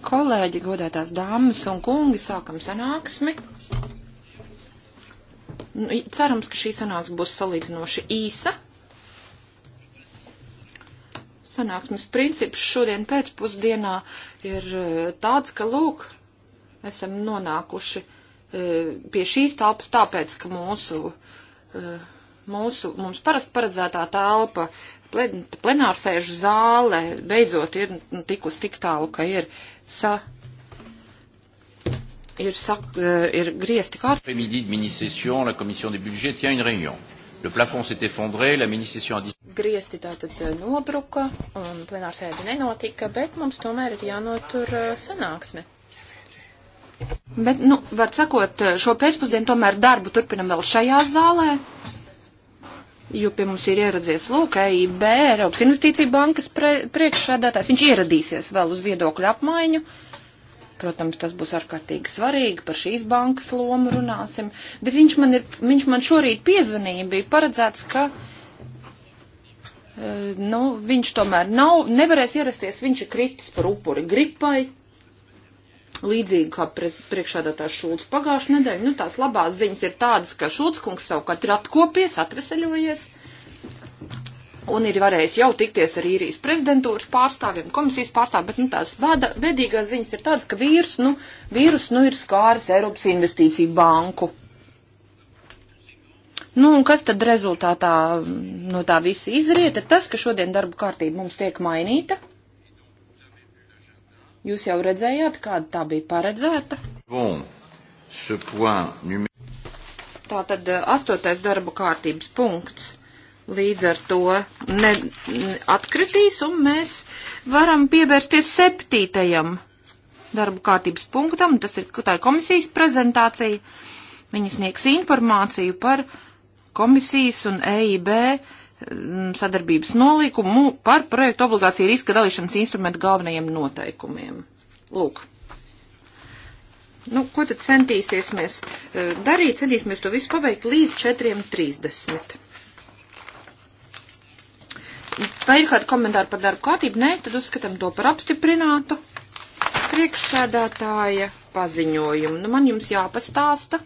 Kolēģi, godētās dāmas un kungi, sākam sanāksmi. Nu, cerams, ka šī sanāksme būs salīdzinoši īsa. Sanāksmes princips šodien pēcpusdienā ir e, tāds, ka lūk, esam nonākuši e, pie šīs telpas tāpēc, ka mūsu, e, mūsu mums parasti paredzētā telpa plen, plenārsēžu zāle beidzot ir nu, tikus tik tālu, ka ir, sa, ir, sak, eh, ir griezti kārtībā. Le plafond s'est effondré, la mini-session a Griezti tātad eh, nobruka, un plenārsēde nenotika, bet mums tomēr ir jānotur eh, sanāksme. Bet, nu, var sakot, šo pēcpusdienu tomēr darbu turpinam vēl šajā zālē jo pie mums ir ieradzies Lūk, EIB, Eiropas Investīcija bankas pre, priekšsādātājs. Viņš ieradīsies vēl uz viedokļu apmaiņu. Protams, tas būs ārkārtīgi svarīgi, par šīs bankas lomu runāsim. Bet viņš man, ir, viņš man šorīt piezvanīja, bija paredzēts, ka eh, nu, viņš tomēr nav, nevarēs ierasties, viņš ir kritis par upuri gripai līdzīgi kā priekšādātājs Šulcs pagājušajā nedēļā. Nu, tās labās ziņas ir tādas, ka Šulcs kungs savukārt ir atkopies, atveseļojies un ir varējis jau tikties ar īrijas prezidentūras pārstāvjiem, komisijas pārstāvjiem, bet, nu, tās bada, bedīgās ziņas ir tādas, ka vīrus, nu, vīrus, nu, ir skāris Eiropas investīciju banku. Nu, un kas tad rezultātā no tā visa izrieta? Tas, ka šodien darbu kārtība mums tiek mainīta. Jūs jau redzējāt, kāda tā bija paredzēta? Bon, numer... Tā tad eh, astotais darba kārtības punkts līdz ar to ne, ne, atkritīs, un mēs varam pievērsties septītajam darba kārtības punktam. Tas ir, tā ir komisijas prezentācija. Viņi sniegs informāciju par komisijas un EIB Mm, sadarbības nolīkumu par projektu obligāciju riska dalīšanas instrumentu galvenajiem noteikumiem. Lūk. Nu, ko tad centīsies mēs e, darīt? Centīsimies to visu pabeigt līdz 4.30. Vai ir kādi komentāri par darbu kārtību? Nē, tad uzskatām to par apstiprinātu. Priekšsēdētāja paziņojumu. Nu, man jums jāpastāsta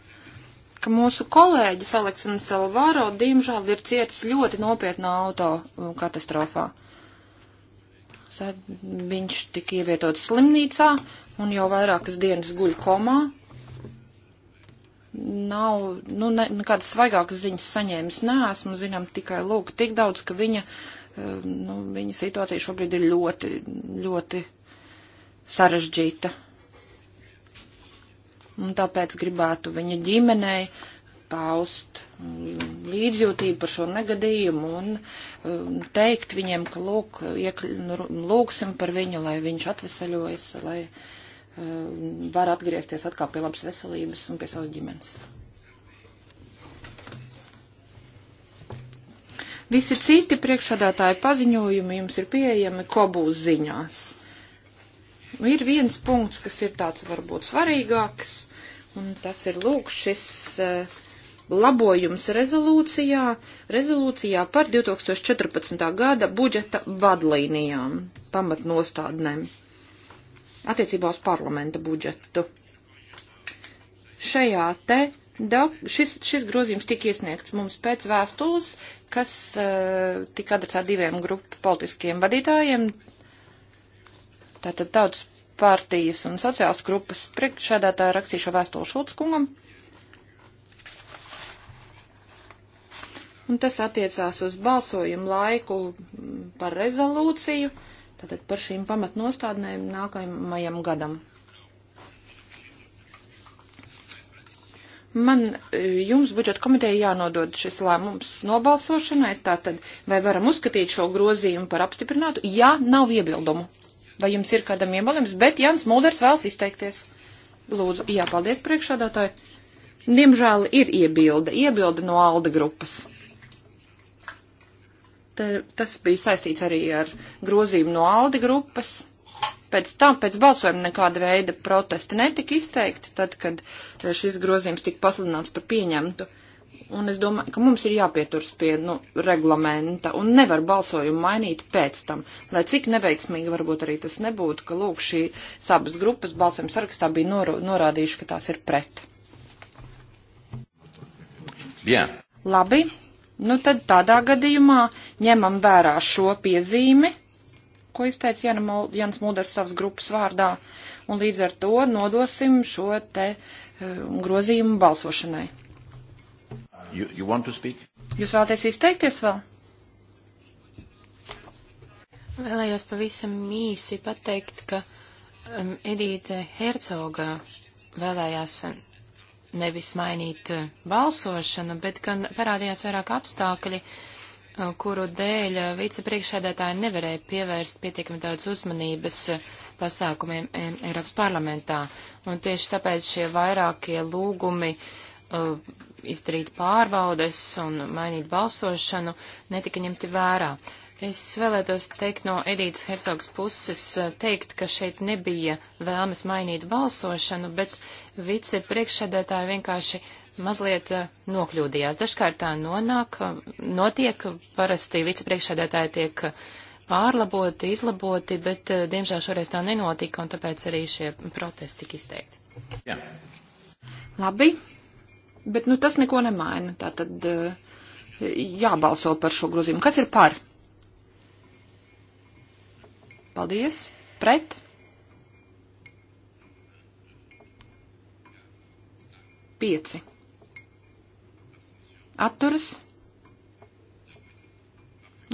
ka mūsu kolēģis Aleksandrs Salvāro, diemžēl, ir cietis ļoti nopietnā auto um, katastrofā. Sad viņš tika ievietots slimnīcā un jau vairākas dienas guļ komā. Nav, nu, ne, nekādas svaigākas ziņas saņēmis neesmu, zinām tikai lūk tik daudz, ka viņa, um, nu, viņa situācija šobrīd ir ļoti, ļoti sarežģīta un tāpēc gribētu viņa ģimenei paust līdzjūtību par šo negadījumu un um, teikt viņiem, ka lūk, iekļ, nu, lūksim par viņu, lai viņš atvesaļojas, lai um, var atgriezties atkal pie labas veselības un pie savas ģimenes. Visi citi priekšādātāji paziņojumi jums ir pieejami kobūs ziņās. Ir viens punkts, kas ir tāds varbūt svarīgāks, un tas ir lūk šis eh, labojums rezolūcijā, rezolūcijā par 2014. gada budžeta vadlīnijām, pamatnostādnēm attiecībā uz parlamenta budžetu. Šajā te Daug, šis, šis grozījums tika iesniegts mums pēc vēstules, kas uh, tika adresēta diviem grupu politiskiem vadītājiem, Tātad tautas partijas un sociālas grupas priekšsēdētāja rakstīšu vēstuli Šulckungam. Un tas attiecās uz balsojumu laiku par rezolūciju, tātad par šīm pamatnostādnēm nākamajam gadam. Man jums budžeta komiteja jānodod šis lēmums nobalsošanai, tātad vai varam uzskatīt šo grozījumu par apstiprinātu, ja nav iebildumu vai jums ir kādam iebalījums, bet Jans Mulders vēlas izteikties. Lūdzu, jā, paldies priekšādātāji. Diemžēl ir iebilde, iebilde no Alda grupas. Te, tas bija saistīts arī ar grozījumu no Alde grupas. Pēc tam, pēc balsojuma nekāda veida protesti netika izteikti, tad, kad šis grozījums tika pasludināts par pieņemtu. Uh, Un es domāju, ka mums ir jāpieturas pie nu, reglamenta un nevar balsojumu mainīt pēc tam. Lai cik neveiksmīgi varbūt arī tas nebūtu, ka lūk šī abas grupas balsojuma sarakstā bija nor norādījuši, ka tās ir pret. Jā. Labi, nu tad tādā gadījumā ņemam vērā šo piezīmi, ko izteica Jana, Jans Mulders savas grupas vārdā, un līdz ar to nodosim šo te uh, grozījumu balsošanai. You, you want to speak? Jūs vēlaties izteikties vēl? Vēlējos pavisam īsi pateikt, ka um, Edīte Hercoga vēlējās nevis mainīt uh, balsošanu, bet gan parādījās vairāk apstākļi, uh, kuru dēļ uh, vicepriekšēdētāji nevarēja pievērst pietiekami daudz uzmanības pasākumiem e, Eiropas parlamentā. Un tieši tāpēc šie vairākie lūgumi uh, izdarīt pārbaudes un mainīt balsošanu, netika ņemti vērā. Es vēlētos teikt no Edītas Hercogs puses, eh, teikt, ka šeit nebija vēlmes mainīt balsošanu, bet vice priekšsēdētāji vienkārši mazliet eh, nokļūdījās. Dažkārt tā nonāk, notiek, parasti vice priekšsēdētāji tiek eh, pārlaboti, izlaboti, bet diemžēl šoreiz tā nenotika, un tāpēc arī šie protesti tika izteikti. Jā. Labi, Bet, nu, tas neko nemaina. Tā tad eh, jābalso par šo grozījumu. Kas ir par? Paldies. Pret? Pieci. Atturas.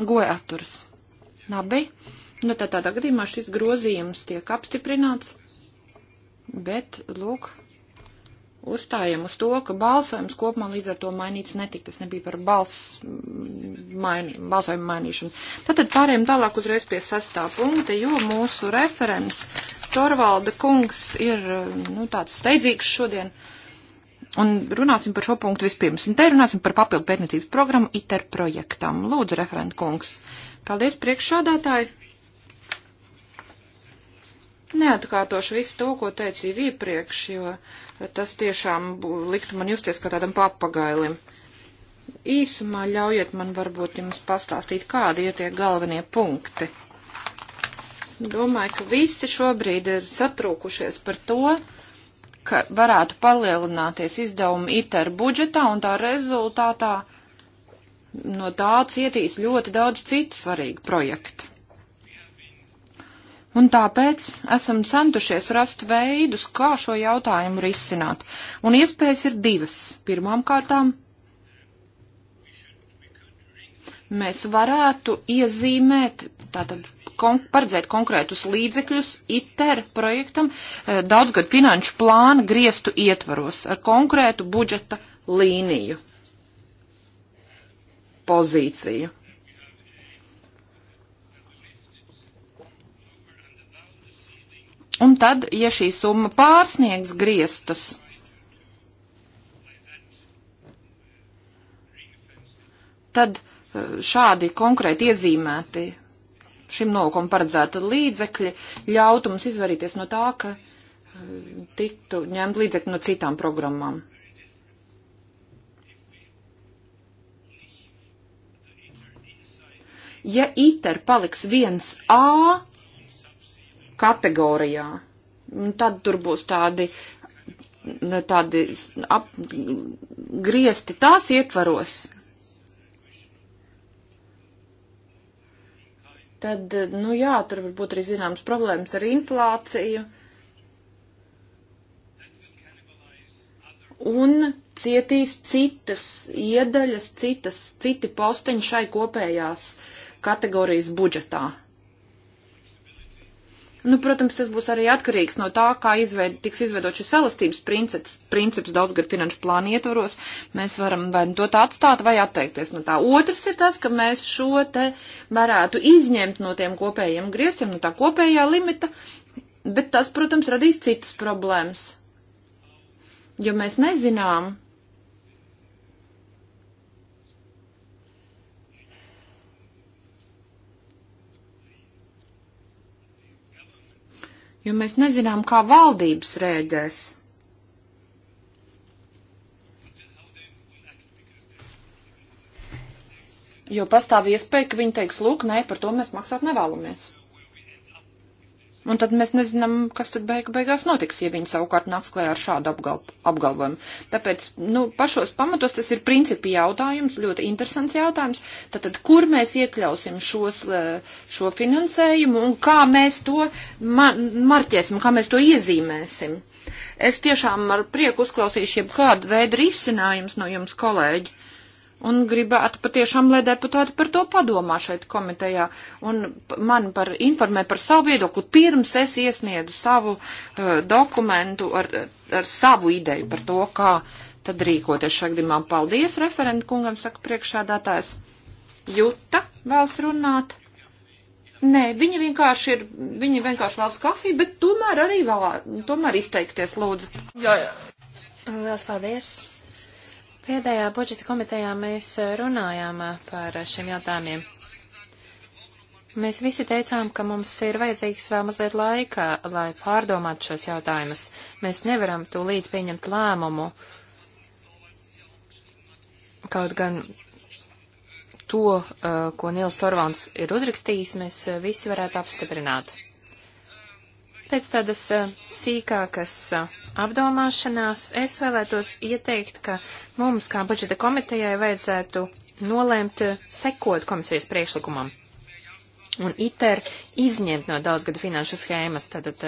Goja atturas. Labi. Nu, tad tādā gadījumā šis grozījums tiek apstiprināts. Bet, lūk, uzstājam uz to, ka balsojums kopumā līdz ar to mainīts netika. Tas nebija par balss, maini, balsojumu mainīšanu. Tātad pārējām tālāk uzreiz pie sastā punkta, jo mūsu referents Torvalda kungs ir nu, tāds steidzīgs šodien. Un runāsim par šo punktu vispirms. Un te runāsim par papildu pētniecības programmu ITER projektam. Lūdzu, referent kungs. Paldies, priekšādātāji! Neatkārtošu visu to, ko teicīju iepriekš, jo tas tiešām liktu man justies kā tādam papagailim. Īsumā ļaujiet man varbūt jums pastāstīt, kādi ir tie galvenie punkti. Domāju, ka visi šobrīd ir satrūkušies par to, ka varētu palielināties izdevumi ITER budžetā un tā rezultātā no tā cietīs ļoti daudz citu svarīgu projektu. Un tāpēc esam centušies rast veidus, kā šo jautājumu risināt. Un iespējas ir divas. Pirmām kārtām mēs varētu iezīmēt, tātad kon paredzēt konkrētus līdzekļus ITER projektam eh, daudzgad finanšu plāna griestu ietvaros ar konkrētu budžeta līniju pozīciju Un tad, ja šī summa pārsniegs griestus, tad e, šādi konkrēti iezīmēti šim nolūkam paredzēta līdzekļi ļautu mums izvairīties no tā, ka e, tiktu ņemt līdzekļi no citām programmām. Ja ITER paliks viens A, kategorijā. Un tad tur būs tādi, tādi ap, griesti tās ietvaros. Tad, nu jā, tur varbūt arī zināms problēmas ar inflāciju. Un cietīs citas iedaļas, citas, citi posteņi šai kopējās kategorijas budžetā. Nu, protams, tas būs arī atkarīgs no tā, kā izveid, tiks izveidot šis elastības princips, princips daudzgad finanšu plānu ietvaros. Mēs varam vai nu to tā atstāt, vai atteikties no tā. Otrs ir tas, ka mēs šo te varētu izņemt no tiem kopējiem griestiem, no tā kopējā limita, bet tas, protams, radīs citas problēmas. Jo mēs nezinām, jo mēs nezinām, kā valdības rēģēs. Jo pastāv iespēja, ka viņi teiks, lūk, nē, par to mēs maksāt nevēlamies. Un tad mēs nezinām, kas tad beig beigās notiks, ja viņi savukārt nāks klajā ar šādu apgal apgalvojumu. Tāpēc, nu, pašos pamatos tas ir principi jautājums, ļoti interesants jautājums. Tātad, kur mēs iekļausim šos, šo finansējumu un kā mēs to ma marķēsim, kā mēs to iezīmēsim? Es tiešām ar prieku uzklausīšu jebkādu veidu risinājumus no jums, kolēģi Un gribētu patiešām, lai deputāti par to padomā šeit komitejā un man par informē par savu viedokli, pirms es iesniedu savu uh, dokumentu ar, ar savu ideju par to, kā tad rīkoties šagdimā. Paldies referentu kungam, saka priekšādātājs. Juta vēlas runāt. Nē, viņi vienkārši ir, viņi vienkārši vēlas kafiju, bet tomēr arī vēl, tomēr izteikties lūdzu. Jā, jā. Lielas paldies. Pēdējā budžeta komitejā mēs e, runājām e, par šiem jautājumiem. Mēs visi teicām, ka mums ir vajadzīgs vēl mazliet laika, lai pārdomātu šos jautājumus. Mēs nevaram tūlīt pieņemt lēmumu. Kaut gan to, e, ko Nils Torvalds ir uzrakstījis, mēs visi varētu apstiprināt. Pēc tādas sīkākas apdomāšanās es vēlētos ieteikt, ka mums kā budžeta komitejai vajadzētu nolēmt sekot komisijas priekšlikumam un ITER izņemt no daudzgadu finanšu schēmas, tātad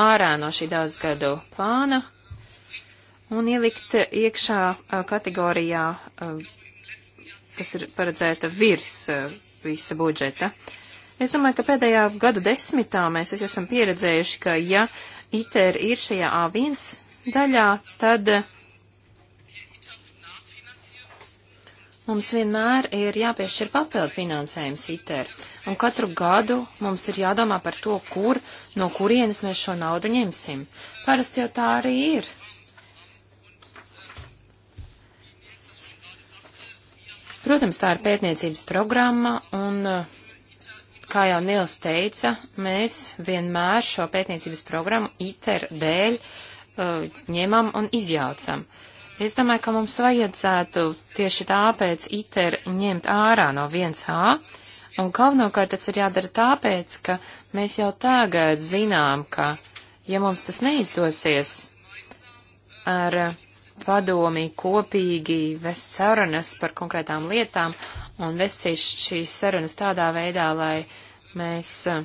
ārā no šī daudzgadu plāna un ielikt iekšā kategorijā, kas ir paredzēta virs visa budžeta. Uh, Es domāju, ka pēdējā gadu desmitā mēs esam pieredzējuši, ka ja ITER ir šajā A1 daļā, tad mums vienmēr ir jāpiešķir papildu finansējums ITER. Un katru gadu mums ir jādomā par to, kur, no kurienes mēs šo naudu ņemsim. Parasti jau tā arī ir. Protams, tā ir pētniecības programma, un uh, Kā jau Nils teica, mēs vienmēr šo pētniecības programmu ITER dēļ uh, ņemam un izjaucam. Es domāju, ka mums vajadzētu tieši tāpēc ITER ņemt ārā no 1A, un galvenokārt tas ir jādara tāpēc, ka mēs jau tagad zinām, ka, ja mums tas neizdosies ar padomi kopīgi vest sarunas par konkrētām lietām un vesīs šīs sarunas tādā veidā, lai mēs uh,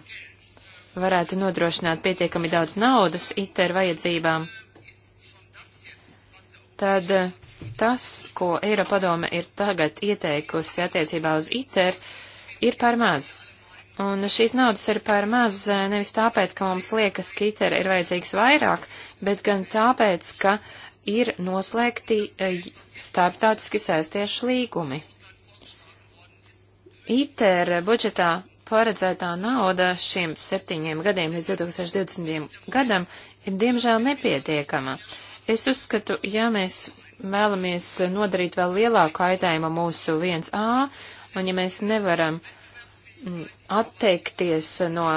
varētu nodrošināt pietiekami daudz naudas ITER vajadzībām, tad uh, tas, ko Eiropadome ir tagad ieteikusi attiecībā uz ITER, ir par maz. Un šīs naudas ir par maz uh, nevis tāpēc, ka mums liekas, ka ITER ir vajadzīgs vairāk, bet gan tāpēc, ka ir noslēgti starptautiski saistiešu līgumi. ITER budžetā paredzētā nauda šiem septiņiem gadiem līdz 2020. gadam ir diemžēl nepietiekama. Es uzskatu, ja mēs vēlamies nodarīt vēl lielāku aitējumu mūsu 1A, un ja mēs nevaram mm, atteikties no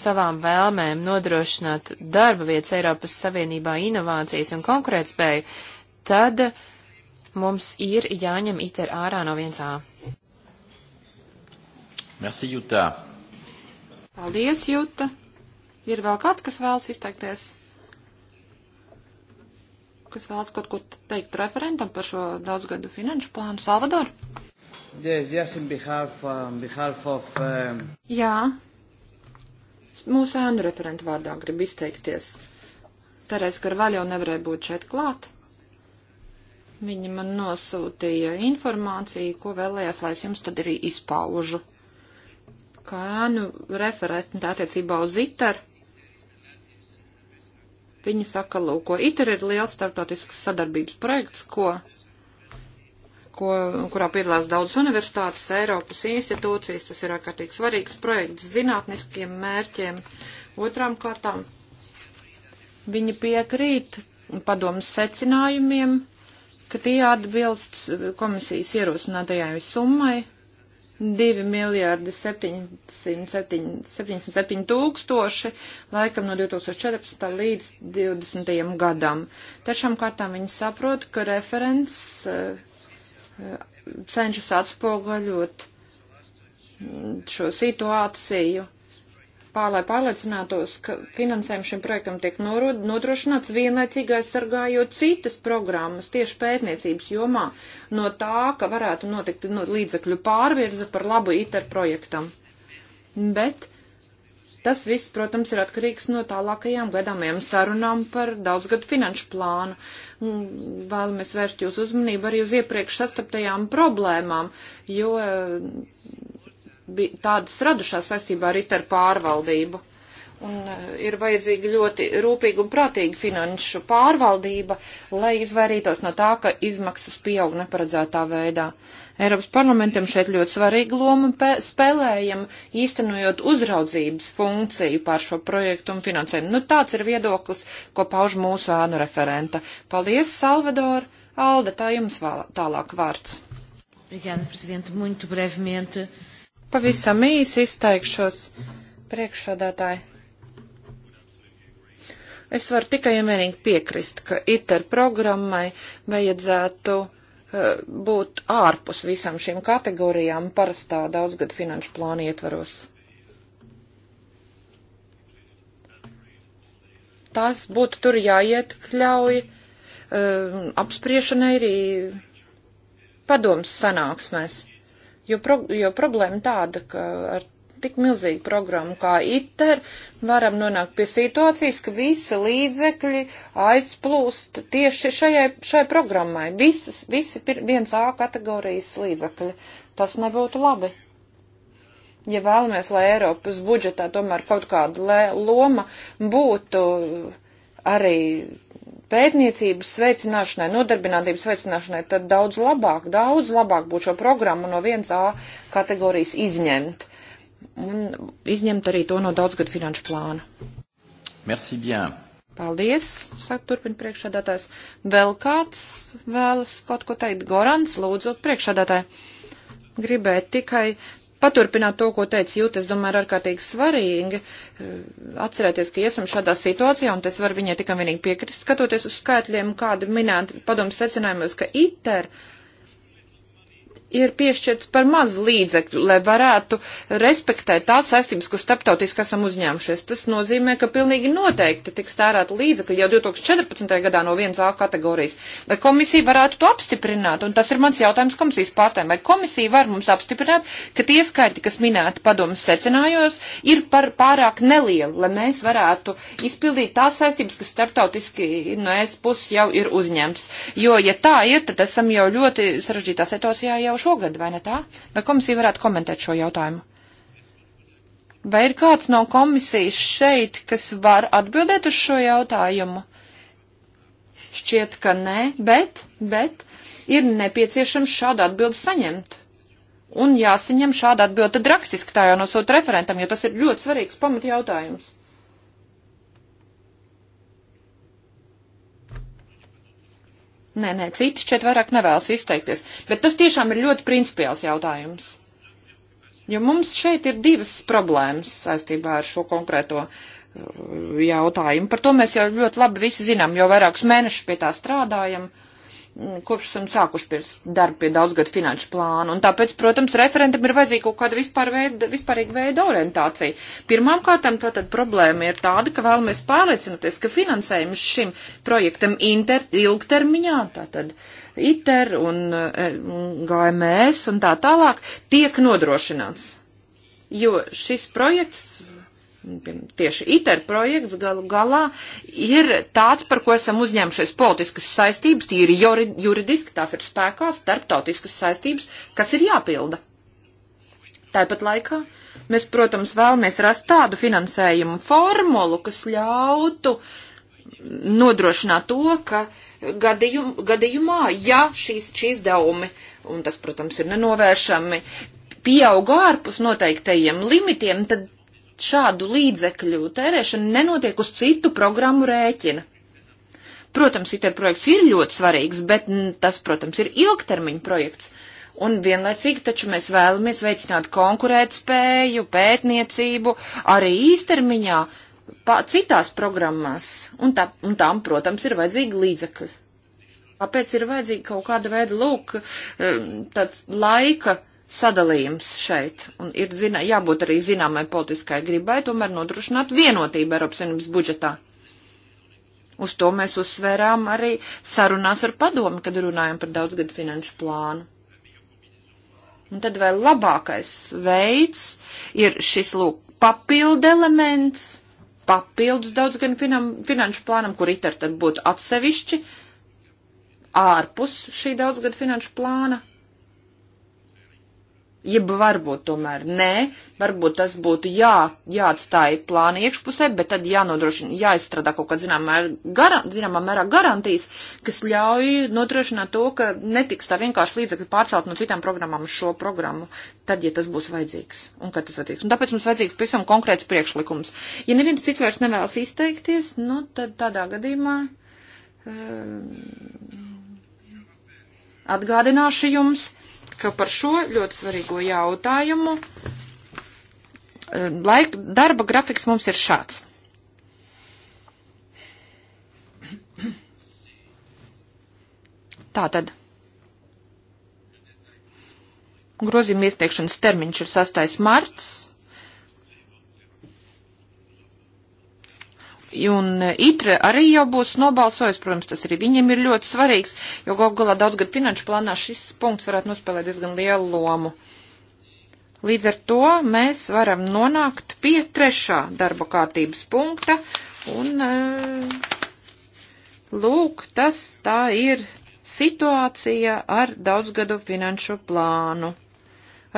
savām vēlmēm nodrošināt darba vietas Eiropas Savienībā, inovācijas un konkurētspēju, tad mums ir jāņem ITER ārā no 1A. Merci, Jūtā. Paldies, Jūta. Ir vēl kāds, kas vēlas izteikties? Kas vēlas kaut ko teikt referentam par šo daudzgadu finanšu plānu? Salvador? Yes, yes, in behalf, um, behalf of, um... Jā. Mūsu ēnu referentu vārdā grib izteikties. Terēs Garvaļo nevarēja būt šeit klāt. Viņa man nosūtīja informāciju, ko vēlējās, lai es jums tad arī izpaužu kā nu referenta attiecībā uz ITER. Viņi saka, lūk, ko ITER ir liels starptautisks sadarbības projekts, ko, ko, kurā piedalās daudz universitātes, Eiropas institūcijas, tas ir ārkārtīgi svarīgs projekts zinātniskiem mērķiem. Otrām kārtām viņi piekrīt padomas secinājumiem, ka tie atbilst komisijas ierosinātajai summai 2 miljārdi 777 tūkstoši, laikam no 2014. līdz 2020. gadam. Tešām kārtām viņi saprot, ka referents eh, eh, cenšas atspoguļot mm, šo situāciju pār, lai pārliecinātos, ka finansējums šim projektam tiek nodrošināts vienlaicīgi aizsargājot citas programmas tieši pētniecības jomā no tā, ka varētu notikt no līdzekļu pārvirze par labu ITER projektam. Bet Tas viss, protams, ir atkarīgs no tālākajām gadāmajām sarunām par daudzgadu finanšu plānu. Mm, vēlamies vērst jūsu uzmanību arī uz iepriekš sastaptajām problēmām, jo tādas radušās saistībā arī ar pārvaldību. Un eh, ir vajadzīga ļoti rūpīga un prātīga finanšu pārvaldība, lai izvairītos no tā, ka izmaksas pieaug neparedzētā veidā. Eiropas parlamentam šeit ļoti svarīga loma spēlējam, īstenojot uzraudzības funkciju pār šo projektu un finansējumu. Nu, tāds ir viedoklis, ko pauž mūsu ēnu referenta. Paldies, Salvador! Alda, tā jums tālāk vārds. Obrigada, Presidente. Muito brevemente. Uh, Pavisam īsi izteikšos priekšsādātāji. Es varu tikai un vienīgi piekrist, ka ITER programmai vajadzētu uh, būt ārpus visam šīm kategorijām parastā daudzgad finanšu plāna ietvaros. Tas būtu tur jāietkļauj uh, eh, apspriešanai arī padoms sanāksmēs jo, pro, jo problēma tāda, ka ar tik milzīgu programmu kā ITER varam nonākt pie situācijas, ka visi līdzekļi aizplūst tieši šajai, šai programmai. Visas, visi pir, viens A kategorijas līdzekļi. Tas nebūtu labi ja vēlamies, lai Eiropas budžetā tomēr kaut kāda loma būtu arī pētniecības veicināšanai, nodarbinātības veicināšanai, tad daudz labāk, daudz labāk būtu šo programmu no 1A kategorijas izņemt. Un izņemt arī to no daudzgadu finanšu plāna. Merci bien. Paldies, saka turpina priekšādātājs. Vēl kāds vēlas kaut ko teikt? Gorans, lūdzu, priekšādātāji gribēju tikai paturpināt to, ko teica Jūt, es domāju, ir ārkārtīgi svarīgi eh, atcerēties, ka iesam šādā situācijā, un tas var viņai tikai vienīgi piekrist, skatoties uz skaitļiem, kādi minēti padomu secinājumos, ka ITER uh, ir piešķirts par maz līdzekļu, lai varētu respektēt tās saistības, ko starptautiski esam uzņēmušies. Tas nozīmē, ka pilnīgi noteikti tiks tērēta līdzekļi jau 2014. gadā no 1A kategorijas, lai komisija varētu to apstiprināt. Un tas ir mans jautājums komisijas pārstāvjiem. Vai komisija var mums apstiprināt, ka tie skaitļi, kas minēti padomas secinājos, ir par pārāk nelieli, lai mēs varētu izpildīt tās saistības, kas starptautiski no es puses jau ir uzņemts. Jo, ja tā ir, tad esam jau ļoti sarežģītā situācijā jau šogad, vai ne tā? Vai komisija varētu komentēt šo jautājumu? Vai ir kāds no komisijas šeit, kas var atbildēt uz šo jautājumu? Šķiet, ka nē, bet, bet ir nepieciešams šādu atbildi saņemt. Un jāsaņem šāda atbilde rakstiski tā jau nosūta referentam, jo tas ir ļoti svarīgs pamat jautājums. Nē, nē, citi šeit vairāk nevēlas izteikties, bet tas tiešām ir ļoti principiāls jautājums. Jo mums šeit ir divas problēmas saistībā ar šo konkrēto uh, jautājumu. Par to mēs jau ļoti labi visi zinām, jo vairākus mēnešus pie tā strādājam. Uh, kopš esam sākuši pie darba pie daudzgadu finanšu plānu. Un tāpēc, protams, referentam ir vajadzīga kaut kāda vispār veida, vispārīga veida orientācija. Pirmām kārtām tātad problēma ir tāda, ka vēlamies pārliecināties, ka finansējums šim projektam inter, ilgtermiņā, tātad ITER un, e, un GMS un tā tālāk, tiek nodrošināts. Jo šis projekts tieši ITER projekts galu galā ir tāds, par ko esam uzņēmušies politiskas saistības, tie ir juridiski, tās ir spēkā starptautiskas saistības, kas ir jāpilda. Tāpat laikā mēs, protams, vēlamies rast tādu finansējumu formulu, kas ļautu nodrošināt to, ka gadījum, gadījumā, ja šīs, šīs daumi, un tas, protams, ir nenovēršami, pieauga ārpus noteiktajiem limitiem, tad šādu līdzekļu tērēšana nenotiek uz citu programmu rēķina. Protams, ITER projekts ir ļoti svarīgs, bet tas, protams, ir ilgtermiņa projekts. Un vienlaicīgi taču mēs vēlamies veicināt konkurētspēju, pētniecību arī īstermiņā pā, citās programmās. Un, tā, un tam, protams, ir vajadzīgi līdzekļi. Kāpēc ir vajadzīga kaut kāda veida lūk e, tāds laika sadalījums šeit, un ir zina, jābūt arī zināmai politiskai gribai, tomēr nodrošināt vienotību Eiropas Savienības budžetā. Uz to mēs uzsvērām arī sarunās ar padomu, kad runājam par daudzgadu finanšu plānu. Un tad vēl labākais veids ir šis, lūk, papildu elements, papildus daudzgadu finanšu plānam, kur itar tad būtu atsevišķi ārpus šī daudzgadu finanšu plāna Jeb varbūt tomēr nē, varbūt tas būtu jā, jāatstāja plāna iekšpusē, bet tad jānodrošina, jāizstrādā kaut kāda zināmā, garan, zināmā mērā garantijas, kas ļauj nodrošināt to, ka netiks tā vienkārši līdzekļi pārcelt no citām programmām uz šo programmu, tad, ja tas būs vajadzīgs un kad tas attieks. Un tāpēc mums vajadzīgs pavisam konkrēts priekšlikums. Ja neviens cits vairs nevēlas izteikties, nu tad tādā gadījumā. Uh, atgādināšu jums ka par šo ļoti svarīgo jautājumu eh, laika darba grafiks mums ir šāds. Tātad. Grozījuma iesniegšanas termiņš ir 6. marts Un e, ITRE arī jau būs nobalsojis, protams, tas arī viņiem ir ļoti svarīgs, jo galu galā daudzgad finanšu plānā šis punkts varētu nospēlēt diezgan lielu lomu. Līdz ar to mēs varam nonākt pie trešā darba kārtības punkta, un e, lūk, tas tā ir situācija ar daudzgadu finanšu plānu.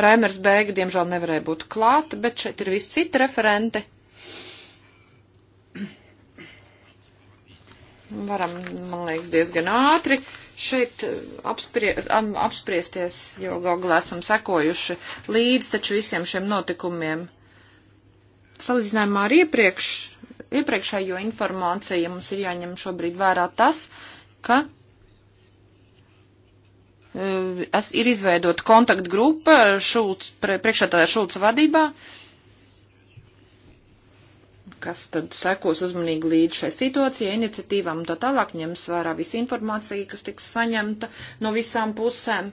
Raimers Bēga, diemžēl, nevarēja būt klāta, bet šeit ir visi citi referenti. varam, man liekas, diezgan ātri šeit eh, apspries, apspriesties, jo galā esam sekojuši līdz taču visiem šiem notikumiem. Salīdzinājumā ar iepriekš, iepriekšējo informāciju mums ir jāņem šobrīd vērā tas, ka eh, es, ir izveidota kontaktgrupa Šulc, priekšētāja Šulca vadībā, uh, kas tad sekos uzmanīgi līdz šai situācijai, iniciatīvām un tā tālāk, ņems vērā visa informācija, kas tiks saņemta no visām pusēm,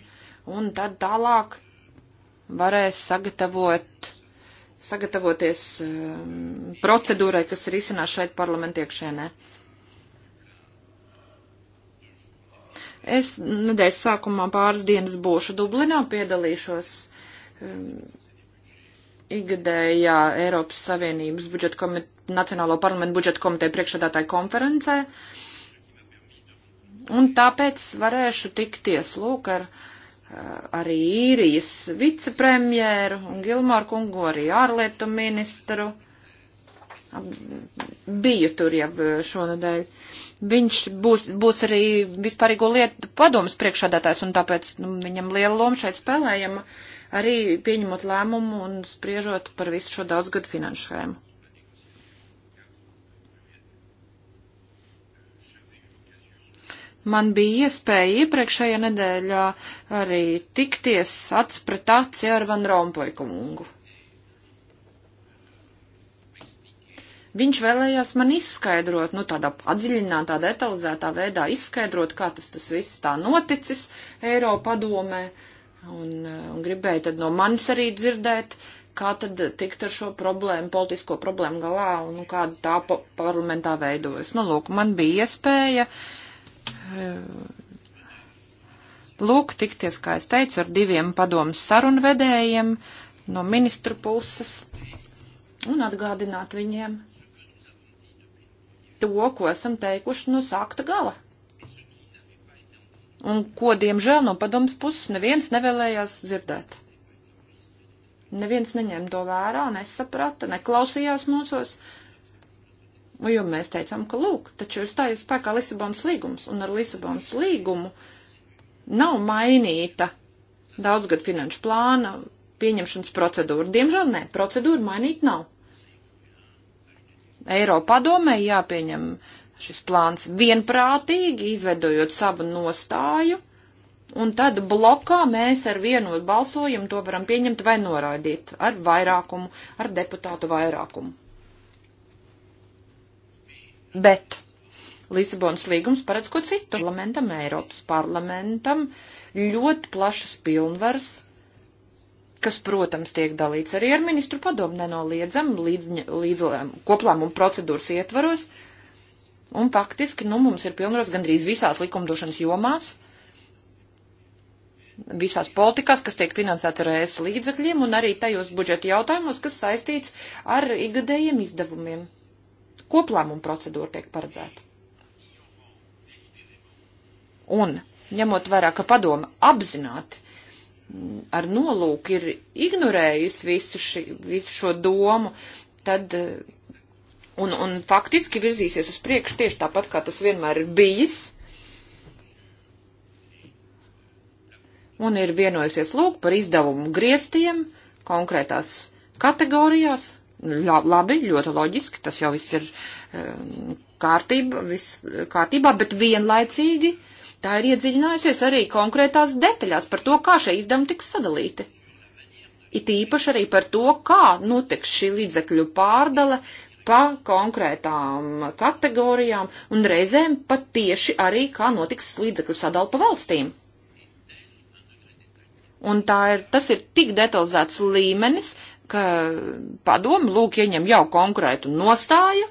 un tad tālāk varēs sagatavot, sagatavoties um, procedūrai, kas ir izcinās šeit parlamentu iekšēnē. Es nedēļas sākumā pāris dienas būšu Dublinā, piedalīšos um, ikgadējā Eiropas Savienības budžeta komite, Nacionālo parlamentu budžeta komiteja priekšsēdētāja konferencē. Un tāpēc varēšu tikties lūk ar eh, arī īrijas vicepremjēru un Gilmāru kungu, arī ārlietu ministru. Biju tur jau eh, šonadēļ. Viņš būs, būs arī vispārīgo lietu padomas priekšādātājs, un tāpēc nu, viņam liela loma šeit spēlējama. Uh, arī pieņemot lēmumu un spriežot par visu šo daudzgadu finanšu schēmu. Man bija iespēja iepriekšējā nedēļā arī tikties acs pret aci ar Van Rompuy kungu. Viņš vēlējās man izskaidrot, nu tādā padziļinātā, detalizētā veidā izskaidrot, kā tas, tas viss tā noticis Eiropadomē. padomē Un, eh, un gribēju tad no manis arī dzirdēt, kā tad tikt ar šo problēmu, politisko problēmu galā un nu, kāda tā parlamentā veidojas. Nu, lūk, man bija iespēja. Eh, lūk, tikties, kā es teicu, ar diviem padomus sarunvedējiem no ministru puses un atgādināt viņiem to, ko esam teikuši no sākta gala un ko, diemžēl, no padomas puses neviens nevēlējās dzirdēt. Neviens neņēma to vērā, nesaprata, neklausījās mūsos, nu, jo mēs teicām, ka lūk, taču ir stājies spēkā Lisabonas līgums, un ar Lisabonas līgumu nav mainīta daudzgad finanšu plāna pieņemšanas procedūra. Diemžēl nē, procedūra mainīt nav. Eiropa padomē jāpieņem uh, šis plāns vienprātīgi, izveidojot savu nostāju, un tad blokā mēs ar vienotu balsojumu to varam pieņemt vai noraidīt ar vairākumu, ar deputātu vairākumu. Bet Lisabonas līgums paredz ko citu. Parlamentam, Eiropas parlamentam ļoti plašas pilnvaras, kas, protams, tiek dalīts arī ar ministru padomu nenoliedzam līdz, līdz koplēmumu procedūras ietvaros. Uh, Un faktiski, nu, mums ir pilnvaras gandrīz visās likumdošanas jomās, visās politikās, kas tiek finansēta ar ES līdzakļiem un arī tajos budžeta jautājumos, kas saistīts ar igadējiem izdevumiem. Koplēmuma procedūra tiek paredzēta. Un, ņemot vērā, ka padoma apzināti ar nolūku ir ignorējusi visu, ši, visu šo domu, tad un, un faktiski virzīsies uz priekšu tieši tāpat, kā tas vienmēr ir bijis. Un ir vienojusies lūk par izdevumu grieztiem konkrētās kategorijās. La, labi, ļoti loģiski, tas jau viss ir um, kārtība, viss kārtībā, bet vienlaicīgi tā ir iedziļinājusies arī konkrētās detaļās par to, kā šie izdevumi tiks sadalīti. It īpaši arī par to, kā notiks nu, šī līdzekļu pārdale pa konkrētām kategorijām un reizēm pat tieši arī, kā notiks līdzekļu sadala pa valstīm. Un tā ir, tas ir tik detalizēts līmenis, ka padomu lūk ieņem jau konkrētu nostāju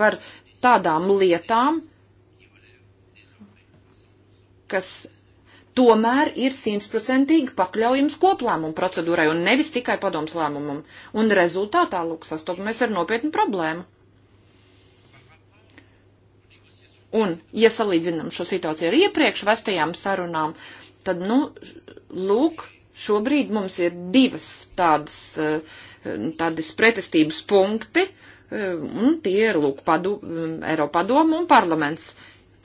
par tādām lietām, kas tomēr ir simtprocentīgi pakļaujams koplēmumu procedūrai un nevis tikai padoms lēmumam. Un rezultātā, lūk, sastopamies ar nopietnu problēmu. Un, ja salīdzinām šo situāciju ar iepriekš vestajām sarunām, tad, nu, lūk, šobrīd mums ir divas tādas, eh, tādas pretestības punkti, eh, un tie ir, lūk, padu, Eiropadomu un parlaments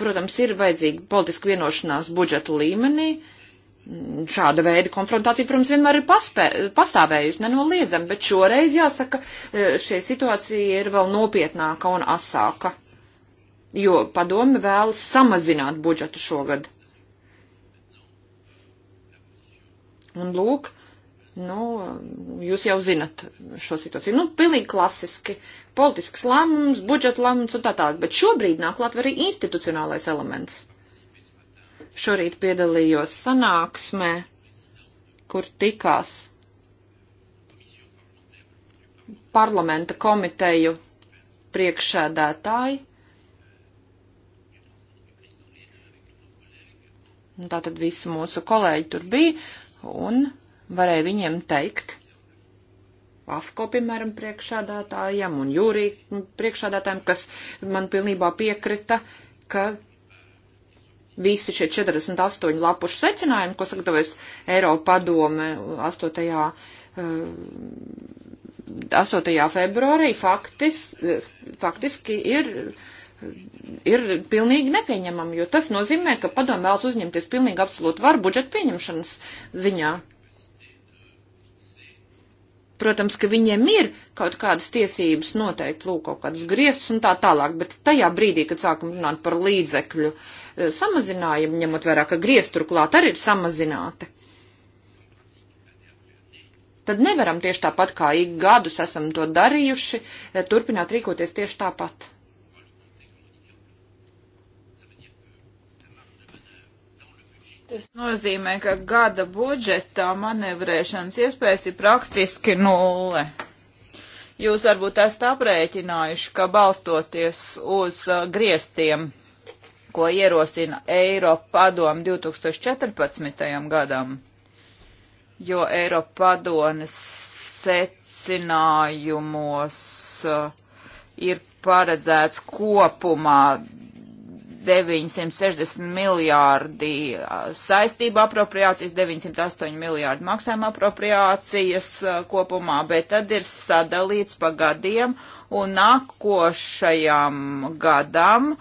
protams, ir vajadzīga politiska vienošanās budžeta līmenī. Šāda veida konfrontācija, protams, vienmēr ir paspē, pastāvējusi nenoliedzami, bet šoreiz, jāsaka, e, šī situācija ir vēl nopietnāka un asāka, jo padome vēlas samazināt budžetu šogad. Un lūk, uh, Nu, jūs jau zinat šo situāciju. Nu, pilnīgi klasiski politisks lēmums, budžeta lēmums un tā tālāk, bet šobrīd nāk klāt arī institucionālais elements. Šorīt piedalījos sanāksmē, kur tikās parlamenta komiteju priekšsēdētāji. Tātad visi mūsu kolēģi tur bija, un varēja viņiem teikt, AFCO, piemēram, priekšādātājiem un jūrī nu, priekšādātājiem, kas man pilnībā piekrita, ka visi šie 48 lapušu secinājumi, ko sagatavojas Eiropa padome 8. 8. februārī, faktis, eh, faktiski ir ir pilnīgi nepieņemami, jo tas nozīmē, ka padomu vēlas uzņemties pilnīgi absolūtu varu budžeta pieņemšanas ziņā. Protams, ka viņiem ir kaut kādas tiesības noteikt, lūk, kaut kādas griezts un tā tālāk, bet tajā brīdī, kad sākam runāt par līdzekļu eh, samazinājumu, ņemot vērā, ka griezti turklāt arī ir samazināti, tad nevaram tieši tāpat, kā ik gadus esam to darījuši, eh, turpināt rīkoties tieši tāpat. Tas nozīmē, ka gada budžetā manevrēšanas iespējas ir praktiski nulle. Jūs varbūt esat aprēķinājuši, ka balstoties uz uh, griestiem, ko ierosina Eiropa padomu 2014. gadam, jo Eiropa padomas secinājumos uh, ir paredzēts kopumā 960 miljārdi saistība apropriācijas, 908 miljārdi maksājuma apropriācijas kopumā, bet tad ir sadalīts pa gadiem un nākošajam gadam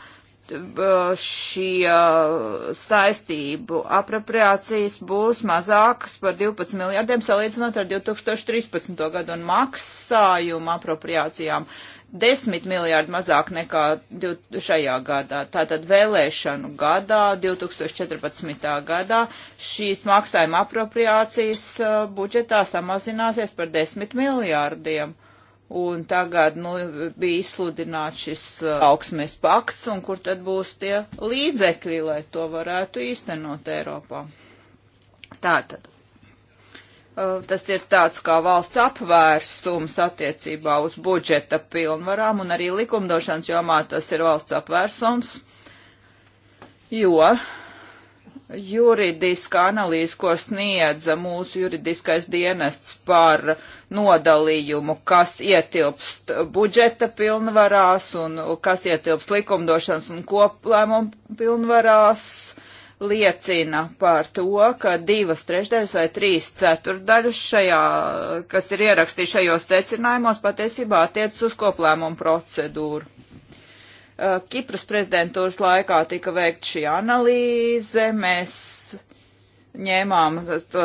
šie saistību apropriācijas būs mazākas par 12 miljārdiem salīdzinot ar 2013. gadu un maksājumu apropriācijām 10 miljārdi mazāk nekā šajā gadā. Tātad vēlēšanu gadā, 2014. gadā, šīs maksājuma apropriācijas uh, budžetā samazināsies par 10 miljārdiem. Un tagad nu, bija izsludināts šis uh, augsmes pakts, un kur tad būs tie līdzekļi, lai to varētu īstenot Eiropā. Tātad Uh, tas ir tāds kā valsts apvērsums attiecībā uz budžeta pilnvarām un arī likumdošanas jomā tas ir valsts apvērsums, jo juridiska analīze, ko sniedza mūsu juridiskais dienests par nodalījumu, kas ietilpst budžeta pilnvarās un kas ietilpst likumdošanas un koplēmumu pilnvarās, liecina par to, ka divas trešdaļas vai trīs ceturdaļas šajā, kas ir ierakstīts šajos secinājumos, patiesībā attiec uz koplēmumu procedūru. Uh, Kipras prezidentūras laikā tika veikt šī analīze, mēs ņēmām to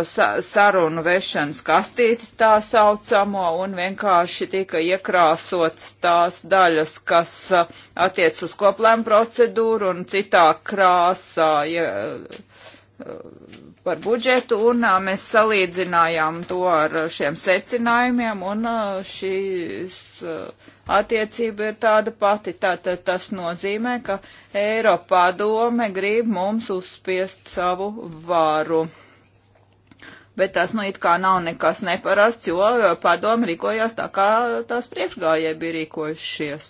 sarunu vešanas kastīti tā saucamo un vienkārši tika iekrāsots tās daļas, kas attiec uz koplēm procedūru un citā krāsā ja, par budžetu un mēs salīdzinājām to ar šiem secinājumiem un šīs attiecība ir tāda pati. Tātad tas nozīmē, ka Eiropā dome grib mums uzspiest savu varu. Bet tas nu it kā nav nekas neparasts, jo padomi rīkojās tā, kā tās priekšgājēji bija rīkojušies.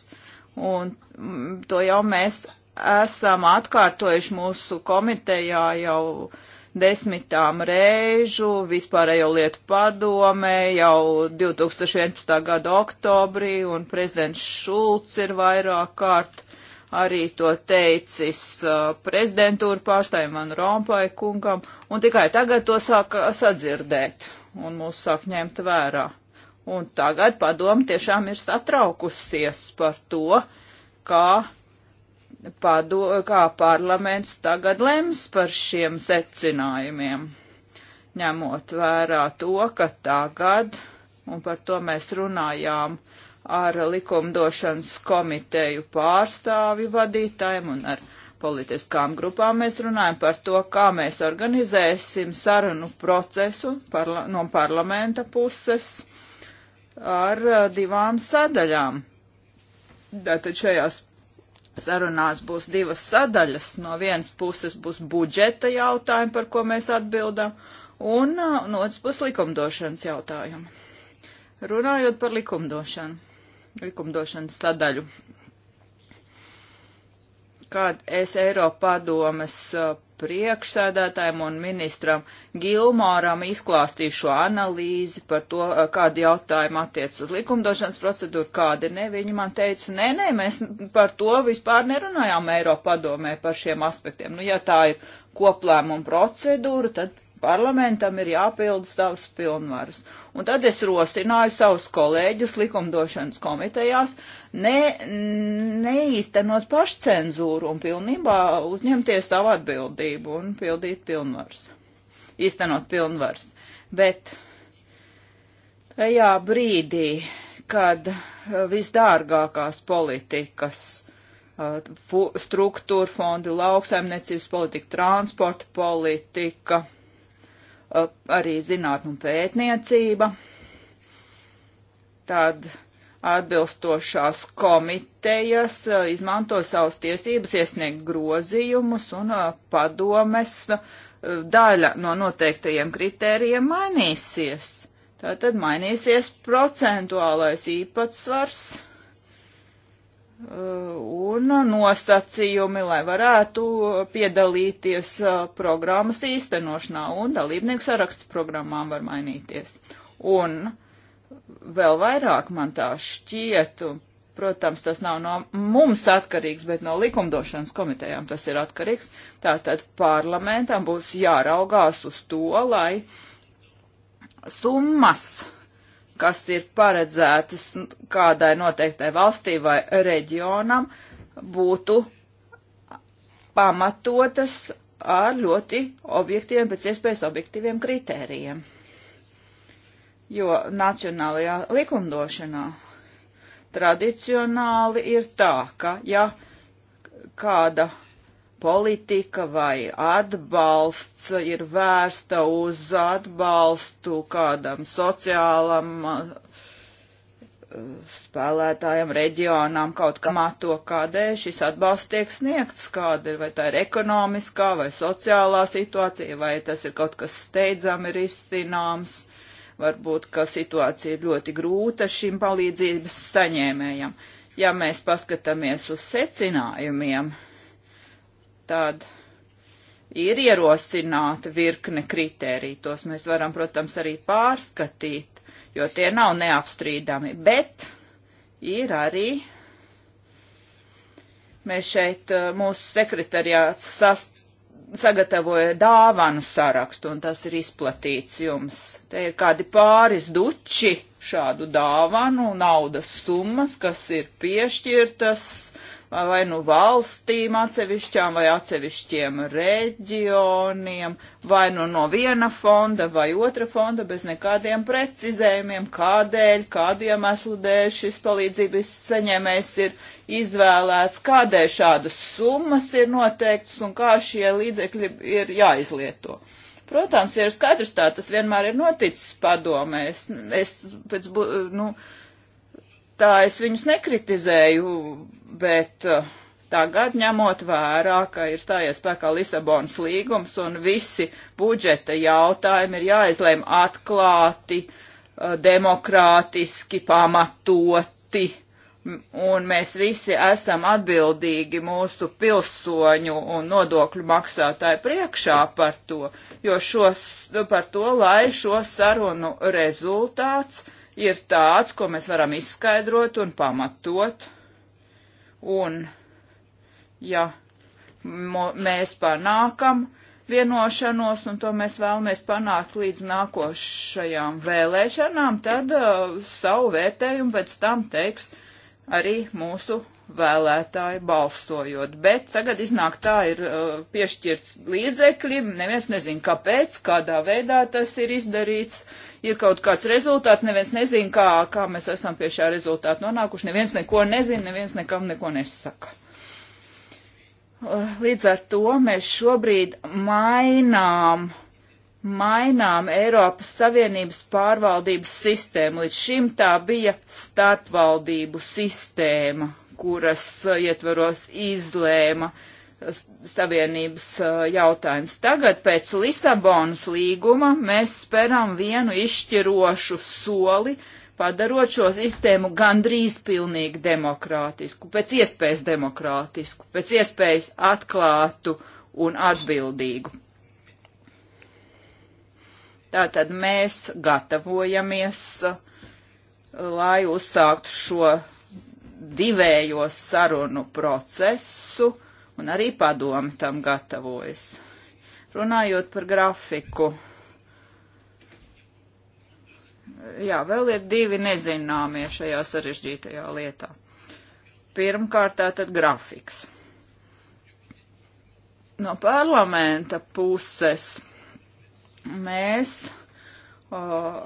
Un mm, to jau mēs esam atkārtojuši mūsu komitejā jau uh, desmitām reižu vispārējo lietu padomē jau 2011. gada oktobrī, un prezidents Šulcs ir vairāk kārt arī to teicis uh, prezidentūra pārstājiem man Rompai kungam, un tikai tagad to sāk sadzirdēt, un mūs sāk ņemt vērā. Un tagad padomu tiešām ir satraukusies par to, kā pado, kā parlaments tagad lems par šiem secinājumiem, ņemot vērā to, ka tagad, un par to mēs runājām ar likumdošanas komiteju pārstāvi vadītājiem un ar politiskām grupām mēs runājam par to, kā mēs organizēsim sarunu procesu parla no parlamenta puses ar uh, divām sadaļām. Tātad šajās sarunās būs divas sadaļas. No vienas puses būs budžeta jautājumi, par ko mēs atbildam, un no otras puses likumdošanas jautājumi. Runājot par likumdošanu, likumdošanas sadaļu, kad es Eiropadomes priekšsēdētājiem un ministram Gilmāram izklāstīju šo analīzi par to, eh, kādi jautājumi attiec uz likumdošanas procedūru, kādi ne. Viņi man teica, nē, nē, mēs par to vispār nerunājām Eiropadomē par šiem aspektiem. Nu, ja tā ir koplēmuma procedūra, tad parlamentam ir jāpilda savas pilnvaras. Un tad es rosināju savus kolēģus likumdošanas komitejās ne, neīstenot pašcenzūru un pilnībā uzņemties savu atbildību un pildīt pilnvaras. Īstenot pilnvaras. Bet tajā brīdī, kad visdārgākās politikas uh, struktūra fondi, lauksaimniecības politika, transporta politika, arī zinātnē un pētniecība. Tad atbilstošās komitejas uh, izmanto savas tiesības iesniegt grozījumus un uh, padomes uh, daļa no noteiktajiem kritērijiem mainīsies. Tātad mainīsies procentuālais īpatsvars un nosacījumi, lai varētu piedalīties uh, programmas īstenošanā, un dalībnieku saraksts programmām var mainīties. Un vēl vairāk man tā šķiet, un, protams, tas nav no mums atkarīgs, bet no likumdošanas komitejām tas ir atkarīgs, tātad parlamentam būs jāraugās uz to, lai summas kas ir paredzētas kādai noteiktai valstī vai reģionam, būtu pamatotas ar ļoti objektīviem, pēc iespējas objektīviem kritērijiem. Jo nacionālajā likumdošanā tradicionāli ir tā, ka ja kāda politika vai atbalsts ir vērsta uz atbalstu kādam sociālam uh, spēlētājiem, reģionām, kaut kam to, kādēļ šis atbalsts tiek sniegts, kāda ir, vai tā ir ekonomiskā vai sociālā situācija, vai tas ir kaut kas steidzami risināms, varbūt, ka situācija ir ļoti grūta šim palīdzības saņēmējam. Ja mēs paskatāmies uz secinājumiem, tad ir ierosināta virkne kritēriju. Tos mēs varam, protams, arī pārskatīt, jo tie nav neapstrīdami. Bet ir arī. Mēs šeit, eh, mūsu sekretariāts sast, sagatavoja dāvanu sarakstu, un tas ir izplatīts jums. Te ir kādi pāris duči šādu dāvanu, naudas summas, kas ir piešķirtas vai nu valstīm atsevišķām, vai atsevišķiem reģioniem, vai nu no viena fonda vai otra fonda, bez nekādiem precizējumiem, kādēļ, kādu iemeslu dēļ šis palīdzības saņēmējs ir izvēlēts, kādēļ šādas summas ir noteiktas un kā šie līdzekļi ir jāizlieto. Protams, ir skaidrs tā, tas vienmēr ir noticis padomēs. Es pēc, nu, tā es viņus nekritizēju, bet uh, tagad ņemot vērā, ka ir stājies spēkā Lisabonas līgums un visi budžeta jautājumi ir jāizlēm atklāti, uh, demokrātiski, pamatoti un mēs visi esam atbildīgi mūsu pilsoņu un nodokļu maksātāju priekšā par to, jo šos, nu, par to, lai šo sarunu rezultāts ir tāds, ko mēs varam izskaidrot un pamatot. Un, ja mēs panākam vienošanos, un to mēs vēlamies panākt līdz nākošajām vēlēšanām, tad uh, savu vērtējumu pēc tam teiks arī mūsu vēlētāji balstojot. Bet tagad iznāk tā ir uh, piešķirts līdzekļi, neviens nezin kāpēc, kādā veidā tas ir izdarīts, ir kaut kāds rezultāts, neviens nezina, kā, kā mēs esam pie šā rezultāta nonākuši, neviens neko nezina, neviens nekam neko nesaka. Līdz ar to mēs šobrīd mainām mainām Eiropas Savienības pārvaldības sistēmu. Līdz šim tā bija starpvaldību sistēma, kuras uh, ietvaros izlēma uh, Savienības uh, jautājums. Tagad pēc Lisabonas līguma mēs speram vienu izšķirošu soli, padarot šo sistēmu gandrīz pilnīgi demokrātisku, pēc iespējas demokrātisku, pēc iespējas atklātu un atbildīgu. Tātad mēs gatavojamies, uh, lai uzsāktu šo divējo sarunu procesu un arī padome tam gatavojas. Runājot par grafiku. Jā, vēl ir divi nezināmie šajā sarežģītajā lietā. Pirmkārt, tātad grafiks. No parlamenta puses mēs Uh,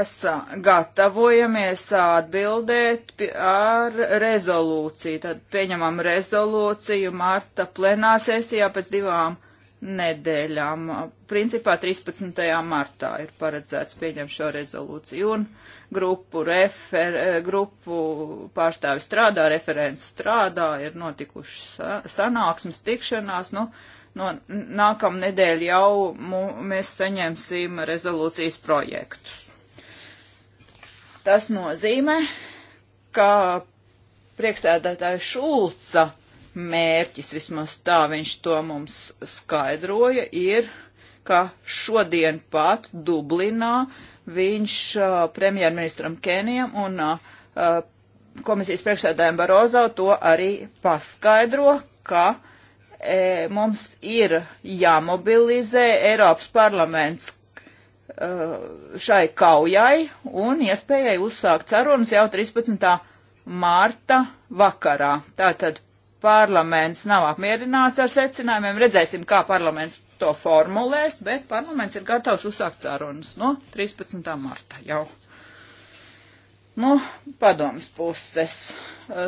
esam gatavojamies atbildēt ar rezolūciju. Tad pieņemam rezolūciju marta plenārsēsijā pēc divām nedēļām. Principā 13. martā ir paredzēts pieņemt šo rezolūciju un grupu, refer, grupu pārstāvi strādā, referents strādā, ir notikušas sanāksmes, tikšanās, nu, uh, no nākamnedēļ jau mu, mēs saņemsim rezolūcijas projektus. Tas nozīmē, ka priekšstādātāja Šulca mērķis, vismaz tā viņš to mums skaidroja, ir, ka šodien pat Dublinā viņš uh, premjerministram Kenijam un uh, komisijas priekšsēdājiem Barozo to arī paskaidro, ka uh, e, mums ir jāmobilizē Eiropas parlaments e, šai kaujai un iespējai uzsākt sarunas jau 13. mārta vakarā. Tātad parlaments nav apmierināts ar secinājumiem. Redzēsim, kā parlaments to formulēs, bet parlaments ir gatavs uzsākt sarunas no 13. marta jau. Nu, padomas puses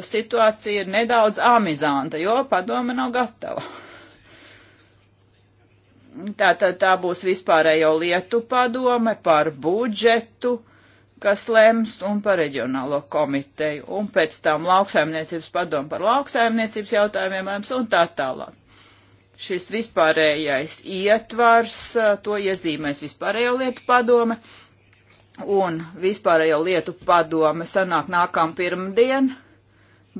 situācija ir nedaudz amizanta, jo padoma nav gatava. Tā, tā, tā būs vispārējo lietu padome par budžetu, kas lems un par reģionālo komiteju, un pēc tam lauksaimniecības padome par lauksaimniecības jautājumiem lems un tā tālāk. Šis vispārējais ietvars, to iezīmēs vispārējo lietu padome. Uh, un vispārējo lietu padome sanāk nākam pirmdien,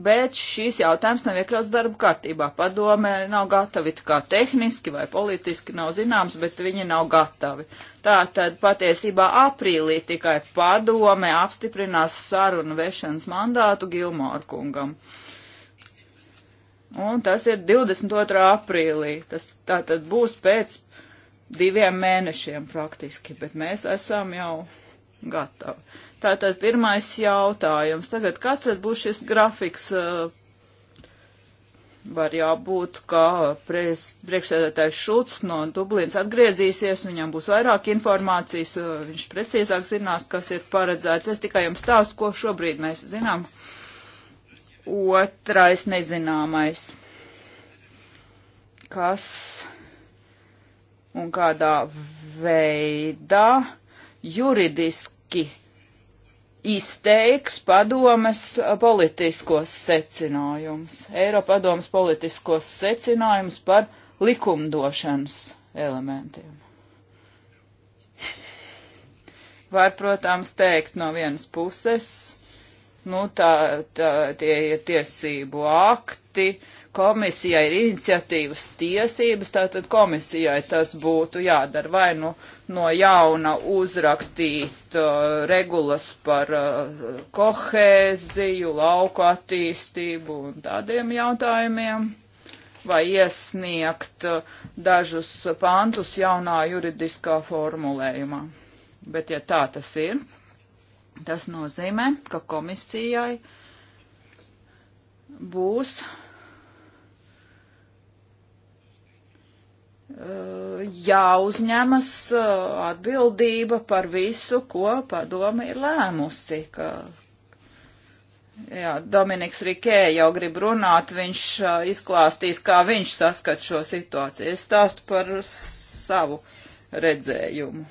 bet šīs jautājums nav iekļauts darba kārtībā. Padome nav gatavi kā tehniski vai politiski nav zināms, bet viņi nav gatavi. Tātad patiesībā aprīlī tikai padome apstiprinās sarunu vešanas mandātu Gilmāru kungam. Un tas ir 22. aprīlī. Tas tātad būs pēc diviem mēnešiem praktiski, bet mēs esam jau gatavi. Tātad pirmais jautājums. Tagad kāds tad būs šis grafiks? Var jābūt, ka priekšsēdētājs Šulcs no Dublīnas atgriezīsies, viņam būs vairāk informācijas, viņš precīzāk zinās, kas ir paredzēts. Es tikai jums stāstu, ko šobrīd mēs zinām. Otrais nezināmais. Kas un kādā veidā juridiski politiski izteiks padomes eh, politiskos secinājumus, Eiropadomes politiskos secinājumus par likumdošanas elementiem. Var, protams, teikt no vienas puses, nu tā, tā tie ir tiesību akti, uh, komisijai ir iniciatīvas tiesības, tātad komisijai tas būtu jādara vai nu no jauna uzrakstīt uh, regulas par uh, kohēziju, lauku attīstību un tādiem jautājumiem, vai iesniegt uh, dažus pantus jaunā juridiskā formulējumā. Bet ja tā tas ir, tas nozīmē, ka komisijai būs jāuzņemas uh, atbildība par visu, ko padome ir lēmusi. Ka, jā, Dominiks Rikē jau grib runāt, viņš uh, izklāstīs, kā viņš saskat šo situāciju. Es stāstu par savu redzējumu,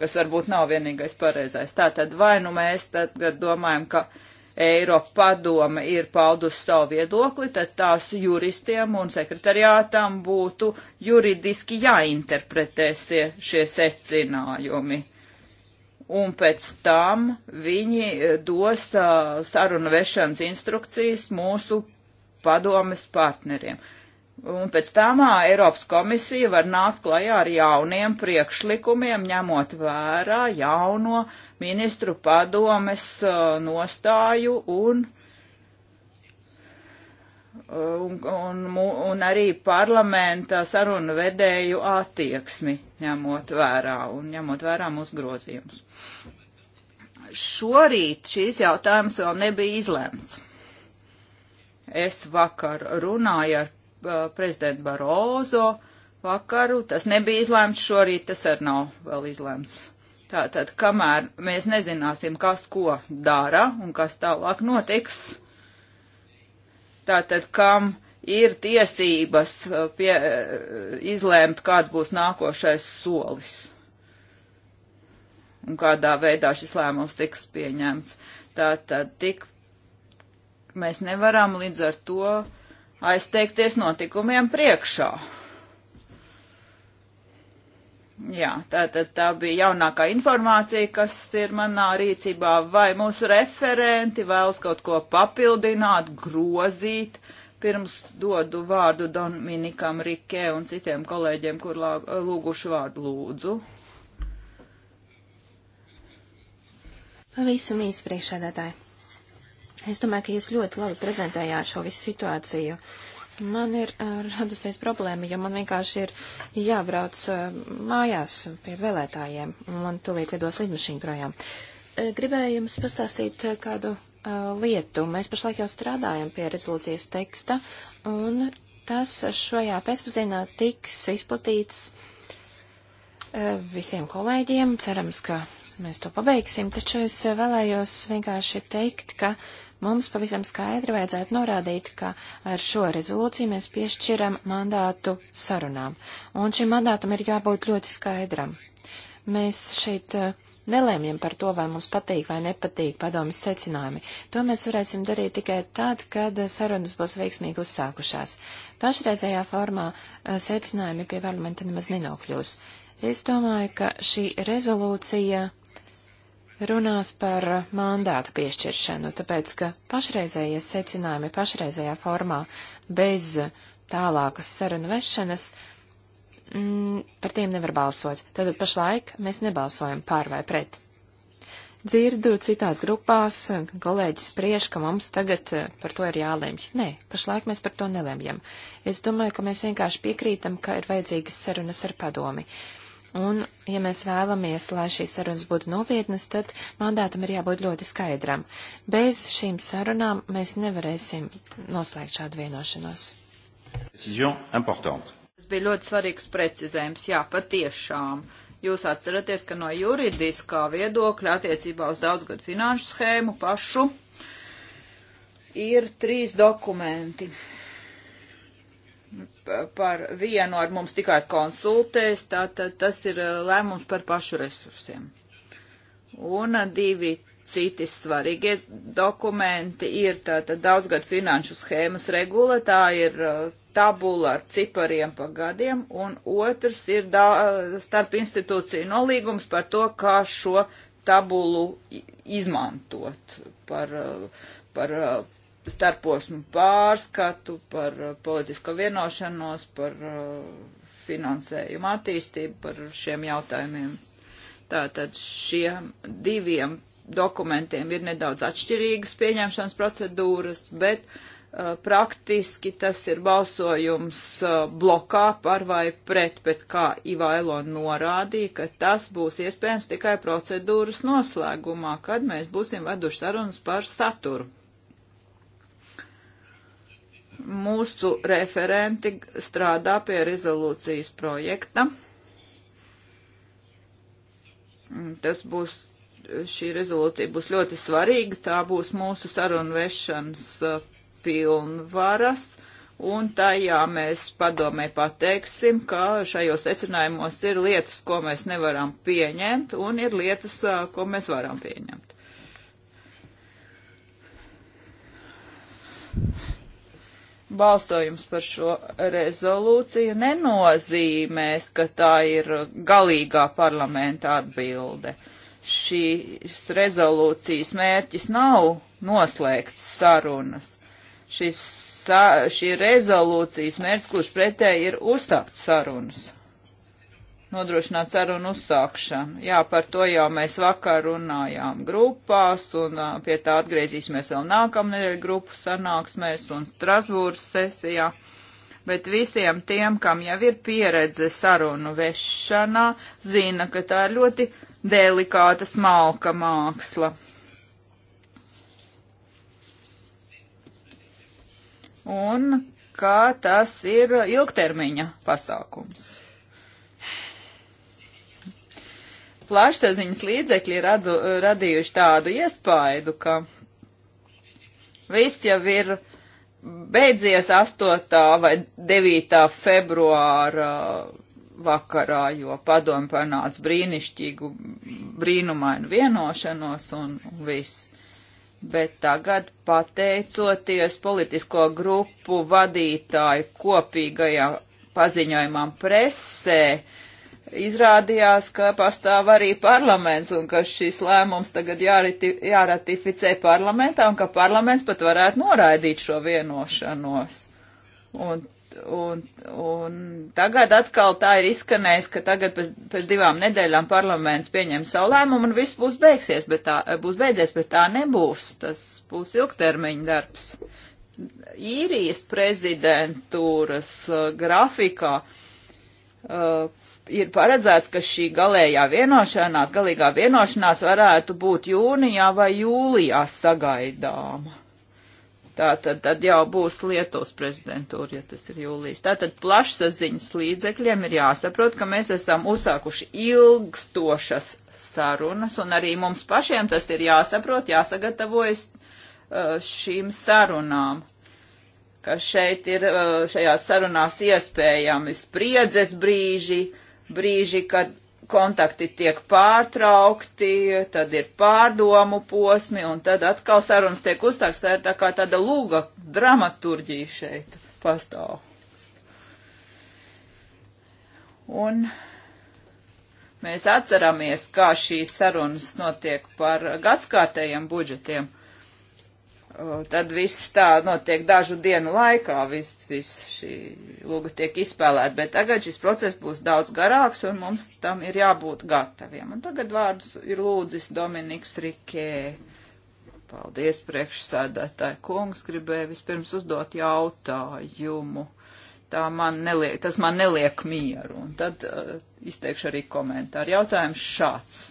kas varbūt nav vienīgais pareizais. Tātad vai nu mēs tagad domājam, ka Eiropa padome ir paudusi savu viedokli, tad tās juristiem un sekretariātām būtu juridiski jāinterpretē šie secinājumi. Un pēc tam viņi e, dos uh, sarunu vešanas instrukcijas mūsu padomes partneriem. Uh, Un pēc tam Eiropas komisija var nākt klajā ar jauniem priekšlikumiem, ņemot vērā jauno ministru padomes nostāju un, un, un, un arī parlamenta sarunu vedēju attieksmi, ņemot vērā un ņemot vērā mūsu grozījumus. Šorīt šīs jautājums vēl nebija izlēmts. Es vakar runāju ar prezidentu Barozo vakaru. Tas nebija izlēmts šorīt, tas arī nav vēl izlēmts. Tātad, kamēr mēs nezināsim, kas ko dara un kas tālāk notiks, tātad, kam ir tiesības pie, izlēmt, kāds būs nākošais solis un kādā veidā šis lēmums tiks pieņemts. Tātad, tik mēs nevaram līdz ar to uh, aizteikties notikumiem priekšā. Jā, tātad tā bija jaunākā informācija, kas ir manā rīcībā. Vai mūsu referenti vēlas kaut ko papildināt, grozīt? Pirms dodu vārdu Dominikam Rikē un citiem kolēģiem, kur lā, lūguši vārdu lūdzu. Pavisam īsi priekšādātāji. Es domāju, ka jūs ļoti labi prezentējāt šo visu situāciju. Man ir eh, radusies problēma, jo man vienkārši ir jābrauc eh, mājās pie vēlētājiem, un man tūlīt lidos lidmašīna projām. Eh, gribēju jums pastāstīt kādu lietu. Mēs pašlaik jau strādājam pie rezolūcijas teksta, un tas šajā pēcpazienā tiks izplatīts visiem kolēģiem. Cerams, ka mēs to pabeigsim, taču es vēlējos vienkārši teikt, ka Mums pavisam skaidri vajadzētu norādīt, ka ar šo rezolūciju mēs piešķiram mandātu sarunām, un šim mandātam ir jābūt ļoti skaidram. Mēs šeit eh, nelēmjam par to, vai mums patīk vai nepatīk padomas secinājumi. To mēs varēsim darīt tikai tad, kad sarunas būs veiksmīgi uzsākušās. Pašreizējā formā eh, secinājumi pie parlamenta nemaz nenokļūs. Es domāju, ka šī rezolūcija runās par mandātu piešķiršanu, tāpēc, ka pašreizējie secinājumi pašreizējā formā bez tālākas sarunu vešanas mm, par tiem nevar balsot. Tātad pašlaik mēs nebalsojam pār vai pret. Dzirdu citās grupās, kolēģis spriež, ka mums tagad eh, par to ir jālemj. Nē, pašlaik mēs par to nelemjam. Es domāju, ka mēs vienkārši piekrītam, ka ir vajadzīgas sarunas ar padomi. Uh, Un, ja mēs vēlamies, lai šīs sarunas būtu nopietnas, tad mandātam ir jābūt ļoti skaidram. Bez šīm sarunām mēs nevarēsim noslēgt šādu vienošanos. Tas bija ļoti svarīgs precizējums, jā, patiešām. Jūs atceraties, ka no juridiskā viedokļa attiecībā uz daudzgadu finanšu schēmu pašu ir trīs dokumenti par vienu ar mums tikai konsultēs, tātad tas ir eh, lēmums par pašu resursiem. Un eh, divi citi svarīgie dokumenti ir tātad daudzgad finanšu schēmas regula, tā ir eh, tabula ar cipariem pa gadiem, un otrs ir da, starp institūciju nolīgums par to, kā šo tabulu izmantot par, par starposmu pārskatu par uh, politisko vienošanos, par uh, finansējumu attīstību, par šiem jautājumiem. Tātad šiem diviem dokumentiem ir nedaudz atšķirīgas pieņemšanas procedūras, bet uh, praktiski tas ir balsojums uh, blokā par vai pret, bet kā Ivailo norādīja, ka tas būs iespējams tikai procedūras noslēgumā, kad mēs būsim veduši sarunas par saturu. Mūsu referenti strādā pie rezolūcijas projekta. Tas būs, šī rezolūcija būs ļoti svarīga, tā būs mūsu sarunu vešanas uh, pilnvaras, un tajā mēs padomē pateiksim, ka šajos secinājumos ir lietas, ko mēs nevaram pieņemt, un ir lietas, uh, ko mēs varam pieņemt. balsojums par šo rezolūciju nenozīmēs, ka tā ir galīgā parlamenta atbilde. Šīs rezolūcijas mērķis nav noslēgts sarunas. Šis, šī rezolūcijas mērķis, kurš pretēji ir uzsākt sarunas nodrošināt sarunu uzsākšanu. Jā, par to jau mēs vakar runājām grupās, un pie tā atgriezīsimies vēl nākamnedēļ grupu sanāksmēs un Strasbūras sesijā. Bet visiem tiem, kam jau ir pieredze sarunu vešanā, zina, ka tā ir ļoti delikāta smalka māksla. Un kā tas ir ilgtermiņa pasākums. plašsaziņas līdzekļi radu, radījuši tādu iespaidu, ka viss jau ir beidzies 8. vai 9. februāra vakarā, jo padomu panāca brīnišķīgu brīnumainu vienošanos un viss. Bet tagad, pateicoties politisko grupu vadītāju kopīgajā paziņojumam presē, uh, izrādījās, ka pastāv arī parlaments un ka šis lēmums tagad jāriti, jāratificē parlamentā un ka parlaments pat varētu noraidīt šo vienošanos. Un, un, un tagad atkal tā ir izskanējis, ka tagad pēc, pēc divām nedēļām parlaments pieņem savu lēmumu un viss būs beigsies, bet tā, būs beidzies, bet tā nebūs. Tas būs ilgtermiņa darbs. Īrijas prezidentūras uh, grafikā uh, ir paredzēts, ka šī galējā vienošanās, galīgā vienošanās varētu būt jūnijā vai jūlijā sagaidāma. Tātad tad jau būs Lietuvas prezidentūra, ja tas ir jūlijas. Tātad plašsaziņas līdzekļiem ir jāsaprot, ka mēs esam uzsākuši ilgstošas sarunas, un arī mums pašiem tas ir jāsaprot, jāsagatavojas uh, šīm sarunām ka šeit ir uh, šajās sarunās iespējami spriedzes brīži, uh, brīži, kad kontakti tiek pārtraukti, tad ir pārdomu posmi, un tad atkal sarunas tiek uzsāktas. Tā ir tā kā tāda lūga dramaturģija šeit pastāv. Un mēs atceramies, kā šīs sarunas notiek par gadskārtējiem budžetiem tad viss tā notiek dažu dienu laikā, viss, viss šī lūga tiek izspēlēta, bet tagad šis process būs daudz garāks un mums tam ir jābūt gataviem. Un tagad vārdus ir lūdzis Dominiks Rikē. Paldies, priekšsēdētāji kungs, gribēju vispirms uzdot jautājumu. Tā man neliek, tas man neliek mieru, un tad uh, izteikšu arī komentāru. Jautājums šāds.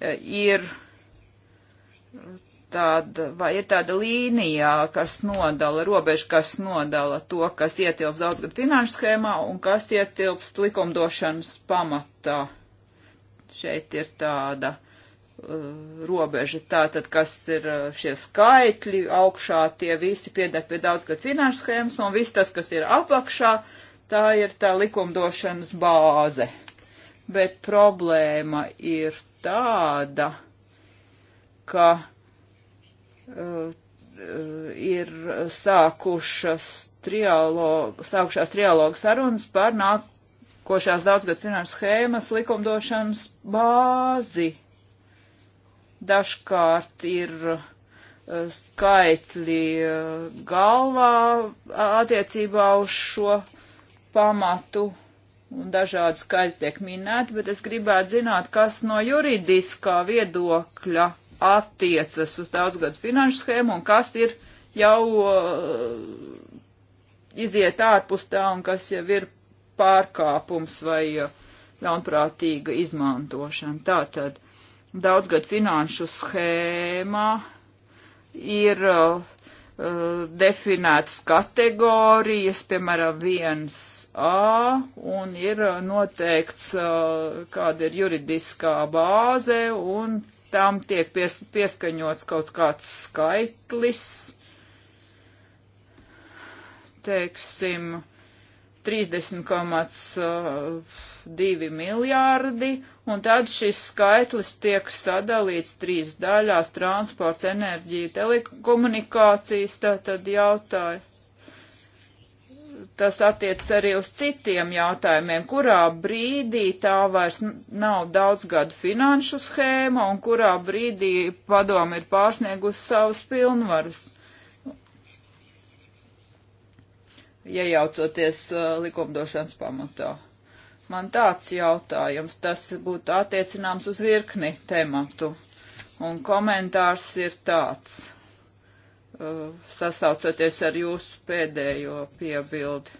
Uh, ir tāda, vai ir tāda līnijā, kas nodala, robeža, kas nodala to, kas ietilps daudzgad finanšu schēmā un kas ietilpst likumdošanas pamatā. Šeit ir tāda uh, robeža, tātad, kas ir uh, šie skaitļi augšā, tie visi piedāk pie daudzgad finanšu schēmas un viss tas, kas ir apakšā, tā ir tā likumdošanas bāze. Bet problēma ir tāda, ka ka uh, ir sākušas trialogu, sākušās trialogu sarunas par nākošās daudzgad finanšu schēmas likumdošanas bāzi. Dažkārt ir eh, skaitļi eh, galvā attiecībā uz šo pamatu un dažādi skaļi tiek minēti, bet es gribētu zināt, kas no juridiskā viedokļa attiecas uz daudzgadu finanšu schēmu un kas ir jau uh, iziet ārpus tā un kas jau ir pārkāpums vai uh, ļaunprātīga izmantošana. Tātad daudzgad finanšu schēmā ir uh, uh, definētas kategorijas, piemēram, 1A, un ir uh, noteikts, uh, kāda ir juridiskā bāze un tam tiek pies, pieskaņots kaut kāds skaitlis, teiksim, 30,2 miljārdi, un tad šis skaitlis tiek sadalīts trīs daļās - transports, enerģija, telekomunikācijas, tātad jautāja tas attiec arī uz citiem jautājumiem, kurā brīdī tā vairs nav daudz gadu finanšu schēma un kurā brīdī padomi ir pārsniegusi savus pilnvarus. Iejaucoties uh, likumdošanas pamatā. Man tāds jautājums, tas būtu attiecināms uz virkni tematu. Un komentārs ir tāds Uh, sasaucoties ar jūsu pēdējo piebildi.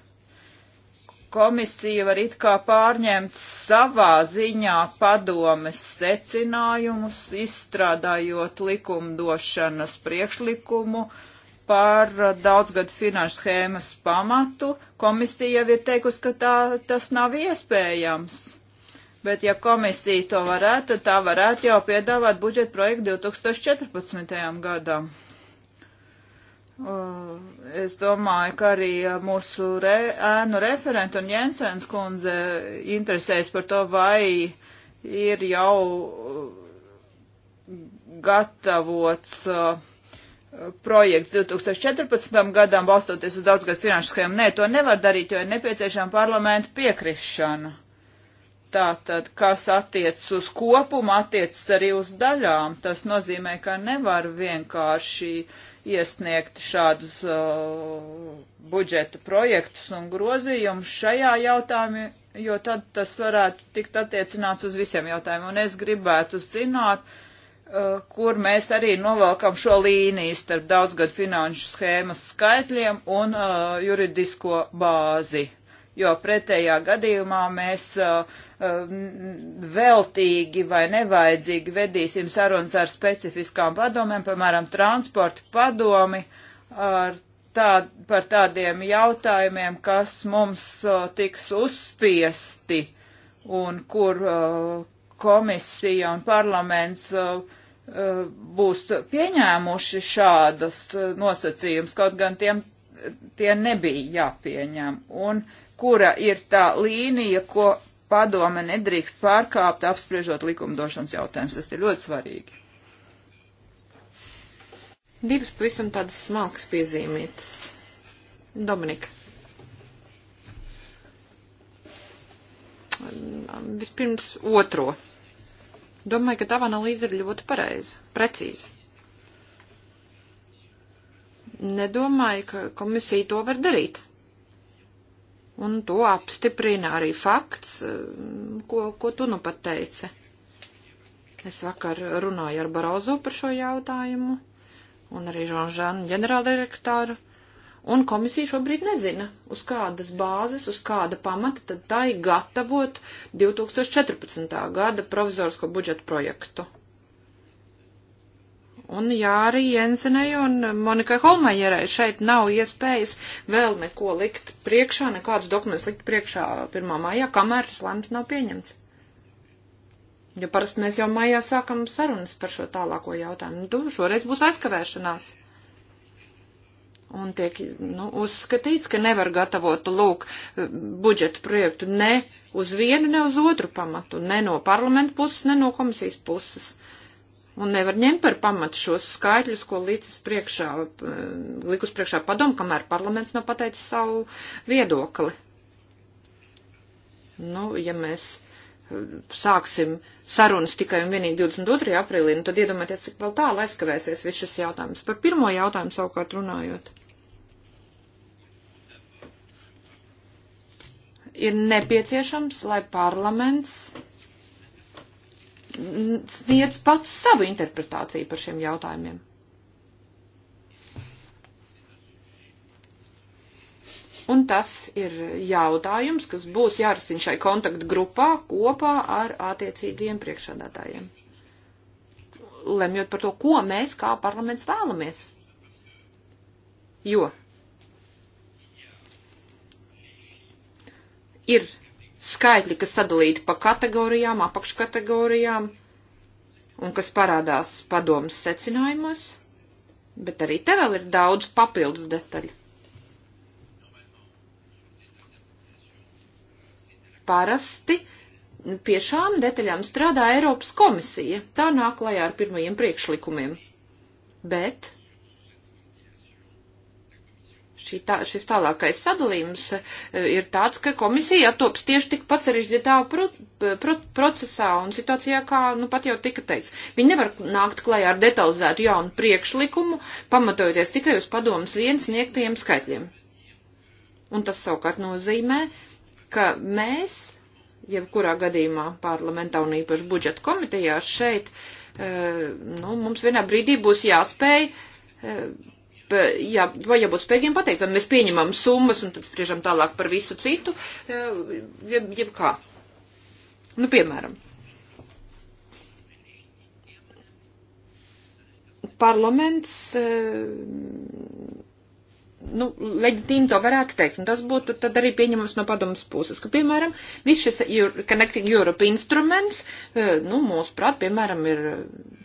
Komisija var it kā pārņemt savā ziņā padomes secinājumus, izstrādājot likumdošanas priekšlikumu par daudzgadu finanšu schēmas pamatu. Komisija jau ir teikusi, ka tā, tas nav iespējams. Bet ja komisija to varētu, tad tā varētu jau piedāvāt budžeta projektu 2014. gadam. Es domāju, ka arī eh, mūsu re, ēnu referenti un Jensens kundze interesēs par to, vai ir jau eh, gatavots eh, projekts 2014. gadam, balstoties uz daudzgadu finanšu schēmu. Nē, to nevar darīt, jo ir nepieciešama parlamenta piekrišana. Tātad, kas attiec uz kopumu, attiec arī uz daļām. Tas nozīmē, ka nevar vienkārši uh, iesniegt šādus uh, budžeta projektus un grozījumus šajā jautājumā, jo tad tas varētu tikt attiecināts uz visiem jautājumiem. Un es gribētu zināt, uh, kur mēs arī novelkam šo līniju starp daudzgad finanšu schēmas skaitļiem un uh, juridisko bāzi jo pretējā gadījumā mēs uh, uh, veltīgi vai nevajadzīgi vedīsim sarunas ar specifiskām padomēm, piemēram, transporta padomi ar tā, par tādiem jautājumiem, kas mums uh, tiks uzspiesti un kur uh, komisija un parlaments uh, uh būs pieņēmuši šādas uh, nosacījumus, kaut gan tiem tie nebija jāpieņem. Un kura ir tā līnija, ko padome nedrīkst pārkāpt, apspriežot likumdošanas jautājumus. Tas ir ļoti svarīgi. Divas pavisam tādas smalkas piezīmītas. Dominika. Vispirms otro. Domāju, ka tava analīze ir ļoti pareiza, precīza. Nedomāju, ka komisija to var darīt. Un to apstiprina arī fakts, eh, ko, ko tu nu pat teici. Es vakar runāju ar Barozu par šo jautājumu, un arī Žonžānu ģenerāldirektoru, un komisija šobrīd nezina, uz kādas bāzes, uz kāda pamata tad tai gatavot 2014. gada provizorisko budžetu projektu. Un Jāri Jensenei un Monikai Holmajerai šeit nav iespējas vēl neko likt priekšā, nekādus dokumentus likt priekšā 1. maijā, kamēr tas lēmums nav pieņemts. Jo parasti mēs jau maijā sākam sarunas par šo tālāko jautājumu. Nu, šoreiz būs aizkavēšanās. Un tiek nu, uzskatīts, ka nevar gatavot lūk budžetu projektu ne uz vienu, ne uz otru pamatu, ne no parlamenta puses, ne no komisijas puses. Uh, Un nevar ņemt par pamatu šos skaitļus, ko līdzis priekšā, eh, likus priekšā padomu, kamēr parlaments nav pateicis savu viedokli. Nu, ja mēs eh, sāksim sarunas tikai un vienīgi 22. aprīlī, nu tad iedomājieties, cik vēl tālu aizkavēsies viss šis jautājums. Par pirmo jautājumu savukārt runājot. Ir nepieciešams, lai parlaments sniedz pats savu interpretāciju par šiem jautājumiem. Un tas ir jautājums, kas būs jārisina šai kontaktgrupā kopā ar attiecīgiem priekšsādātājiem. Lemjot par to, ko mēs kā parlaments vēlamies. Jo ir skaitļi, kas sadalīti pa kategorijām, apakškategorijām un kas parādās padomas secinājumos, bet arī te vēl ir daudz papildus detaļu. Parasti pie šām detaļām strādā Eiropas komisija, tā nāk klajā ar pirmajiem priekšlikumiem. Bet tā, šis tālākais sadalījums e, ir tāds, ka komisija attops tieši tikpat sarežģītā pro, e, pro, procesā un situācijā, kā nu pat jau tika teikts. Viņi nevar nākt klajā ar detalizētu jaunu priekšlikumu, pamatojoties tikai uz padomus viens sniegtajiem skaitļiem. Un tas savukārt nozīmē, ka mēs, jebkurā gadījumā parlamentā un īpaši budžeta komitejā šeit, e, nu, mums vienā brīdī būs jāspēj jā, vai jābūt spējīgiem pateikt, vai mēs pieņemam summas un tad spriežam tālāk par visu citu, jeb, jeb kā. Nu, piemēram. Parlaments nu, leģitīmi to varētu teikt, un tas būtu tad arī pieņemams no padomas puses, ka, piemēram, viss šis Connecting Europe instruments, eh, nu, mūsu prāt, piemēram, ir eh,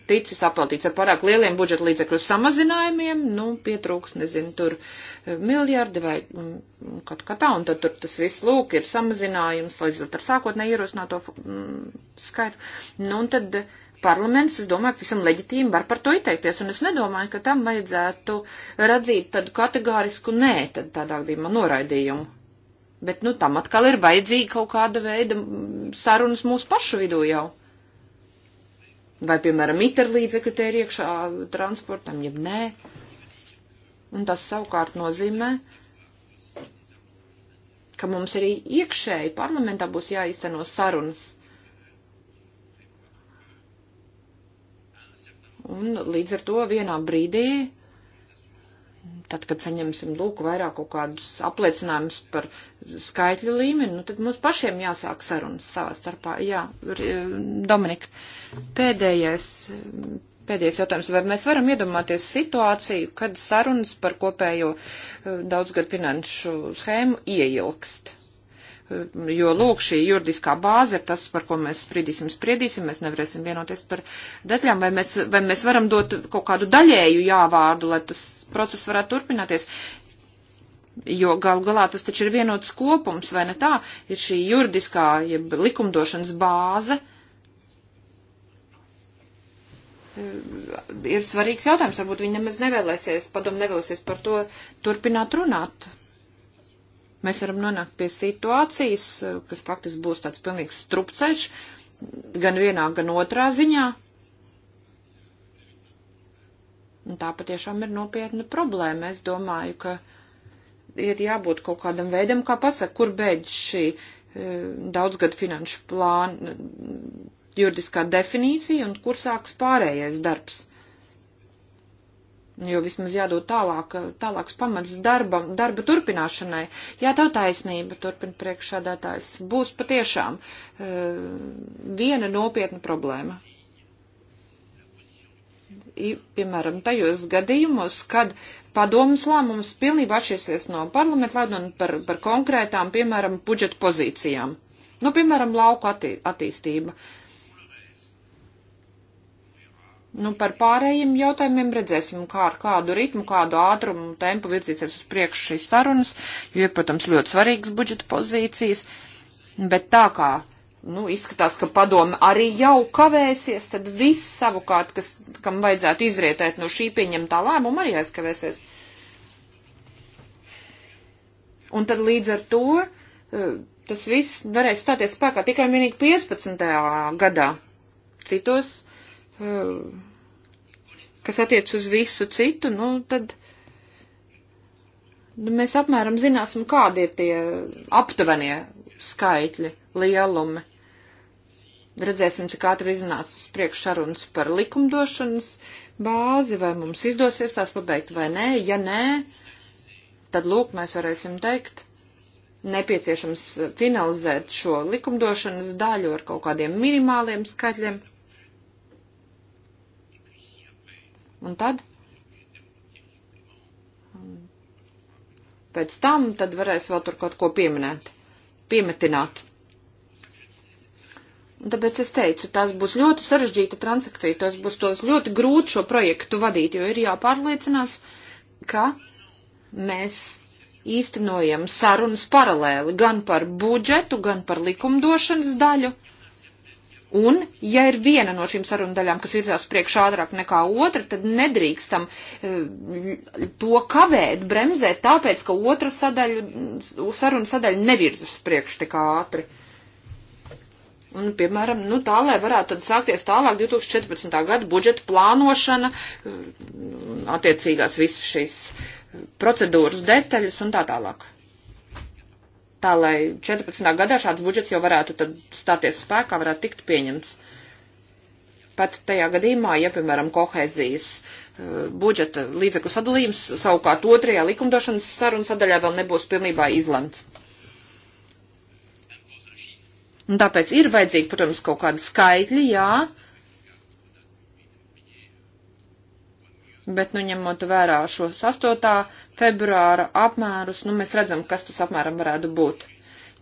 ticis aplatīts ar pārāk lieliem budžeta līdzekļu samazinājumiem, nu, pietrūks, nezinu, tur eh, miljardi vai mm, mm, kaut kā tā, un tad tur tas viss lūk ir samazinājums, līdz ar sākotnēji ierosināto mm, skaitu. Nu, un tad. Uh, parlaments, es domāju, visam leģitīmi var par to izteikties, un es nedomāju, ka tam vajadzētu redzīt tādu kategorisku nē, tad tādā gadījumā noraidījumu. Bet, nu, tam atkal ir vajadzīga kaut kāda veida sarunas mūsu pašu vidū jau. Vai, piemēram, miterlīdzekļu te ir iekšā transportam, jeb nē. Un tas savukārt nozīmē, ka mums arī iekšēji parlamentā būs jāizteno sarunas Un līdz ar to vienā brīdī, tad, kad saņemsim lūk vairāk kaut kādus apliecinājumus par skaitļu līmeni, nu tad mums pašiem jāsāk sarunas savā starpā. Jā, e, Dominika, pēdējais, pēdējais jautājums. Vai mēs varam iedomāties situāciju, kad sarunas par kopējo e, daudzgad finanšu schēmu ieilgst? jo, lūk, šī juridiskā bāze ir tas, par ko mēs spridīsim, spriedīsim, mēs nevarēsim vienoties par detaļām, vai mēs, vai mēs varam dot kaut kādu daļēju jāvārdu, lai tas process varētu turpināties. Jo gal galā tas taču ir vienots kopums, vai ne tā? Ir šī juridiskā, jeb likumdošanas bāze. Ir svarīgs jautājums, varbūt viņi nemaz nevēlēsies, padomu nevēlēsies par to turpināt runāt. Mēs varam nonākt pie situācijas, eh, kas faktiski būs tāds pilnīgs strupceļš, gan vienā, gan otrā ziņā. Un tā patiešām ir nopietna problēma. Es domāju, ka ir jābūt kaut kādam veidam, kā pasaka, kur beidz šī e, eh, daudzgad finanšu plāna juridiskā definīcija un kur sāks pārējais darbs jo vismaz jādod tālāk, tālāks pamats darbam, darba turpināšanai. Jā, tā taisnība, turpina priekšādātājs, būs patiešām uh, viena nopietna problēma. I, piemēram, tajos gadījumos, kad padomas lēmums pilnībā atšķirsies no parlamenta lēmuma par, par konkrētām, piemēram, budžeta pozīcijām. Nu, piemēram, lauku attī, attīstība. Uh, Nu, par pārējiem jautājumiem redzēsim, kā ar kādu ritmu, kādu ātrumu, tempu virzīsies uz priekšu šīs sarunas, jo ir, protams, ļoti svarīgas budžeta pozīcijas, bet tā kā, nu, izskatās, ka padome arī jau kavēsies, tad viss savukārt, kas, kam vajadzētu izrietēt no šī pieņemtā lēmuma, arī aizkavēsies. Un tad līdz ar to eh, tas viss varēs stāties spēkā tikai vienīgi 15. gadā. Citos Eh, kas attiec uz visu citu, nu, tad nu, mēs apmēram zināsim, kādi ir tie aptuvenie skaitļi, lielumi. Redzēsim, cik ātri iznās uz priekšu sarunas par likumdošanas bāzi, vai mums izdosies tās pabeigt vai nē. Ja nē, tad lūk, mēs varēsim teikt, nepieciešams finalizēt šo likumdošanas daļu ar kaut kādiem minimāliem skaitļiem Un tad? Pēc tam tad varēs vēl tur kaut ko pieminēt, piemetināt. Un tāpēc es teicu, tās būs ļoti sarežģīta transakcija, tas būs tos ļoti grūti šo projektu vadīt, jo ir jāpārliecinās, ka mēs īstenojam sarunas paralēli gan par budžetu, gan par likumdošanas daļu Un, ja ir viena no šīm sarundaļām, kas virzās priekšā ātrāk nekā otra, tad nedrīkstam e, to kavēt, bremzēt, tāpēc, ka otra sadaļu, saruna sadaļa nevirzas priekš tik ātri. Un, piemēram, nu, tā, lai varētu tad sākties tālāk 2014. gada budžeta plānošana, e, attiecīgās visas šīs e, procedūras detaļas un tā tālāk tā lai 14. gadā šāds budžets jau varētu tad stāties spēkā, varētu tikt pieņemts. Pat tajā gadījumā, ja, piemēram, kohēzijas uh, budžeta līdzekļu sadalījums savukārt otrajā likumdošanas sarunu sadaļā vēl nebūs pilnībā izlemts. Un tāpēc ir vajadzīgi, protams, kaut kādi skaitļi, jā, bet, nu, ņemot vērā šos 8. februāra apmērus, nu, mēs redzam, kas tas apmēram varētu būt.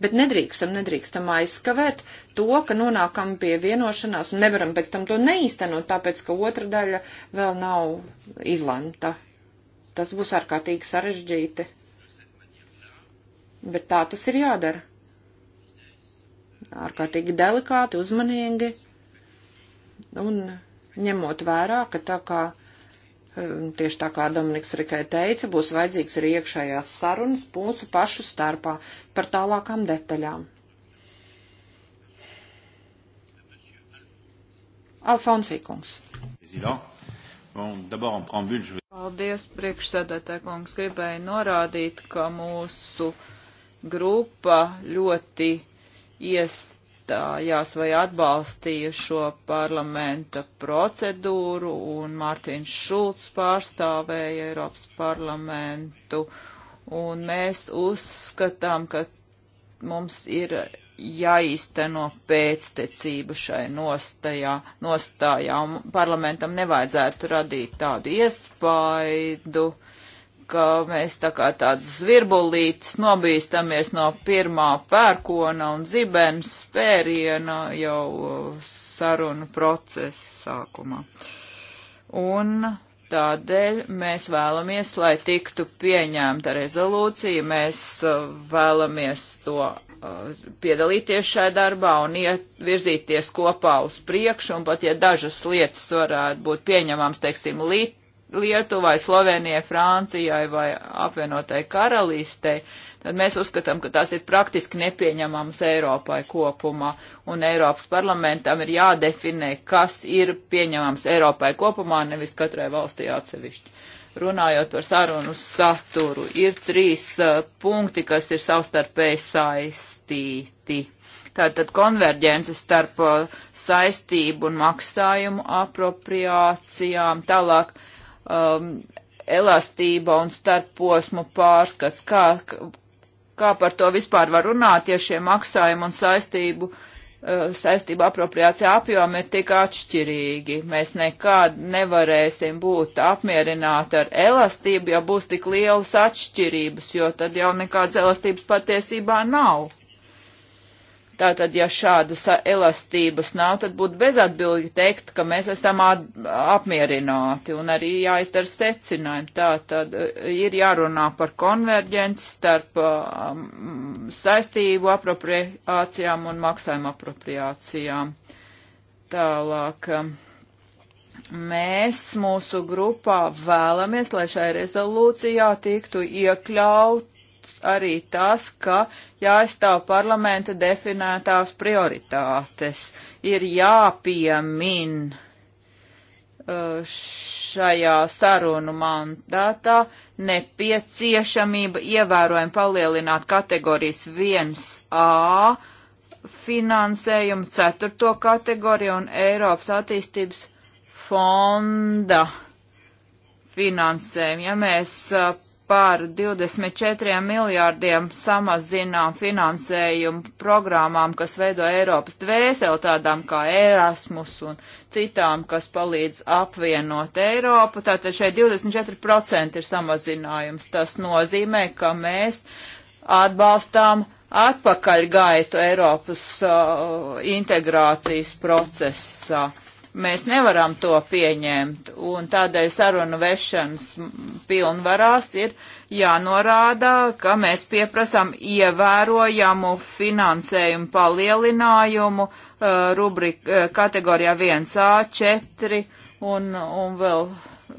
Bet nedrīkstam, nedrīkstam aizskavēt to, ka nonākam pie vienošanās un nevaram pēc tam to neīstenot, tāpēc, ka otra daļa vēl nav izlemta. Tas būs ārkārtīgi sarežģīti. Bet tā tas ir jādara. Ārkārtīgi delikāti, uzmanīgi un ņemot vērā, ka tā kā Ehm, tieši tā kā Dominiks Rikai teica, būs vajadzīgs arī iekšējās sarunas mūsu pašu starpā par tālākām detaļām. Alfonsī kungs. Paldies, priekšsēdētāji kungs. Gribēju norādīt, ka mūsu grupa ļoti ies iestājās vai atbalstīja šo parlamenta procedūru, un Mārtiņš Šulcs pārstāvēja Eiropas parlamentu, un mēs uzskatām, ka mums ir jāīsteno pēctecība šai nostajā, nostājā, un parlamentam nevajadzētu radīt tādu iespaidu, uh, ka mēs tā kā tāds zvirbulītis nobīstamies no pirmā pērkona un zibens spēriena jau uh, sarunu procesa sākumā. Un tādēļ mēs vēlamies, lai tiktu pieņemta rezolūcija, mēs uh, vēlamies to uh, piedalīties šai darbā un iet, virzīties kopā uz priekšu, un pat ja dažas lietas varētu būt pieņemams, teiksim, lit Lietuvai, Slovenijai, Francijai vai apvienotai karalistei, tad mēs uzskatām, ka tās ir praktiski nepieņemamas Eiropai kopumā, un Eiropas parlamentam ir jādefinē, kas ir pieņemams Eiropai kopumā, nevis katrai valstī atsevišķi. Runājot par sarunu saturu, ir trīs uh, punkti, kas ir savstarpēji saistīti tātad konverģences starp uh, saistību un maksājumu apropriācijām, tālāk um, elastība un starposmu pārskats. Kā, kā par to vispār var runāt, ja šie maksājumi un saistību uh, saistība apropriācija apjomi ir tik atšķirīgi. Mēs nekād nevarēsim būt apmierināti ar elastību, ja būs tik lielas atšķirības, jo tad jau nekādas elastības patiesībā nav. Tātad, ja šādas elastības nav, tad būtu bezatbildīgi teikt, ka mēs esam apmierināti un arī jāizdara secinājumi. Tātad e, ir jārunā par konverģenci starp um, saistību apropriācijām un maksājumu apropriācijām. Tālāk. Mēs mūsu grupā vēlamies, lai šai rezolūcijā tiktu iekļaut arī tas, ka jāizstāv parlamenta definētās prioritātes. Ir jāpiemin uh, šajā sarunu mandātā nepieciešamība ievērojami palielināt kategorijas 1A finansējumu ceturto kategoriju un Eiropas attīstības fonda finansējumu. Ja mēs uh, par 24 miljārdiem samazinām finansējumu programmām, kas veido Eiropas dvēseli, tādām kā Erasmus un citām, kas palīdz apvienot Eiropu. Tātad šeit 24% ir samazinājums. Tas nozīmē, ka mēs atbalstām atpakaļgaitu Eiropas uh, integrācijas procesā. Uh, Mēs nevaram to pieņemt, un tādēļ sarunu vešanas pilnvarās ir jānorāda, ka mēs pieprasām ievērojamu finansējumu palielinājumu uh, rubrik, uh, kategorijā 1A, 4 un, un vēl uh,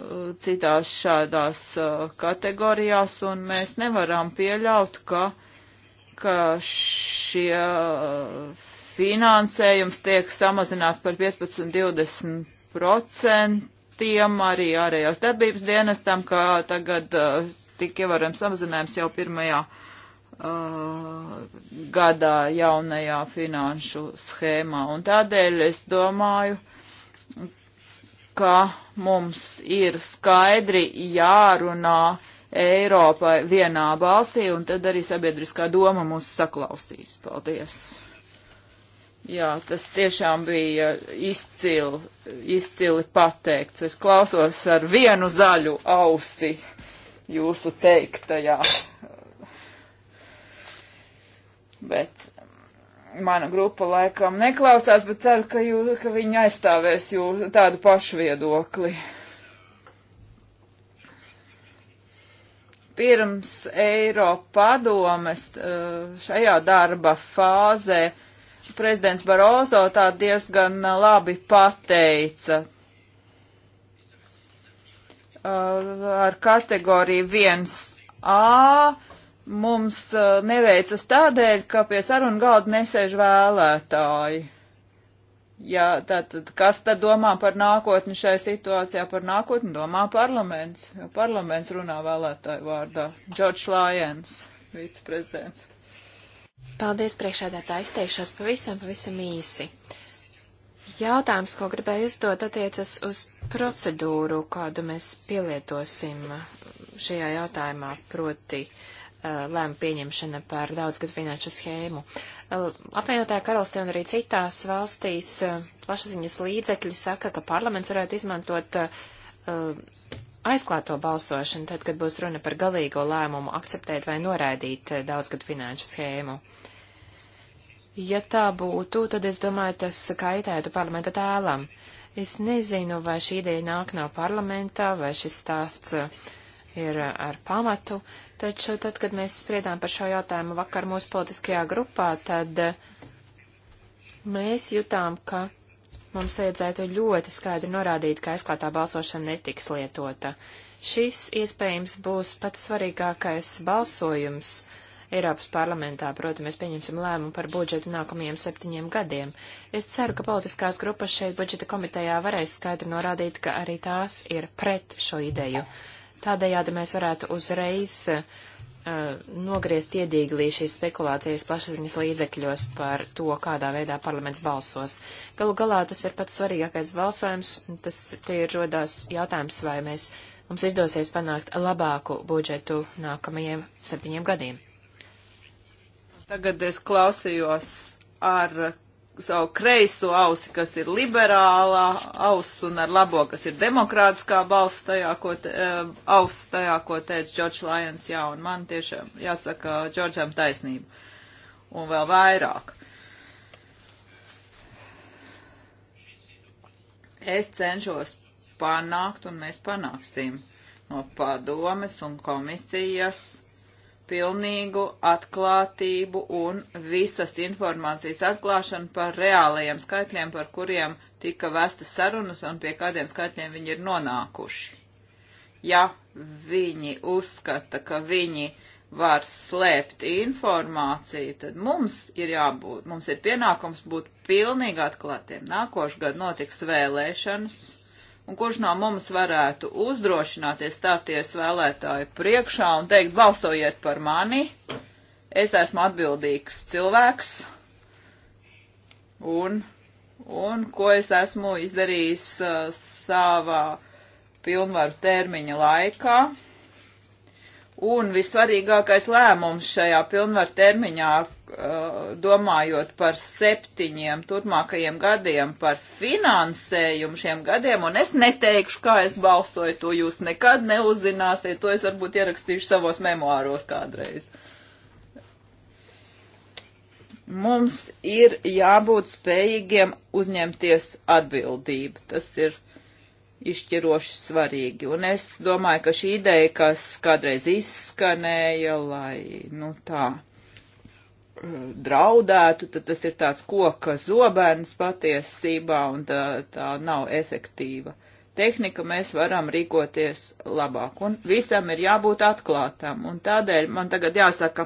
citās šādās uh, kategorijās, un mēs nevaram pieļaut, ka, ka šie uh, finansējums tiek samazināts par 15-20% arī ārējās darbības dienestam, kā tagad uh, tik ievērojams samazinājums jau pirmajā uh, gadā jaunajā finanšu schēmā. Un tādēļ es domāju, ka mums ir skaidri jārunā Eiropai vienā balsī, un tad arī sabiedriskā doma mūs saklausīs. Paldies! Jā, tas tiešām bija izcili, izcili pateikts. Es klausos ar vienu zaļu ausi jūsu teiktajā. Bet mana grupa laikam neklausās, bet ceru, ka, jū, ka viņi aizstāvēs jūsu tādu pašu viedokli. Pirms Eiropadomes eh, šajā darba fāzē mūsu prezidents Barozo tā diezgan uh, labi pateica. Uh, ar kategoriju 1A mums uh, neveicas tādēļ, ka pie sarunu galda nesēž vēlētāji. Jā, tātad kas tad domā par nākotni šajā situācijā? Par nākotni domā parlaments, jo parlaments runā vēlētāju vārdā. Džordžs Lājens, viceprezidents. Paldies, priekšādātāji. Es teikšos pavisam, pavisam īsi. Jautājums, ko gribēju uzdot, attiecas uz procedūru, kādu mēs pielietosim šajā jautājumā, proti uh, lēma pieņemšana par daudzgadu finanšu schēmu. Uh, Apvienotajā karalistē un arī citās valstīs uh, plašsaziņas līdzekļi saka, ka parlaments varētu izmantot uh, aizklāto balsošanu, tad, kad būs runa par galīgo lēmumu akceptēt vai noraidīt eh, daudzgadu finanšu schēmu. Ja tā būtu, tad es domāju, tas kaitētu parlamenta tēlam. Es nezinu, vai šī ideja nāk no parlamentā, vai šis stāsts eh, ir eh, ar pamatu, taču tad, kad mēs spriedām par šo jautājumu vakar mūsu politiskajā grupā, tad mēs jutām, ka Mums vajadzētu ļoti skaidri norādīt, ka aizklātā balsošana netiks lietota. Šis iespējams būs pats svarīgākais balsojums. Eiropas parlamentā, protams, mēs pieņemsim lēmumu par budžetu nākamajiem septiņiem gadiem. Es ceru, ka politiskās grupas šeit budžeta komitejā varēs skaidri norādīt, ka arī tās ir pret šo ideju. Tādējādi mēs varētu uzreiz uh, Eh, nogriezt iedīglī šīs spekulācijas plašsaziņas līdzekļos par to, kādā veidā parlaments balsos. Galu galā tas ir pats svarīgākais balsojums, tas te ir rodās jautājums, vai mēs, mums izdosies panākt labāku budžetu nākamajiem septiņiem gadiem. Tagad es klausījos ar savu kreiso ausi, kas ir liberālā auss un ar labo, kas ir demokrātiskā balss tajā, ko, te, eh, auss tajā, ko teica George Lyons, jā, un man tiešām jāsaka Džordžam taisnību. Un vēl vairāk. Es cenšos panākt, un mēs panāksim no padomes un komisijas pilnīgu atklātību un visas informācijas atklāšanu par reālajiem skaitļiem, par kuriem tika vestas sarunas un pie kādiem skaitļiem viņi ir nonākuši. Ja viņi uzskata, ka viņi var slēpt informāciju, tad mums ir jābūt, mums ir pienākums būt pilnīgi atklātiem. Nākošu gadu notiks vēlēšanas un kurš no mums varētu uzdrošināties stāties vēlētāju priekšā un teikt, balsojiet par mani, es esmu atbildīgs cilvēks, un, un ko es esmu izdarījis uh, savā pilnvaru termiņa laikā. Un visvarīgākais lēmums šajā pilnvar termiņā, uh, domājot par septiņiem turpmākajiem gadiem, par finansējumu šiem gadiem, un es neteikšu, kā es balsoju, to jūs nekad neuzzināsiet, to es varbūt ierakstīšu savos memoāros kādreiz. Mums ir jābūt spējīgiem uzņemties atbildību. Tas ir izšķiroši svarīgi. Un es domāju, ka šī ideja, kas kādreiz izskanēja, lai, nu tā, eh, draudētu, tad tas ir tāds koka zobens patiesībā, un tā, tā nav efektīva. Tehnika mēs varam rīkoties labāk, un visam ir jābūt atklātam, un tādēļ man tagad jāsaka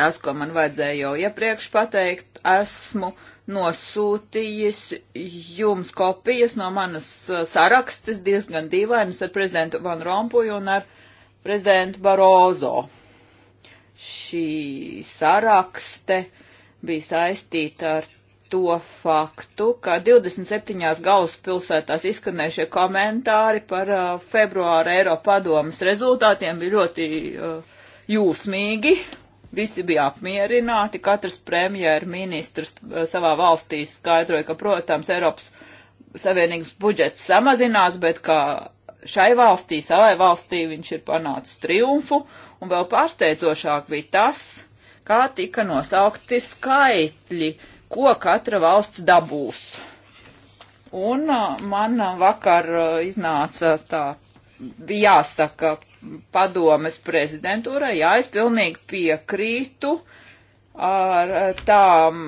tas, ko man vajadzēja jau iepriekš pateikt, esmu nosūtījis jums kopijas no manas uh, sarakstas diezgan dīvainas ar prezidentu Van Rompuju un ar prezidentu Barozo. Šī sarakste bija saistīta ar to faktu, ka 27. galvaspilsētās izskanējušie komentāri par uh, februāra Eiropadomas rezultātiem bija ļoti uh, jūsmīgi Visi bija apmierināti, katrs premjerministrs eh, savā valstī skaidroja, ka, protams, Eiropas Savienības budžets samazinās, bet ka šai valstī, savai valstī viņš ir panācis triumfu, un vēl pārsteidzošāk bija tas, kā tika nosaukti skaitļi, ko katra valsts dabūs. Un eh, man vakar eh, iznāca tā jāsaka padomes prezidentūrai, jā, es pilnīgi piekrītu ar tām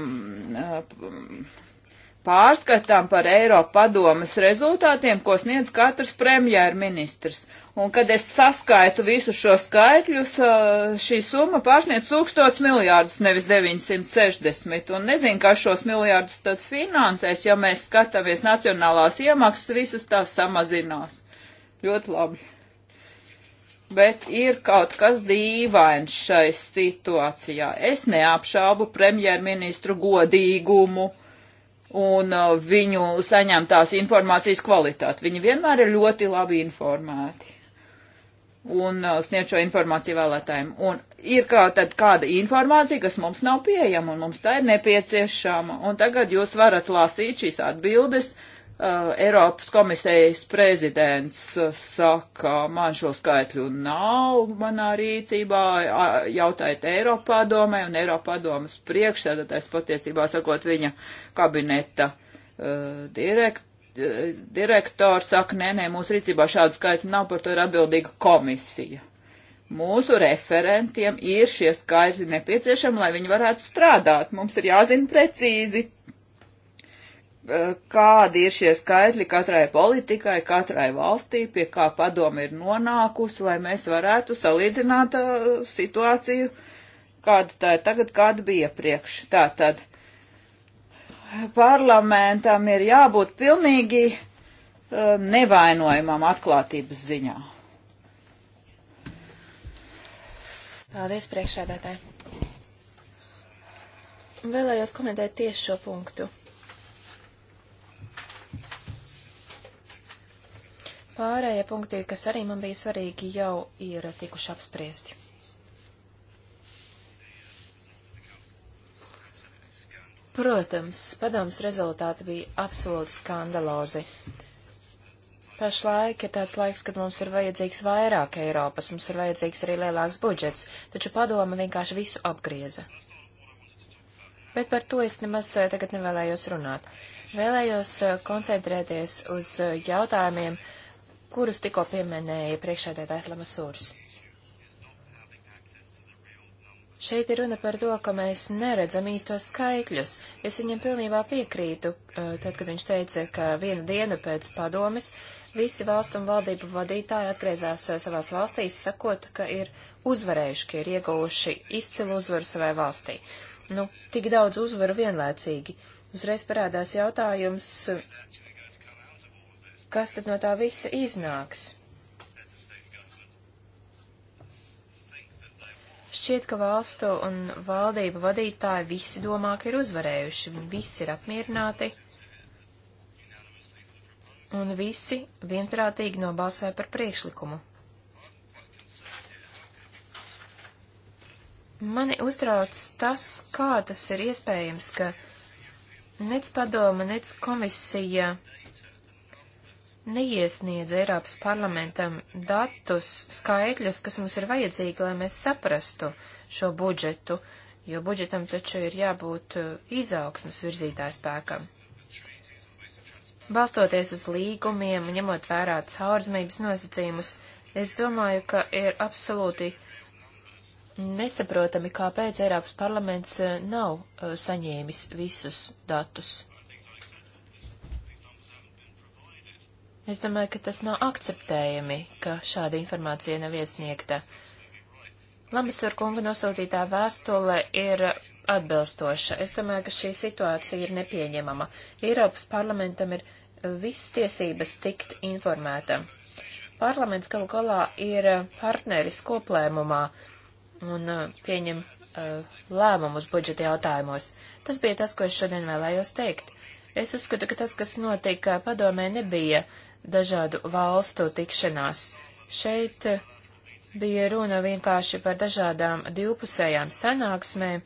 pārskatām par Eiropa padomas rezultātiem, ko sniedz katrs premjērministrs. Un, kad es saskaitu visus šo skaitļus, šī summa pārsniedz 1000 miljārdus, nevis 960. Un nezinu, kā šos miljārdus tad finansēs, ja mēs skatāmies nacionālās iemaksas, visas tās samazinās ļoti labi. Bet ir kaut kas dīvains šai situācijā. Es neapšaubu premjerministru godīgumu un uh, viņu saņemtās informācijas kvalitāti. Viņi vienmēr ir ļoti labi informēti un uh, sniedz šo informāciju vēlētājiem. Un ir kā tad kāda informācija, kas mums nav pieejama un mums tā ir nepieciešama. Un tagad jūs varat lasīt šīs atbildes, uh, Uh, Eiropas komisijas prezidents uh, saka, man šo skaitļu nav manā rīcībā, uh, jautājiet Eiropādomē un Eiropādomas priekšsēdētājs patiesībā sakot viņa kabineta uh, direkt, uh, direktors saka, nē, nē, mūsu rīcībā šādu skaitļu nav, par to ir atbildīga komisija. Mūsu referentiem ir šie skaitļi nepieciešami, lai viņi varētu strādāt. Mums ir jāzina precīzi, Eh, kādi ir šie skaitļi katrai politikai, katrai valstī, pie kā padomi ir nonākusi, lai mēs varētu salīdzināt uh, situāciju, kāda tā ir tagad, kāda bija iepriekš. Tātad parlamentam ir jābūt pilnīgi uh, eh, nevainojumam atklātības ziņā. Paldies, priekšsēdētāji. Vēlējos komentēt tieši šo punktu. Pārējie punkti, kas arī man bija svarīgi, jau ir tikuši apspriesti. Protams, padoms rezultāti bija absolūti skandalozi. Pašlaik ir tāds laiks, kad mums ir vajadzīgs vairāk Eiropas, mums ir vajadzīgs arī lielāks budžets, taču padoma vienkārši visu apgrieza. Bet par to es nemaz eh, tagad nevēlējos runāt. Vēlējos eh, koncentrēties uz eh, jautājumiem, uh, kurus tikko pieminēja priekšsēdētājs Lamasūrs. Šeit ir runa par to, ka mēs neredzam īstos skaitļus. Es viņam pilnībā piekrītu, uh, tad, kad viņš teica, ka vienu dienu pēc padomis visi valstu un valdību vadītāji atgriezās uh, savās valstīs, sakot, ka ir uzvarējuši, ka ir ieguvuši izcilu uzvaru savai valstī. Nu, tik daudz uzvaru vienlaicīgi. Uzreiz parādās jautājums, kas tad no tā visa iznāks? Šķiet, ka valstu un valdību vadītāji visi domā, ka ir uzvarējuši, visi ir apmierināti, un visi vienprātīgi nobalsoja par priekšlikumu. Mani uztrauc tas, kā tas ir iespējams, ka nec padoma, nec komisija uh, neiesniedz Eiropas parlamentam datus, skaitļus, kas mums ir vajadzīgi, lai mēs saprastu šo budžetu, jo budžetam taču ir jābūt uh, izaugsmas virzītāj spēkam. Balstoties uz līgumiem un ņemot vērā caurzmības nosacījumus, es domāju, ka ir absolūti nesaprotami, kāpēc Eiropas parlaments uh, nav uh, saņēmis visus datus. Es domāju, ka tas nav akceptējami, ka šāda informācija nav iesniegta. Lambisur kunga nosūtītā vēstule ir atbilstoša. Es domāju, ka šī situācija ir nepieņemama. Eiropas parlamentam ir viss tiesības tikt informētam. Parlaments galu galā ir partneris koplēmumā un uh, pieņem uh, lēmumus budžeta jautājumos. Tas bija tas, ko es šodien vēlējos teikt. Es uzskatu, ka tas, kas notika padomē, nebija dažādu valstu tikšanās. Šeit eh, bija runa vienkārši par dažādām divpusējām sanāksmēm,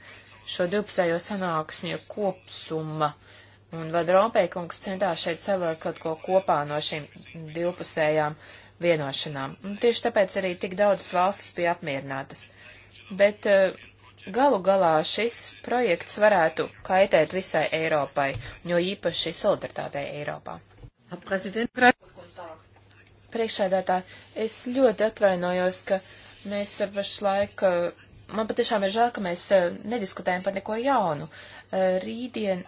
šo divpusējo sanāksmju kopsumma. Un Vadrompēkungs centās šeit savākt kaut ko kopā no šīm divpusējām vienošanām. Un tieši tāpēc arī tik daudzas valstis bija apmierinātas. Bet eh, galu galā šis projekts varētu kaitēt visai Eiropai, jo īpaši solidaritātei Eiropā. Priekšsēdētāji, es ļoti atvainojos, ka mēs pašlaik, eh, man patiešām ir žēl, ka mēs eh, nediskutējam par neko jaunu. Eh, rītdien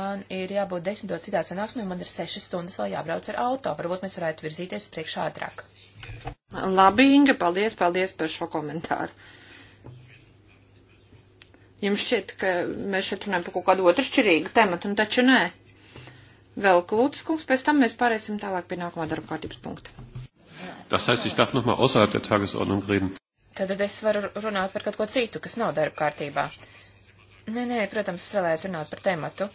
man ir jābūt desmitot citā sanāksmē, man ir sešas stundas vēl jābrauc ar auto. Varbūt mēs varētu virzīties uz priekšu ātrāk. Labi, Inga, paldies, paldies par šo komentāru. Jums šķiet, ka mēs šeit runājam par kaut kādu otršķirīgu tematu, un nu taču nē vēl Klūtas kungs, pēc tam mēs pārēsim tālāk pie nākamā darba kārtības punkta. Tas heißt, ich darf nochmal außerhalb der Tagesordnung reden. Tad es varu runāt par kaut ko citu, kas nav darba kārtībā. Nē, nē, protams, es vēlējos runāt par tematu.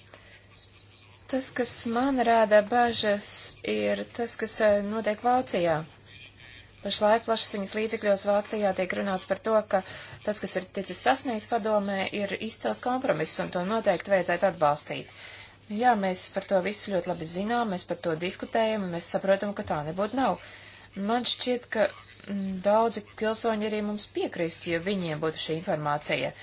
Tas, kas man rāda bažas, ir tas, kas eh, notiek Vācijā. Pašlaik plašsaziņas līdzekļos Vācijā tiek runāts par to, ka tas, kas ir ticis sasniegts padomē, ir izcels kompromiss un to noteikti vajadzētu atbalstīt. Jā, mēs par to visu ļoti labi zinām, mēs par to diskutējam, un mēs saprotam, ka tā nebūtu nav. Man šķiet, ka mm, daudzi pilsoņi arī mums piekristu, ja viņiem būtu šī informācija.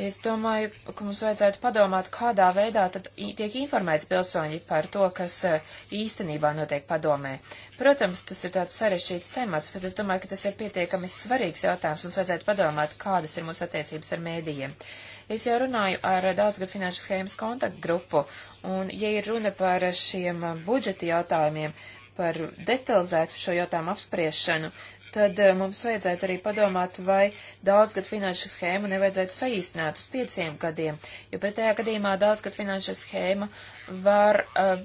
Es domāju, ka mums vajadzētu padomāt, kādā veidā tad tiek informēti pilsoņi par to, kas e, īstenībā notiek padomē. Protams, tas ir tāds sarešķīts temats, bet es domāju, ka tas ir pietiekami svarīgs jautājums, mums vajadzētu padomāt, kādas ir mūsu attiecības ar mēdījiem. Es jau runāju ar daudzgad finanšu schēmas kontaktgrupu, un, ja ir runa par šiem um, budžeta jautājumiem, par detalizētu šo jautājumu apspriešanu, tad uh, mums vajadzētu arī padomāt, vai daudzgad finanšu schēmu nevajadzētu saīstināt uz pieciem gadiem, jo pretējā gadījumā daudzgad finanšu schēma var uh,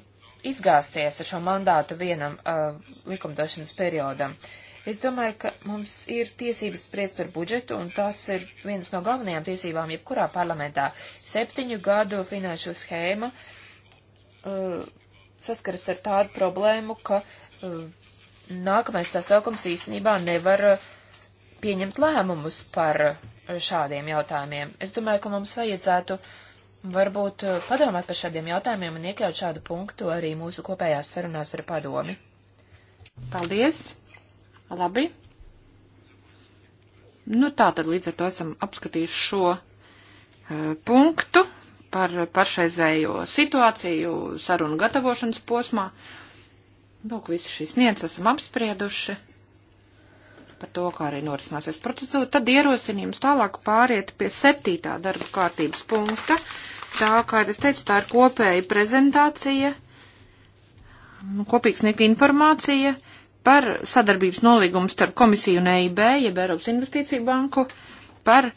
izgāzties ar šo mandātu vienam uh, likumdošanas periodam. Uh, Es domāju, ka mums ir tiesības spriest par budžetu, un tas ir viens no galvenajām tiesībām jebkurā parlamentā. Septiņu gadu finanšu schēma uh, saskaras ar tādu problēmu, ka uh, nākamais sasaukums īstenībā nevar uh, pieņemt lēmumus par uh, šādiem jautājumiem. Es domāju, ka mums vajadzētu varbūt uh, padomāt par šādiem jautājumiem un iekļaut šādu punktu arī mūsu kopējās sarunās ar padomi. Paldies! Labi. Nu tā tad līdz ar to esam apskatījuši šo uh, punktu par pašreizējo situāciju sarunu gatavošanas posmā. Lūk, visi šīs niecas esam apsprieduši par to, kā arī norisināsies procedūra. Tad ierosinījums tālāk pāriet pie septītā darba kārtības punkta. Tā, kā es teicu, tā ir kopēja prezentācija, nu, kopīgs nieka informācija. Uh, par sadarbības nolīgumu starp komisiju un EIB, jeb Eiropas investīciju banku, par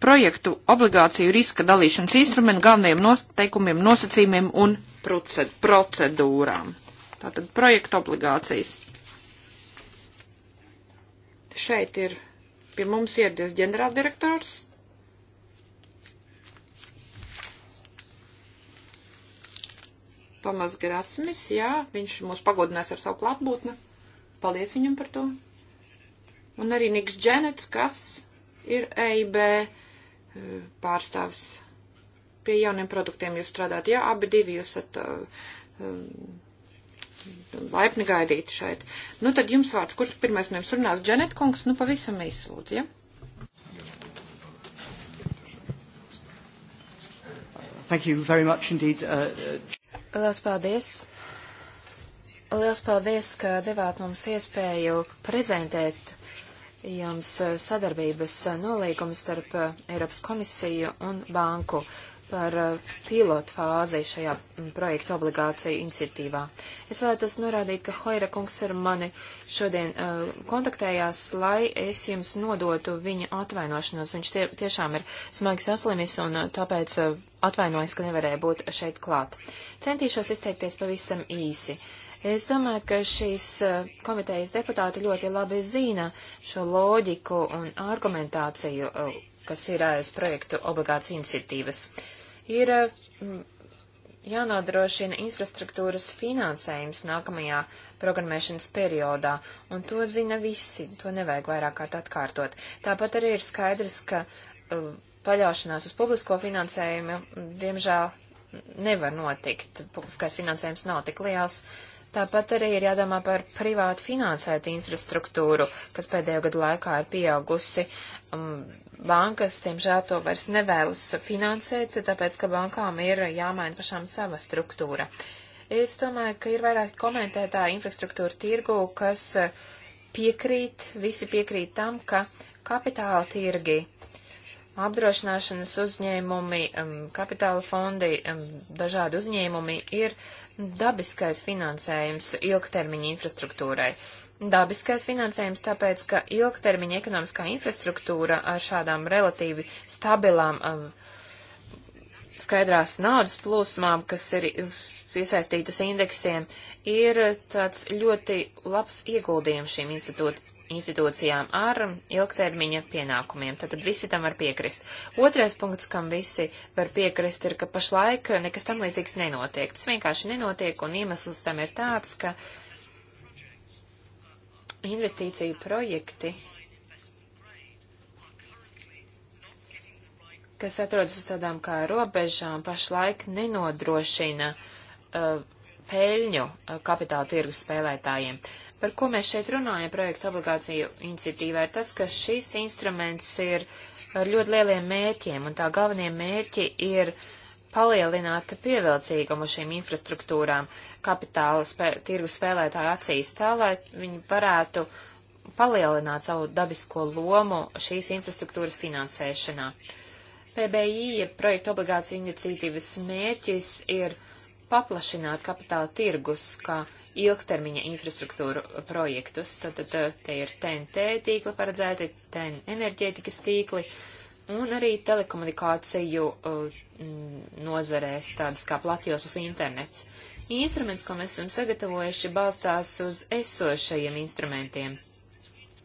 projektu obligāciju riska dalīšanas instrumentu galvenajiem noteikumiem, nosacījumiem un procedūrām. Tātad projektu obligācijas. Šeit ir pie mums ieradies ģenerāldirektors. Tomas Grasmis, jā, viņš mūs pagodinās ar savu klātbūtni. Paldies viņam par to. Un arī Niks Dženets, kas ir EIB eh, pārstāvs pie jauniem produktiem jūs strādājat. Jā, abi divi jūs esat eh, eh, laipni gaidīt šeit. Nu, tad jums vārds, kurš pirmais no jums runās? Dženet kungs, nu, pavisam izsūt, ja? Thank you very much indeed. Uh, uh Lielas paldies. Liels paldies, ka devāt mums iespēju prezentēt jums eh, sadarbības eh, nolīgumu starp eh, Eiropas komisiju un banku par pilotu fāzi šajā mm, projekta obligāciju iniciatīvā. Es vēlētos norādīt, ka Hoira kungs ar mani šodien uh, kontaktējās, lai es jums nodotu viņa atvainošanos. Viņš tie, tiešām ir smagi saslimis un tāpēc uh, atvainojas, ka nevarēja būt šeit klāt. Centīšos izteikties pavisam īsi. Uh, Es domāju, ka šīs eh, komitejas deputāti ļoti labi zina šo loģiku un argumentāciju, eh, kas ir eh, aiz projektu obligāciju iniciatīvas. Ir jānodrošina infrastruktūras finansējums nākamajā programmēšanas periodā, un to zina visi, to nevajag vairāk kārt atkārtot. Tāpat arī ir skaidrs, ka uh, paļaušanās uz publisko finansējumu, diemžēl, nevar notikt. Publiskais finansējums nav tik liels, Tāpat arī ir jādomā par privātu finansētu infrastruktūru, kas pēdējo gadu laikā ir pieaugusi. Um, bankas, tiemžēl, to vairs nevēlas finansēt, tāpēc, ka bankām ir jāmaina pašām sava struktūra. Es domāju, ka ir vairāk komentētā infrastruktūra tirgu, kas uh, piekrīt, visi piekrīt tam, ka kapitāla tirgi apdrošināšanas uzņēmumi, um, kapitāla fondi, um, dažādi uzņēmumi ir dabiskais finansējums ilgtermiņa infrastruktūrai. Dabiskais finansējums tāpēc, ka ilgtermiņa ekonomiskā infrastruktūra ar šādām relatīvi stabilām um, skaidrās naudas plūsmām, kas ir piesaistītas indeksiem, ir tāds ļoti labs ieguldījums šīm institūcijām institūcijām ar ilgtermiņa pienākumiem. Tātad visi tam var piekrist. Otrais punkts, kam visi var piekrist, ir, ka pašlaik nekas tam līdzīgs nenotiek. Tas vienkārši nenotiek, un iemesls tam ir tāds, ka investīcija projekti, kas atrodas uz tādām kā robežām, pašlaik nenodrošina uh, peļņu uh, kapitāla tirgus spēlētājiem. Uh, par ko mēs šeit runājam projektu obligāciju iniciatīvā, ir tas, ka šis instruments ir ar ļoti lieliem mērķiem, un tā galvenie mērķi ir palielināt pievilcīgumu šīm infrastruktūrām kapitāla spē, tirgu spēlētāju acīs, tā lai viņi varētu palielināt savu dabisko lomu šīs infrastruktūras finansēšanā. PBI, ja projekta obligāciju iniciatīvas mērķis ir paplašināt kapitāla tirgus, kā ilgtermiņa infrastruktūru projektus. Tad, tad eh, te ir TNT tīkli paredzēti, TN enerģētikas tīkli un arī telekomunikāciju uh, nozarēs tādas kā platjoslas internets. Instruments, ko mēs esam sagatavojuši, balstās uz esošajiem instrumentiem,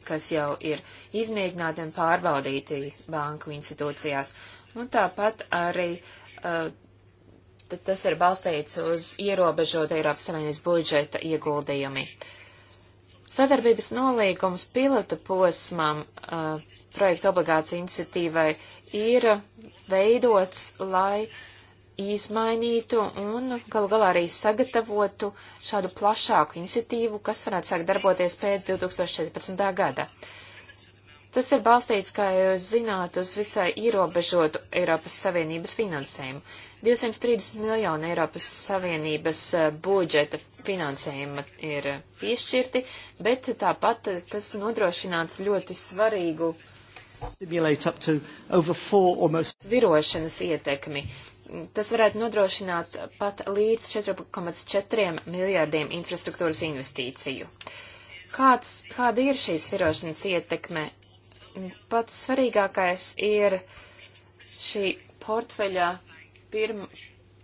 kas jau ir izmēģināti un pārbaudīti banku institūcijās, un tāpat arī uh, tad tas ir balstīts uz ierobežot Eiropas Savienības budžeta ieguldījumi. Sadarbības nolīgums pilota posmam uh, projekta obligācija iniciatīvai ir veidots, lai izmainītu un galu galā arī sagatavotu šādu plašāku iniciatīvu, kas varētu sākt darboties pēc 2014. gada. Tas ir balstīts, kā jūs zināt, uz visai ierobežotu Eiropas Savienības finansējumu. 230 miljoni Eiropas Savienības eh, budžeta finansējuma ir piešķirti, bet tāpat eh, tas nodrošināts ļoti svarīgu virošanas ietekmi. Tas varētu nodrošināt pat līdz 4,4 miljārdiem infrastruktūras investīciju. Kāds, kāda ir šīs virošanas ietekme? Pats svarīgākais ir šī portfeļa pirm,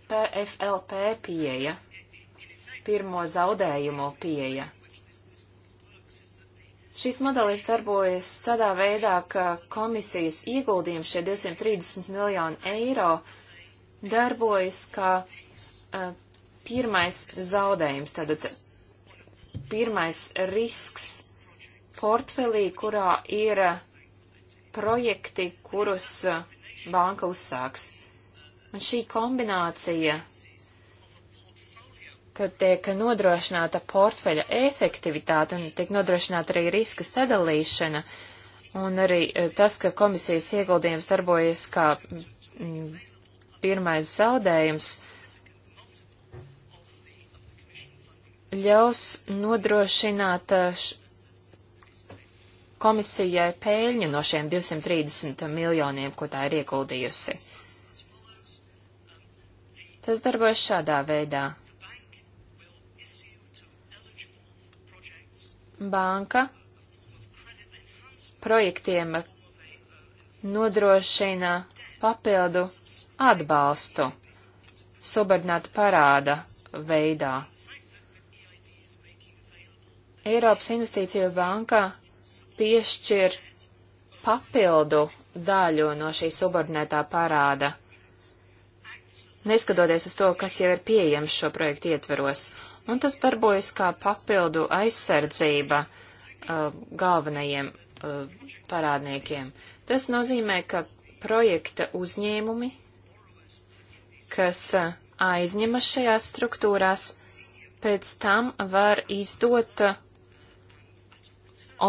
PFLP pieeja, pirmo zaudējumu pieeja. Šis modelis darbojas tādā veidā, ka komisijas ieguldījums šie 230 miljoni eiro darbojas kā uh, pirmais zaudējums, tātad pirmais risks portfelī, kurā ir uh, projekti, kurus uh, banka uzsāks. Un šī kombinācija, kad tiek nodrošināta portfeļa efektivitāte un tiek nodrošināta arī riska sadalīšana, un arī eh, tas, ka komisijas ieguldījums darbojas kā mm, pirmais zaudējums, ļaus nodrošināt eh, komisijai pēļņu no šiem 230 miljoniem, ko tā ir ieguldījusi. Tas darbojas šādā veidā. Banka projektiem nodrošina papildu atbalstu subordināta parāda veidā. Eiropas Investīciju banka piešķir papildu daļu no šī subordinētā parāda neskatoties uz to, kas jau ir pieejams šo projektu ietveros, un tas darbojas kā papildu aizsardzība uh, galvenajiem uh, parādniekiem. Tas nozīmē, ka projekta uzņēmumi, kas uh, aizņemas šajās struktūrās, pēc tam var izdot uh,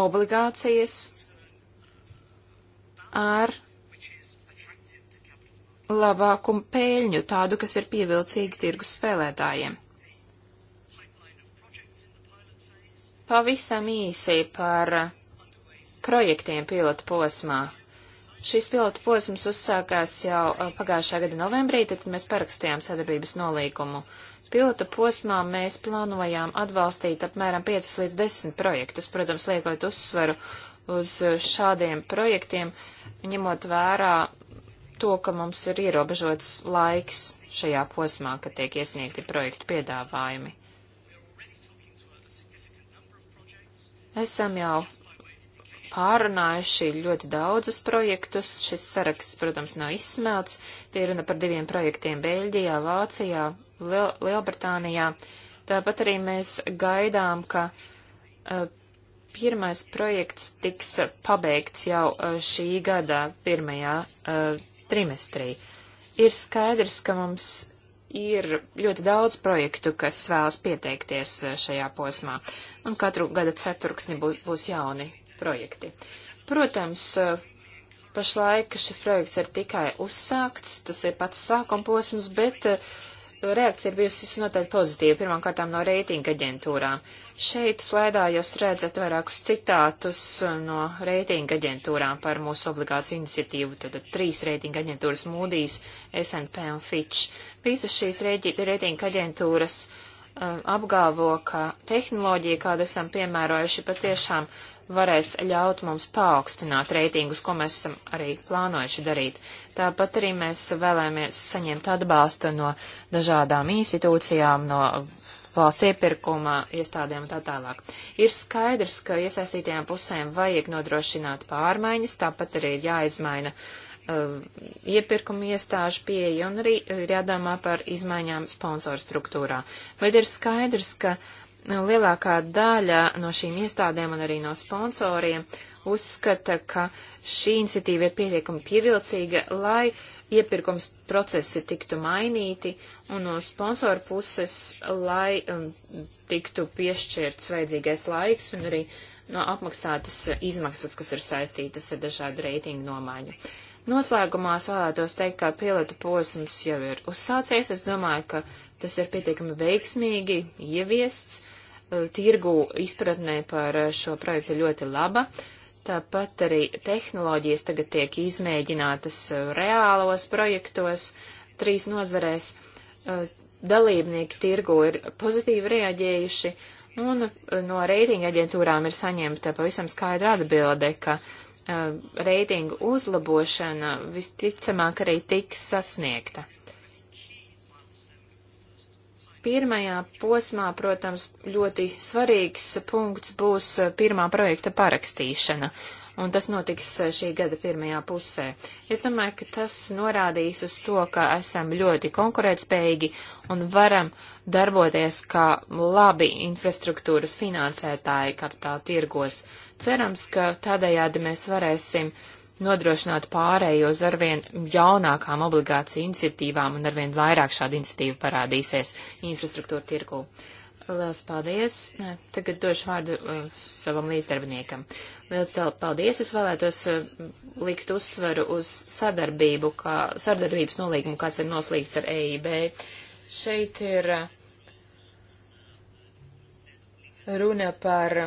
obligācijas ar labāku pēļņu, tādu, kas ir pievilcīgi tirgus spēlētājiem. Pavisam īsi par projektiem pilotu posmā. Šis pilotu posms uzsākās jau uh, pagājušā gada novembrī, tad mēs parakstījām sadarbības nolīgumu. Pilota posmā mēs plānojām atbalstīt apmēram 5 līdz 10 projektus, protams, liekot uzsvaru uz uh, šādiem projektiem, ņemot vērā to, ka mums ir ierobežots laiks šajā posmā, kad tiek iesniegti projektu piedāvājumi. Esam jau pārunājuši ļoti daudzus projektus. Šis saraksts, protams, nav izsmelts. Tie runa par diviem projektiem Beļģijā, Vācijā, Liel Lielbritānijā. Tāpat arī mēs gaidām, ka uh, pirmais projekts tiks pabeigts jau uh, šī gada pirmajā uh, trimestrī. Ir skaidrs, ka mums ir ļoti daudz projektu, kas vēlas pieteikties eh, šajā posmā, un katru gada ceturksni būs jauni projekti. Protams, eh, pašlaik šis projekts ir tikai uzsākts, tas ir pats sākuma posms, bet uh, reakcija ir bijusi visnotaļ pozitīva, pirmkārt no reitinga aģentūrām. Šeit slaidā jūs redzat vairākus citātus no reitinga aģentūrām par mūsu obligāciju iniciatīvu, tad trīs reitinga aģentūras Moody's, S&P un Fitch. Visas šīs reitinga aģentūras um, apgalvo, ka tehnoloģija, kādu esam piemērojuši, patiešām uh, varēs ļaut mums paaugstināt reitingus, ko mēs esam arī plānojuši darīt. Tāpat arī mēs vēlamies saņemt atbalstu no dažādām institūcijām, no valsts iepirkuma iestādēm un tā tālāk. Ir skaidrs, ka iesaistītajām pusēm vajag nodrošināt pārmaiņas, tāpat arī ir jāizmaina uh, iepirkuma iestāžu pieeja un arī ir jādomā par izmaiņām sponsoru struktūrā. Bet ir skaidrs, ka uh, lielākā daļa no šīm iestādēm un arī no sponsoriem uzskata, ka šī iniciatīva ir pietiekami pievilcīga, lai iepirkums procesi tiktu mainīti un no sponsoru puses, lai um, tiktu piešķirts vajadzīgais laiks un arī no apmaksātas izmaksas, kas ir saistītas ar dažādu reitingu nomaiņu. Noslēgumā es vēlētos teikt, ka pilotu posms jau ir uzsācies. Es domāju, ka tas ir pietiekami veiksmīgi ieviests, eh, tirgu izpratnē par eh, šo projektu ļoti laba, tāpat arī tehnoloģijas tagad tiek izmēģinātas eh, reālos projektos, trīs nozarēs, dalībnieki tirgu ir pozitīvi reaģējuši, un no reitinga aģentūrām ir saņemta pavisam skaidra atbilde, ka reitingu uzlabošana visticamāk arī tiks sasniegta. Pirmajā posmā, protams, ļoti svarīgs punkts būs eh, pirmā projekta parakstīšana, un tas notiks eh, šī gada pirmajā pusē. Es domāju, ka tas norādīs uz to, ka esam ļoti konkurētspējīgi un varam darboties kā labi infrastruktūras finansētāji kapitāla tirgos. Cerams, ka tādējādi mēs varēsim uh, nodrošināt pārēju uz arvien jaunākām obligāciju iniciatīvām un arvien vairāk šādu iniciatīvu parādīsies infrastruktūra tirgū. Lielas paldies. Tagad došu vārdu uh, savam līdzdarbiniekam. Lielas paldies. Es vēlētos uh, likt uzsveru uz sadarbību, kā, sadarbības nolīgumu, kas ir noslīgts ar EIB. Šeit ir uh, runa par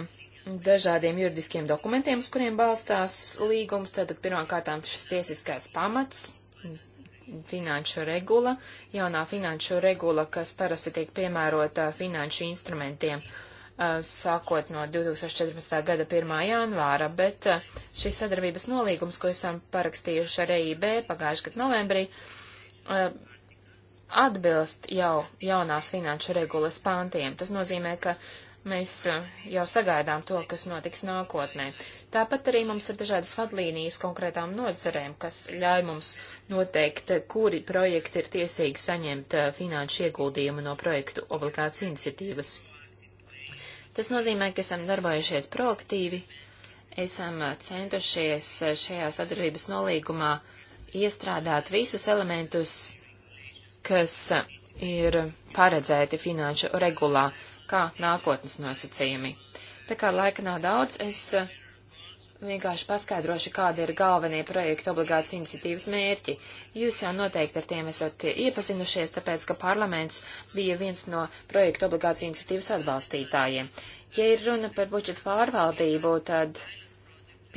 dažādiem juridiskiem dokumentiem, uz kuriem balstās līgums. Tātad pirmkārtām šis tiesiskais pamats, finanšu regula, jaunā finanšu regula, kas parasti tiek piemērota finanšu instrumentiem sākot no 2014. gada 1. janvāra, bet šis sadarbības nolīgums, ko esam parakstījuši ar EIB pagājušajā gadā novembrī, atbilst jau jaunās finanšu regulas pāntiem. Tas nozīmē, ka Mēs eh, jau sagaidām to, kas notiks nākotnē. Tāpat arī mums ir dažādas vadlīnijas konkrētām nozarēm, kas ļauj mums noteikt, eh, kuri projekti ir tiesīgi saņemt eh, finanšu ieguldījumu no projektu obligāciju iniciatīvas. Tas nozīmē, ka esam darbojušies proaktīvi, esam centušies šajā sadarbības nolīgumā iestrādāt visus elementus, kas ir paredzēti finanšu regulā kā nākotnes nosacījumi. Tā kā laika nav daudz, es eh, vienkārši paskaidrošu, kādi ir galvenie projekta obligācijas iniciatīvas mērķi. Jūs jau noteikti ar tiem esat iepazinušies, tāpēc, ka parlaments bija viens no projekta obligācijas iniciatīvas atbalstītājiem. Ja ir runa par budžetu pārvaldību, tad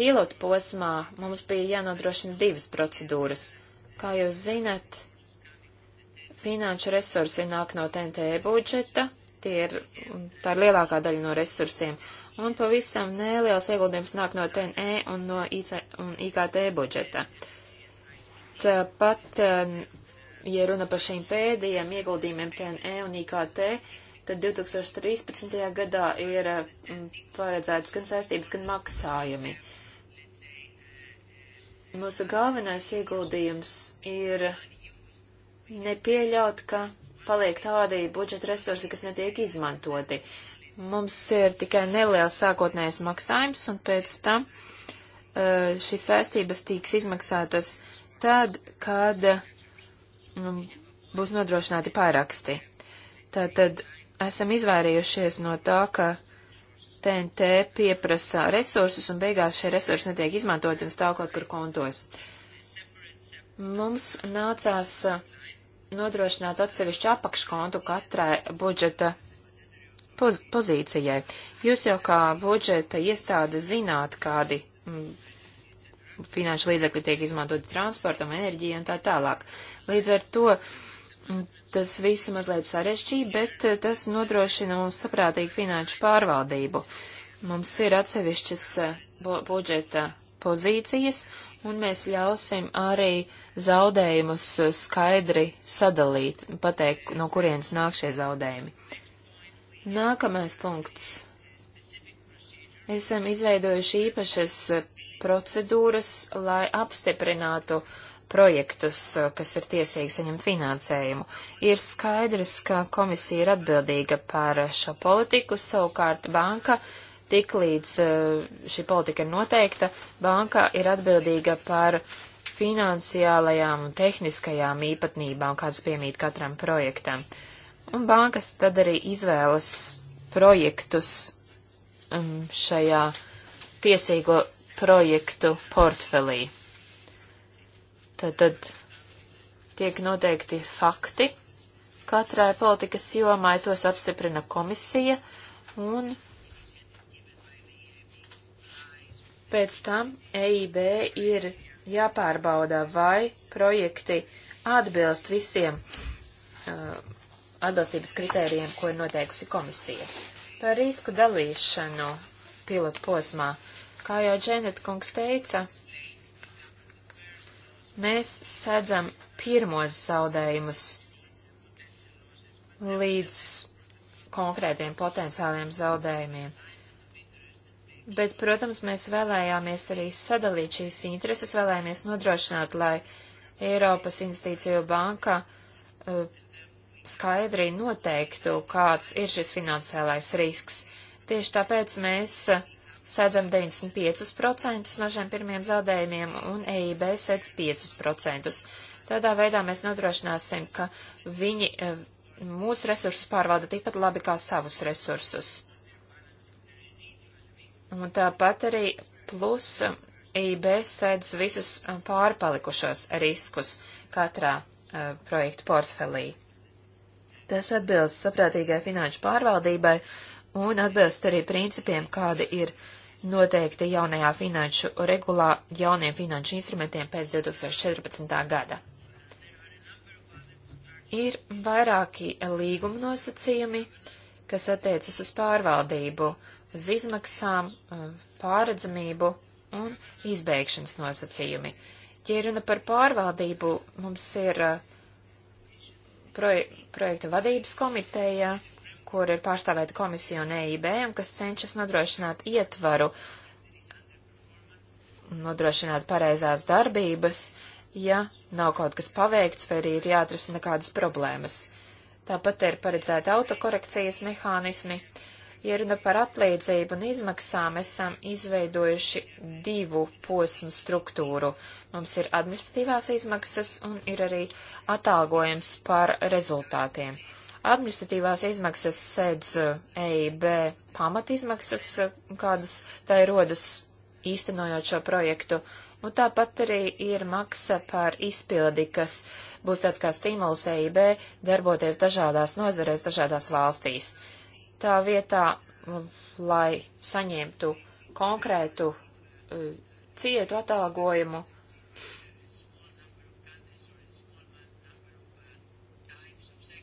pilotu posmā mums bija jānodrošina divas procedūras. Kā jūs zinat, finanšu resursi nāk no TNT budžeta, Tie ir, tā ir lielākā daļa no resursiem. Un pavisam neliels ieguldījums nāk no TNE un no IC, un IKT budžeta. Tāpat, um, ja runa par šīm pēdējiem ieguldījumiem TNE un IKT, tad 2013. gadā ir um, paredzētas gan saistības, gan maksājumi. Mūsu galvenais ieguldījums ir nepieļaut, ka paliek tādi budžeta resursi, kas netiek izmantoti. Mums ir tikai neliels sākotnējais maksājums, un pēc tam eh, šīs saistības tiks izmaksātas tad, kad mm, būs nodrošināti pāraksti. Tātad esam izvairījušies no tā, ka TNT pieprasa resursus, un beigās šie resursi netiek izmantoti un stāv kaut kur kontos. Mums nācās uh, nodrošināt atsevišķu apakškontu katrai budžeta poz pozīcijai. Jūs jau kā budžeta iestāde zināt, kādi m, mm, finanšu līdzekļi tiek izmantoti transportam, enerģijai un tā tālāk. Līdz ar to m, mm, tas visu mazliet sarežģīja, bet eh, tas nodrošina mums saprātīgu finanšu pārvaldību. Mums ir atsevišķas eh, budžeta pozīcijas, un mēs ļausim arī zaudējumus uh, skaidri sadalīt, pateikt, no kurienes nāk šie zaudējumi. Nākamais punkts. Esam izveidojuši īpašas uh, procedūras, lai apstiprinātu projektus, uh, kas ir tiesīgi saņemt finansējumu. Ir skaidrs, ka komisija ir atbildīga par šo politiku, savukārt banka uh, tik līdz eh, šī politika ir noteikta, banka ir atbildīga par finansiālajām un tehniskajām īpatnībām, kādas piemīt katram projektam. Un bankas tad arī izvēlas projektus um, šajā tiesīgo projektu portfelī. Tad, tad tiek noteikti fakti katrai politikas jomai, tos apstiprina komisija, un Pēc tam EIB ir jāpārbauda, vai projekti atbilst visiem uh, atbilstības kritērijiem, ko ir noteikusi komisija. Par risku dalīšanu pilotu posmā, kā jau Dženet kungs teica, mēs sēdzam pirmos zaudējumus līdz konkrētiem potenciāliem zaudējumiem. Bet, protams, mēs vēlējāmies arī sadalīt šīs intereses, vēlējāmies nodrošināt, lai Eiropas Investīciju banka uh, skaidri noteiktu, kāds ir šis finansiālais risks. Tieši tāpēc mēs uh, sēdzam 95% no šiem pirmiem zaudējumiem un EIB sēdz 5%. Tādā veidā mēs nodrošināsim, ka viņi e, mūsu resursus pārvalda tikpat labi kā savus resursus. Un tāpat arī plus IB sēdz visus pārpalikušos riskus katrā uh, projektu portfelī. Tas atbilst saprātīgai finanšu pārvaldībai un atbilst arī principiem, kādi ir noteikti jaunajā finanšu regulā jauniem finanšu instrumentiem pēc 2014. gada. Ir vairāki līguma nosacījumi, kas attiecas uz pārvaldību, uh, uz izmaksām, um, pāredzamību un izbeigšanas nosacījumi. Ja runa par pārvaldību, mums ir uh, proje projekta vadības komiteja, kur ir pārstāvēta komisija un EIB, un kas cenšas nodrošināt ietvaru, nodrošināt pareizās darbības, ja nav kaut kas paveikts vai arī ir jāatrisina kādas problēmas. Tāpat ir paredzēti autokorekcijas mehānismi. Uh, Ja runa par atlīdzību un izmaksām, esam izveidojuši divu posmu struktūru. Mums ir administratīvās izmaksas un ir arī atalgojums par rezultātiem. Administratīvās izmaksas sēdz EIB eh, e pamatizmaksas, eh, kādas tai rodas īstenojot šo projektu, un tāpat arī ir maksa par izpildi, kas būs tāds kā stimuls EIB darboties dažādās nozarēs, dažādās valstīs tā vietā, lai saņemtu konkrētu e, cietu atalgojumu,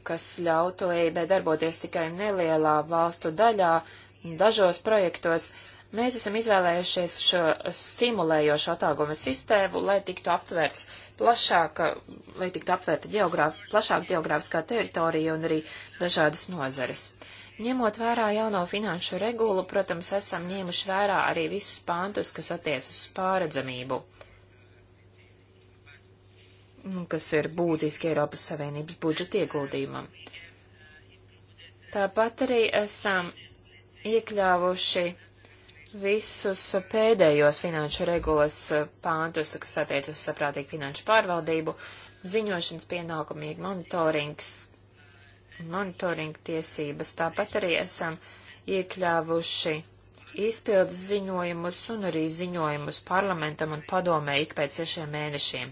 kas ļautu EIB darboties tikai nelielā valstu daļā, dažos projektos, mēs esam izvēlējušies šo stimulējošu atalgojuma sistēmu, lai tiktu aptverts plašāka, lai tiktu aptverta geogrāf, plašāka geogrāfiskā teritorija un arī dažādas nozares. Ņemot vērā jauno finanšu regulu, protams, esam ņēmuši vērā arī visus pāntus, kas attiecas uz pāredzamību, nu, kas ir būtiski Eiropas Savienības budžeta ieguldījumam. Tāpat arī esam iekļāvuši visus pēdējos finanšu regulas eh, pāntus, kas attiecas uz saprātīgu finanšu pārvaldību, ziņošanas pienākumīgi monitorings, monitoringa tiesības. Tāpat arī esam iekļāvuši izpildes ziņojumus un arī ziņojumus parlamentam un padomē ik pēc sešiem mēnešiem.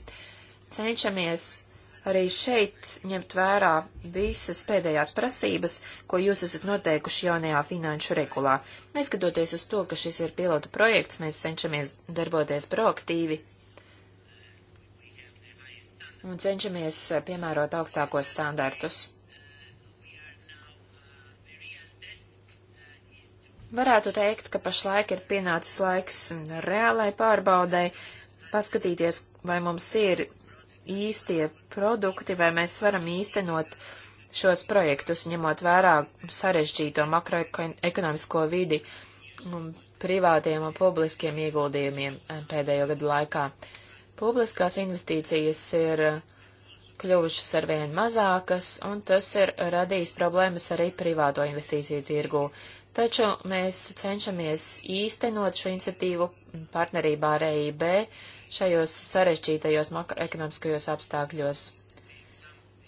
Cenšamies arī šeit ņemt vērā visas pēdējās prasības, ko jūs esat noteikuši jaunajā finanšu regulā. Neskatoties uz to, ka šis ir pilota projekts, mēs cenšamies darboties proaktīvi un cenšamies piemērot augstākos standartus. Varētu teikt, ka pašlaik ir pienācis laiks reālai pārbaudai, paskatīties, vai mums ir īstie produkti, vai mēs varam īstenot šos projektus, ņemot vērā sarežģīto makroekonomisko vidi privātiem un publiskiem ieguldījumiem eh, pēdējo gadu laikā. Publiskās investīcijas ir eh, kļuvušas arvien mazākas, un tas ir radījis problēmas arī privāto investīciju tirgu taču mēs cenšamies īstenot šo iniciatīvu partnerībā ar EIB šajos sarežģītajos makroekonomiskajos apstākļos.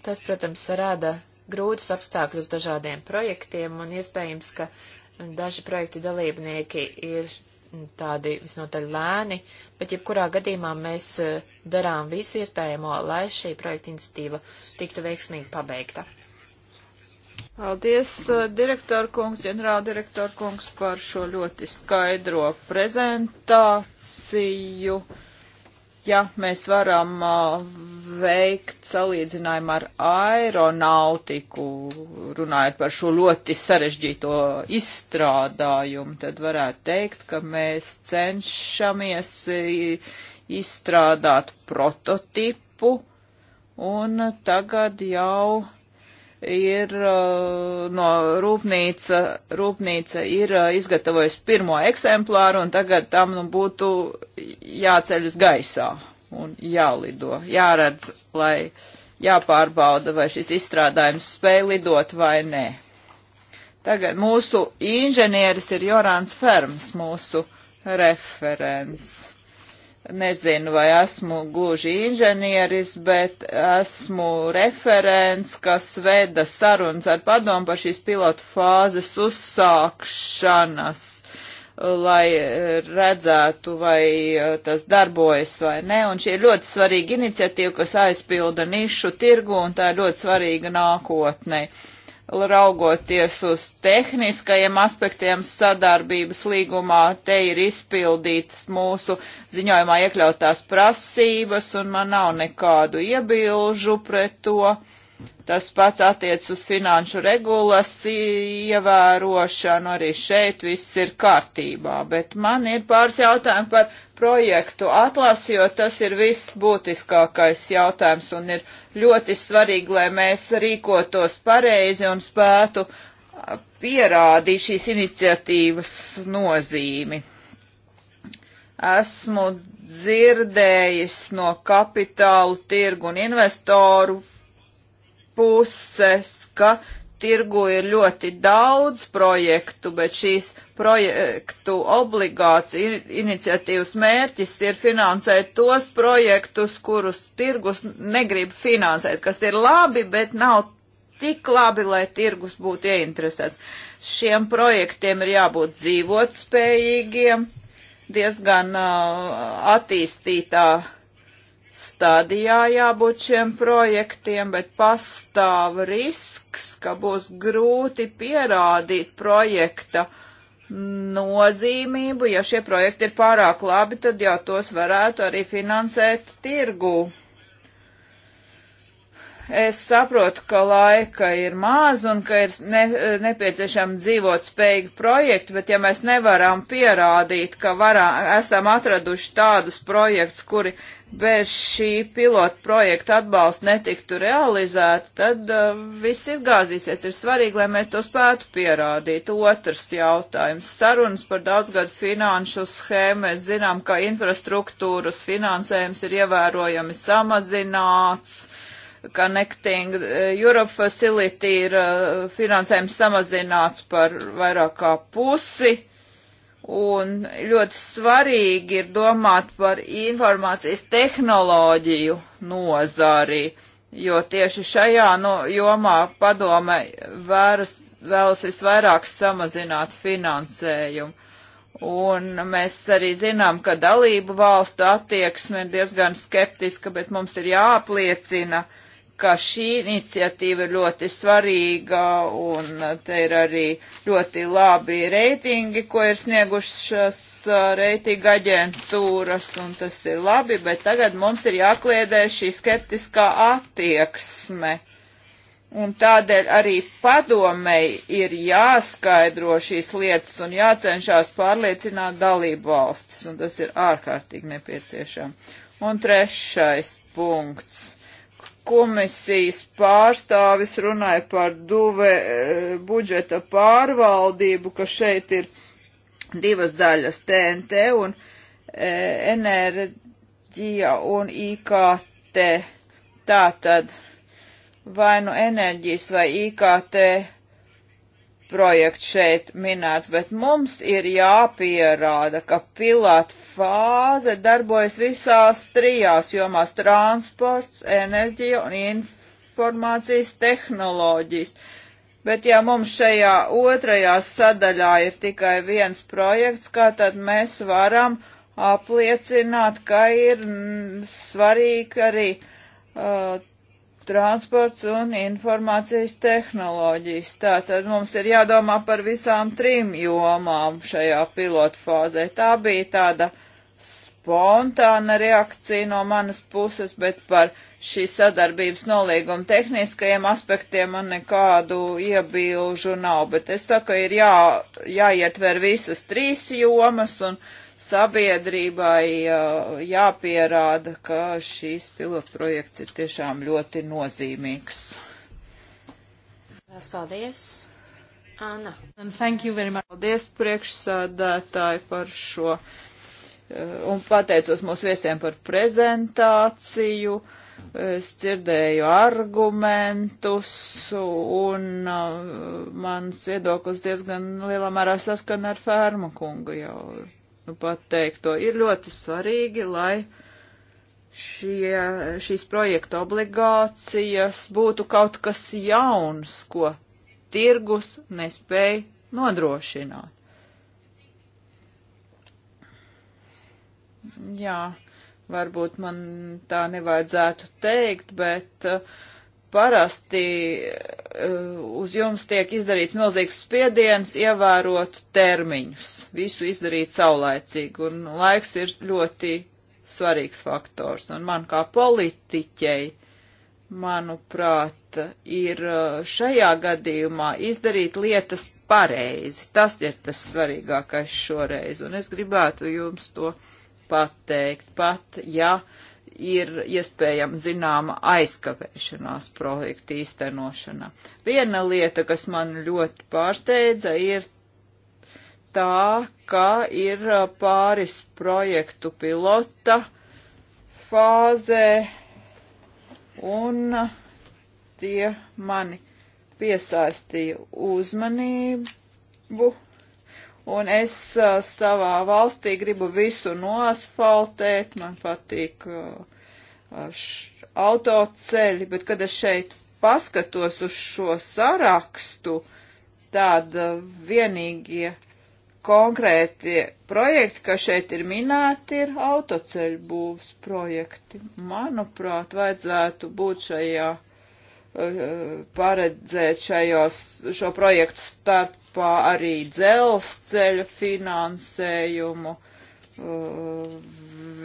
Tas, protams, rada grūtus apstākļus dažādiem projektiem, un iespējams, ka daži projektu dalībnieki ir tādi visnotaļ lēni, bet jebkurā gadījumā mēs eh, darām visu iespējamo, lai šī projekta iniciatīva tiktu veiksmīgi pabeigta. Paldies, uh, direktor kungs, ģenerāldirektor kungs, par šo ļoti skaidro prezentāciju. Ja mēs varam uh, veikt salīdzinājumu ar aeronautiku, runājot par šo ļoti sarežģīto izstrādājumu, tad varētu teikt, ka mēs cenšamies uh, izstrādāt prototipu un tagad jau ir uh, no rūpnīca, rūpnīca ir uh, izgatavojusi pirmo eksemplāru un tagad tam nu, būtu jāceļas gaisā un jālido, jāredz, lai jāpārbauda, vai šis izstrādājums spēj lidot vai nē. Tagad mūsu inženieris ir Jorāns Ferms, mūsu referents nezinu, vai esmu gluži inženieris, bet esmu referents, kas veda sarunas ar padomu par šīs pilotu fāzes uzsākšanas, lai eh, redzētu, vai eh, tas darbojas vai ne. Un šī ir ļoti svarīga iniciatīva, kas aizpilda nišu tirgu, un tā ir ļoti svarīga nākotnei raugoties uz tehniskajiem aspektiem sadarbības līgumā, te ir izpildītas mūsu ziņojumā iekļautās prasības, un man nav nekādu iebilžu pret to. Uh, Tas pats attiec uz finanšu regulas ievērošanu, arī šeit viss ir kārtībā, bet man ir pāris jautājumi par projektu atlasi, jo tas ir viss būtiskākais jautājums un ir ļoti svarīgi, lai mēs rīkotos pareizi un spētu pierādīt šīs iniciatīvas nozīmi. Esmu dzirdējis no kapitālu tirgu un investoru puses, ka tirgu ir ļoti daudz projektu, bet šīs projektu obligāciju iniciatīvas mērķis ir finansēt tos projektus, kurus tirgus negrib finansēt, kas ir labi, bet nav tik labi, lai tirgus būtu ieinteresēts. Šiem projektiem ir jābūt dzīvotspējīgiem, diezgan uh, attīstītā stadijā jābūt šiem projektiem, bet pastāv risks, ka būs grūti pierādīt projekta nozīmību. Ja šie projekti ir pārāk labi, tad jau tos varētu arī finansēt tirgū. Es saprotu, ka laika ir maz un ka ir ne, nepieciešami dzīvot spējīgi projekti, bet ja mēs nevaram pierādīt, ka varā, esam atraduši tādus projektus, kuri bez šī pilota projekta atbalsta netiktu realizēta, tad uh, viss izgāzīsies. Ir svarīgi, lai mēs to spētu pierādīt. Otrs jautājums - sarunas par daudzgadu finanšu schēmu. Mēs zinām, ka infrastruktūras finansējums ir ievērojami samazināts. Connecting uh, Europe Facility ir uh, finansējums samazināts par vairāk kā pusi. Uh, Un ļoti svarīgi ir domāt par informācijas tehnoloģiju nozari, jo tieši šajā no, nu, jomā padome vēras, vēlas visvairāk samazināt finansējumu. Un mēs arī zinām, ka dalību valstu attieksme ir diezgan skeptiska, bet mums ir jāapliecina uh, ka šī iniciatīva ir ļoti svarīga un te ir arī ļoti labi reitingi, ko ir sniegušas uh, reitinga aģentūras, un tas ir labi, bet tagad mums ir jākliedē šī skeptiskā attieksme. Un tādēļ arī padomei ir jāskaidro šīs lietas un jācenšās pārliecināt dalību valstis, un tas ir ārkārtīgi nepieciešams. Un trešais punkts komisijas pārstāvis runāja par duve eh, budžeta pārvaldību, ka šeit ir divas daļas TNT un eh, enerģija un IKT. Tātad vai nu enerģijas vai IKT projekts šeit minēts, bet mums ir jāpierāda, ka pilāta fāze darbojas visās trijās jomās - transports, enerģija un informācijas tehnoloģijas. Bet ja mums šajā otrajā sadaļā ir tikai viens projekts, kā tad mēs varam apliecināt, ka ir svarīgi arī uh, transports un informācijas tehnoloģijas. Tātad mums ir jādomā par visām trim jomām šajā pilotu fāzē. Tā bija tāda spontāna reakcija no manas puses, bet par šī sadarbības nolīguma tehniskajiem aspektiem man nekādu iebilžu nav. Bet es saku, ir jā, jāietver visas trīs jomas un. Uh, sabiedrībai jāpierāda, ka šīs pilotprojekts ir tiešām ļoti nozīmīgs. Lielas paldies! Anna. And thank you very much. Paldies priekšsādātāji par šo un pateicos mūsu viesiem par prezentāciju. Es dzirdēju argumentus, un uh, mans viedoklis diezgan lielā mērā saskana ar Fērma kungu jau Nu, pateikto. Ir ļoti svarīgi, lai šie, šīs projekta obligācijas būtu kaut kas jauns, ko tirgus nespēja nodrošināt. Jā, varbūt man tā nevajadzētu teikt, bet uh, parasti Uh, uz jums tiek izdarīts milzīgs spiediens ievērot termiņus, visu izdarīt saulēcīgi, un laiks ir ļoti svarīgs faktors. Un man kā politiķei, manuprāt, ir uh, šajā gadījumā izdarīt lietas pareizi. Tas ir tas svarīgākais šoreiz, un es gribētu jums to pateikt, pat ja. Uh, ir iespējama zināma aizkavēšanās projekta īstenošana. Viena lieta, kas man ļoti pārsteidza, ir tā, ka ir uh, pāris projektu pilota fāzē un uh, tie mani piesaistīja uzmanību Un es uh, savā valstī gribu visu noasfaltēt, man patīk uh, uh autoceļi, bet kad es šeit paskatos uz šo sarakstu, tad uh, vienīgie konkrēti projekti, kas šeit ir minēti, ir autoceļu būvs projekti. Manuprāt, vajadzētu būt šajā uh, uh, paredzēt šajos, šo projektu starp Eiropā, arī dzelzceļa finansējumu, uh,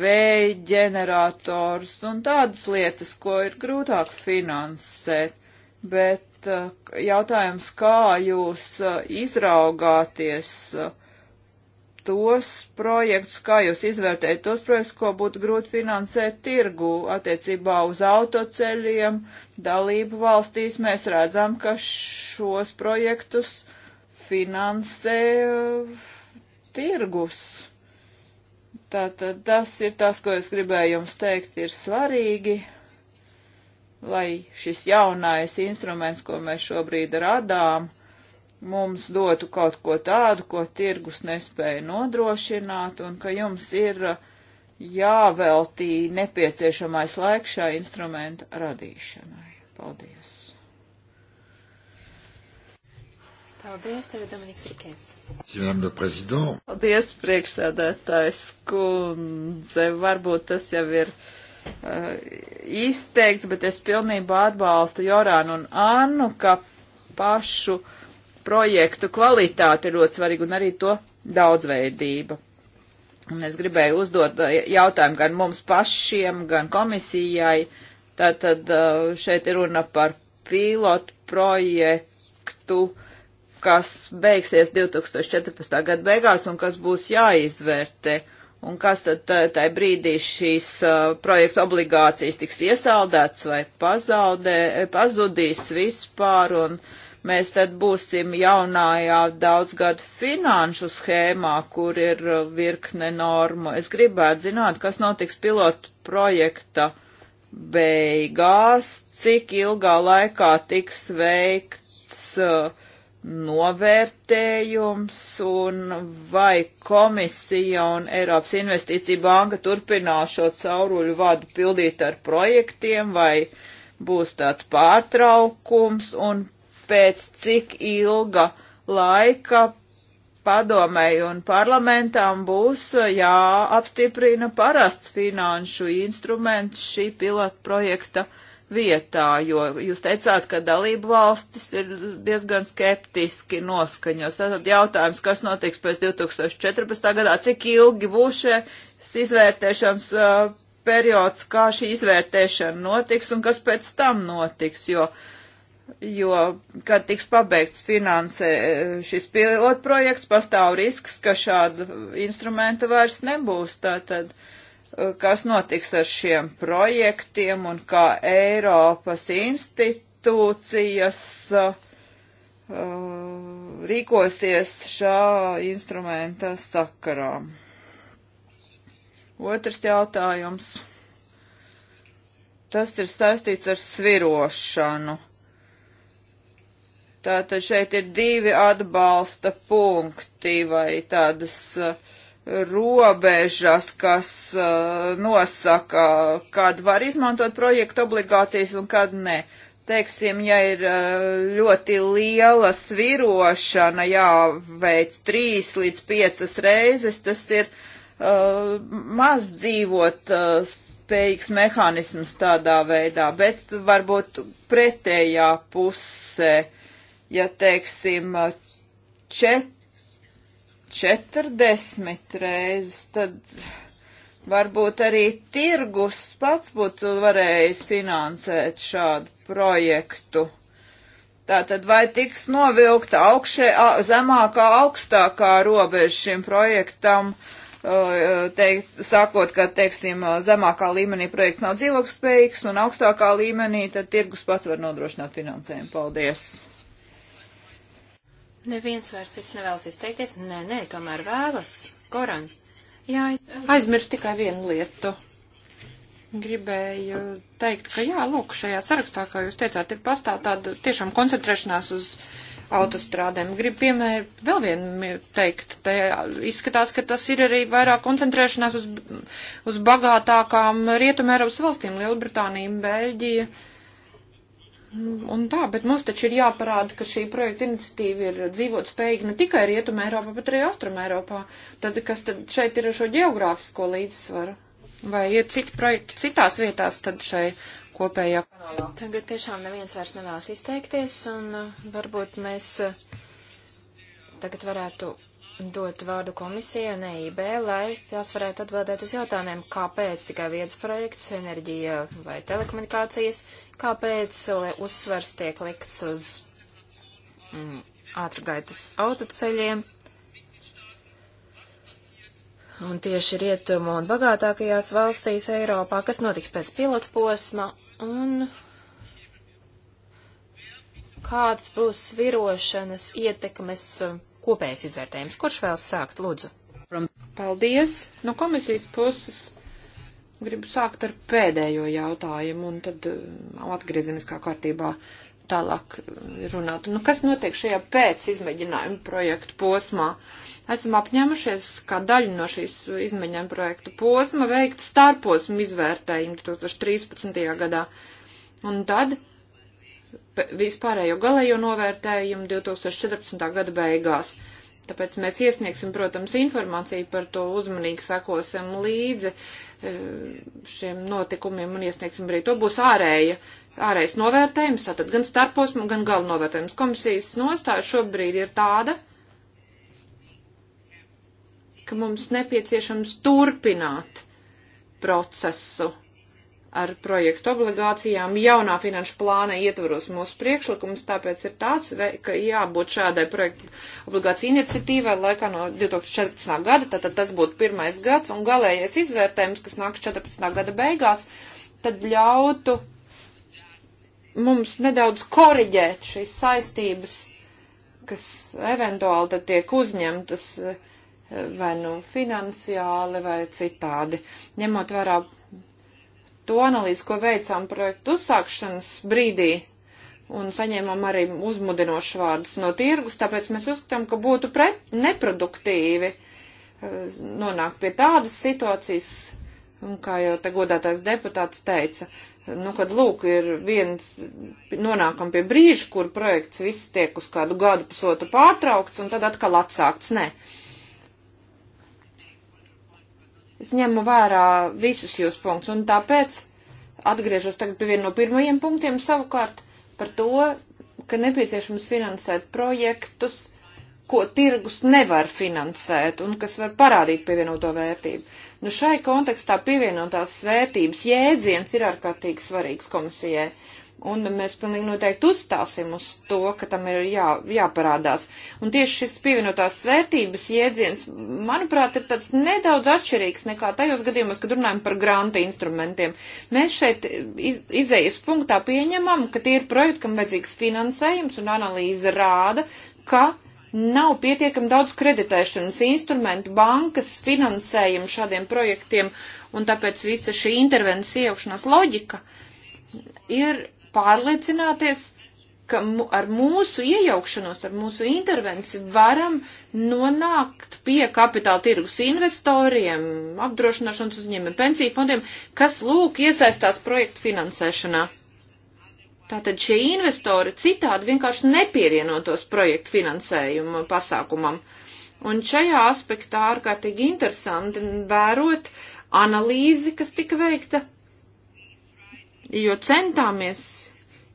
vēja ģenerators un tādas lietas, ko ir grūtāk finansēt. Bet uh, jautājums, kā jūs uh, izraugāties tos projektus, kā jūs izvērtējat tos projektus, ko būtu grūti finansēt tirgu attiecībā uz autoceļiem, dalību valstīs, mēs redzam, ka šos projektus finansē eh, tirgus. Tātad tas ir tas, ko es gribēju jums teikt, ir svarīgi, lai šis jaunais instruments, ko mēs šobrīd radām, mums dotu kaut ko tādu, ko tirgus nespēja nodrošināt, un ka jums ir eh, jāveltī nepieciešamais laiks šā instrumenta radīšanai. Paldies! Paldies, tagad Dominiks Rikē. Paldies, priekšsēdētājs kundze. Varbūt tas jau ir uh, izteikts, bet es pilnībā atbalstu Jorānu un Annu, ka pašu projektu kvalitāte ir ļoti svarīga un arī to daudzveidība. Un es gribēju uzdot uh, jautājumu gan mums pašiem, gan komisijai. Tātad uh, šeit ir runa par pilotu projektu kas beigsies 2014. gada beigās un kas būs jāizvērtē. Un kas tad tajā brīdī šīs uh, projekta obligācijas tiks iesaldēts vai pazaudē, pazudīs vispār, un mēs tad būsim jaunājā daudzgadu finanšu schēmā, kur ir virkne normu. Es gribētu zināt, kas notiks pilotu projekta beigās, cik ilgā laikā tiks veikts uh, novērtējums un vai komisija un Eiropas investīcija banka turpinās šo cauruļu vadu pildīt ar projektiem vai būs tāds pārtraukums un pēc cik ilga laika padomēji un parlamentām būs jāapstiprina parasts finanšu instruments šī pilotprojekta projekta vietā, jo jūs teicāt, ka dalību valstis ir diezgan skeptiski noskaņos. Tātad jautājums, kas notiks pēc 2014. gadā, cik ilgi būs šis izvērtēšanas uh, periods, kā šī izvērtēšana notiks un kas pēc tam notiks, jo, jo kad tiks pabeigts finansē šis pilotprojekts, pastāv risks, ka šāda instrumenta vairs nebūs. Tātad. Uh, kas notiks ar šiem projektiem un kā Eiropas institūcijas uh, rīkosies šā instrumenta sakarā. Otrs jautājums. Tas ir saistīts ar svirošanu. Tātad šeit ir divi atbalsta punkti vai tādas uh, robežas, kas uh, nosaka, kad var izmantot projektu obligācijas un kad ne. Teiksim, ja ir uh, ļoti liela svirošana, jāveic trīs līdz piecas reizes, tas ir uh, maz dzīvot spējīgs mehānisms tādā veidā, bet varbūt pretējā pusē, ja teiksim, četri 40 reizes, tad varbūt arī tirgus pats būtu varējis finansēt šādu projektu. Tātad vai tiks novilkta augšē, zemākā, augstākā robeža šim projektam, teikt, sākot, ka, teiksim, zemākā līmenī projekts nav dzīvokspējīgs un augstākā līmenī, tad tirgus pats var nodrošināt finansējumu. Paldies! Neviens vairs cits nevēlas izteikties. Nē, nē, tomēr vēlas. Koran. Jā, es aizmirstu tikai vienu lietu. Gribēju teikt, ka jā, lūk, šajā sarakstā, kā jūs teicāt, ir pastāv tāda tiešām koncentrēšanās uz autostrādēm. Gribu piemēru vēl vienu teikt. Te izskatās, ka tas ir arī vairāk koncentrēšanās uz, uz bagātākām Rietumēropas valstīm - Lielbritānija, Beļģija. Uh, Un tā, bet mums taču ir jāparāda, ka šī projekta iniciatīva ir dzīvot spējīga ne tikai Rietumē Eiropā, bet arī Austrum Eiropā. Tad, kas tad šeit ir ar šo geogrāfisko līdzsvaru? Vai ir citi projekti citās vietās tad šai kopējā kanālā? Tagad tiešām neviens vairs nevēlas izteikties, un uh, varbūt mēs uh, tagad varētu dot vārdu komisijai un EIB, lai tās varētu atbildēt uz jautājumiem, kāpēc tikai viens projekts, enerģija vai telekomunikācijas, kāpēc uzsvers tiek likts uz mm, ātrgaitas autoceļiem. Un tieši rietumu un bagātākajās valstīs Eiropā, kas notiks pēc pilotu posma, un kāds būs svirošanas ietekmes. Uh, kopējais izvērtējums. Kurš vēl sākt, lūdzu? Paldies! No komisijas puses gribu sākt ar pēdējo jautājumu un tad uh, atgriezeniskā kārtībā tālāk runāt. Nu, kas notiek šajā pēc izmēģinājuma projektu posmā? Esam apņēmušies, kā daļu no šīs izmēģinājuma projektu posma, veikt starposmu izvērtējumu 2013. gadā. Un tad vispārējo galējo novērtējumu 2014. gada beigās. Tāpēc mēs iesniegsim, protams, informāciju par to uzmanīgi sakosim līdzi e, šiem notikumiem un iesniegsim arī to būs ārēja, ārējais novērtējums, tātad gan starposmu, gan galvnovērtējums. Komisijas nostāja šobrīd ir tāda, ka mums nepieciešams turpināt procesu ar projektu obligācijām jaunā finanšu plāna ietvaros mūsu priekšlikums, tāpēc ir tāds, ka jābūt šādai projektu obligāciju iniciatīvai laikā no 2014. gada, tātad tas būtu pirmais gads un galējais izvērtējums, kas nāks 14. gada beigās, tad ļautu mums nedaudz koriģēt šīs saistības, kas eventuāli tad tiek uzņemtas eh, vai nu finansiāli vai citādi, ņemot vērā to analīzi, ko veicām projektu uzsākšanas brīdī, un saņēmām arī uzmudinošu vārdus no tirgus, tāpēc mēs uzskatām, ka būtu pre, neproduktīvi eh, nonākt pie tādas situācijas, un kā jau te godātais deputāts teica, nu, kad lūk ir viens, nonākam pie brīža, kur projekts viss tiek uz kādu gadu pusotru pārtraukts, un tad atkal atsākts. Nē. Ne Es ņemu vērā visus jūs punktus, un tāpēc atgriežos tagad pie viena no pirmajiem punktiem savukārt par to, ka nepieciešams finansēt projektus, ko tirgus nevar finansēt un kas var parādīt pievienoto vērtību. Nu, šai kontekstā pievienotās vērtības jēdziens ir ārkārtīgi svarīgs komisijai. Un mēs pilnīgi noteikti uzstāsim uz to, ka tam ir jā, jāparādās. Un tieši šis pievienotās svētības jēdziens, manuprāt, ir tāds nedaudz atšķirīgs nekā tajos gadījumos, kad runājam par grāntu instrumentiem. Mēs šeit iz, izējas punktā pieņemam, ka tie ir projekti, kam vajadzīgs finansējums, un analīze rāda, ka nav pietiekami daudz kreditēšanas instrumentu, bankas finansējumu šādiem projektiem, un tāpēc visa šī intervences iejaukšanās loģika ir pārliecināties, ka mu, ar mūsu iejaukšanos, ar mūsu intervenciju varam nonākt pie kapitāla tirgus investoriem, apdrošināšanas uzņēmumiem, pensiju fondiem, kas lūk iesaistās projektu finansēšanā. Tātad šie investori citādi vienkārši nepievienotos projektu finansējuma pasākumam. Un šajā aspektā ārkārtīgi interesanti vērot analīzi, kas tika veikta jo centāmies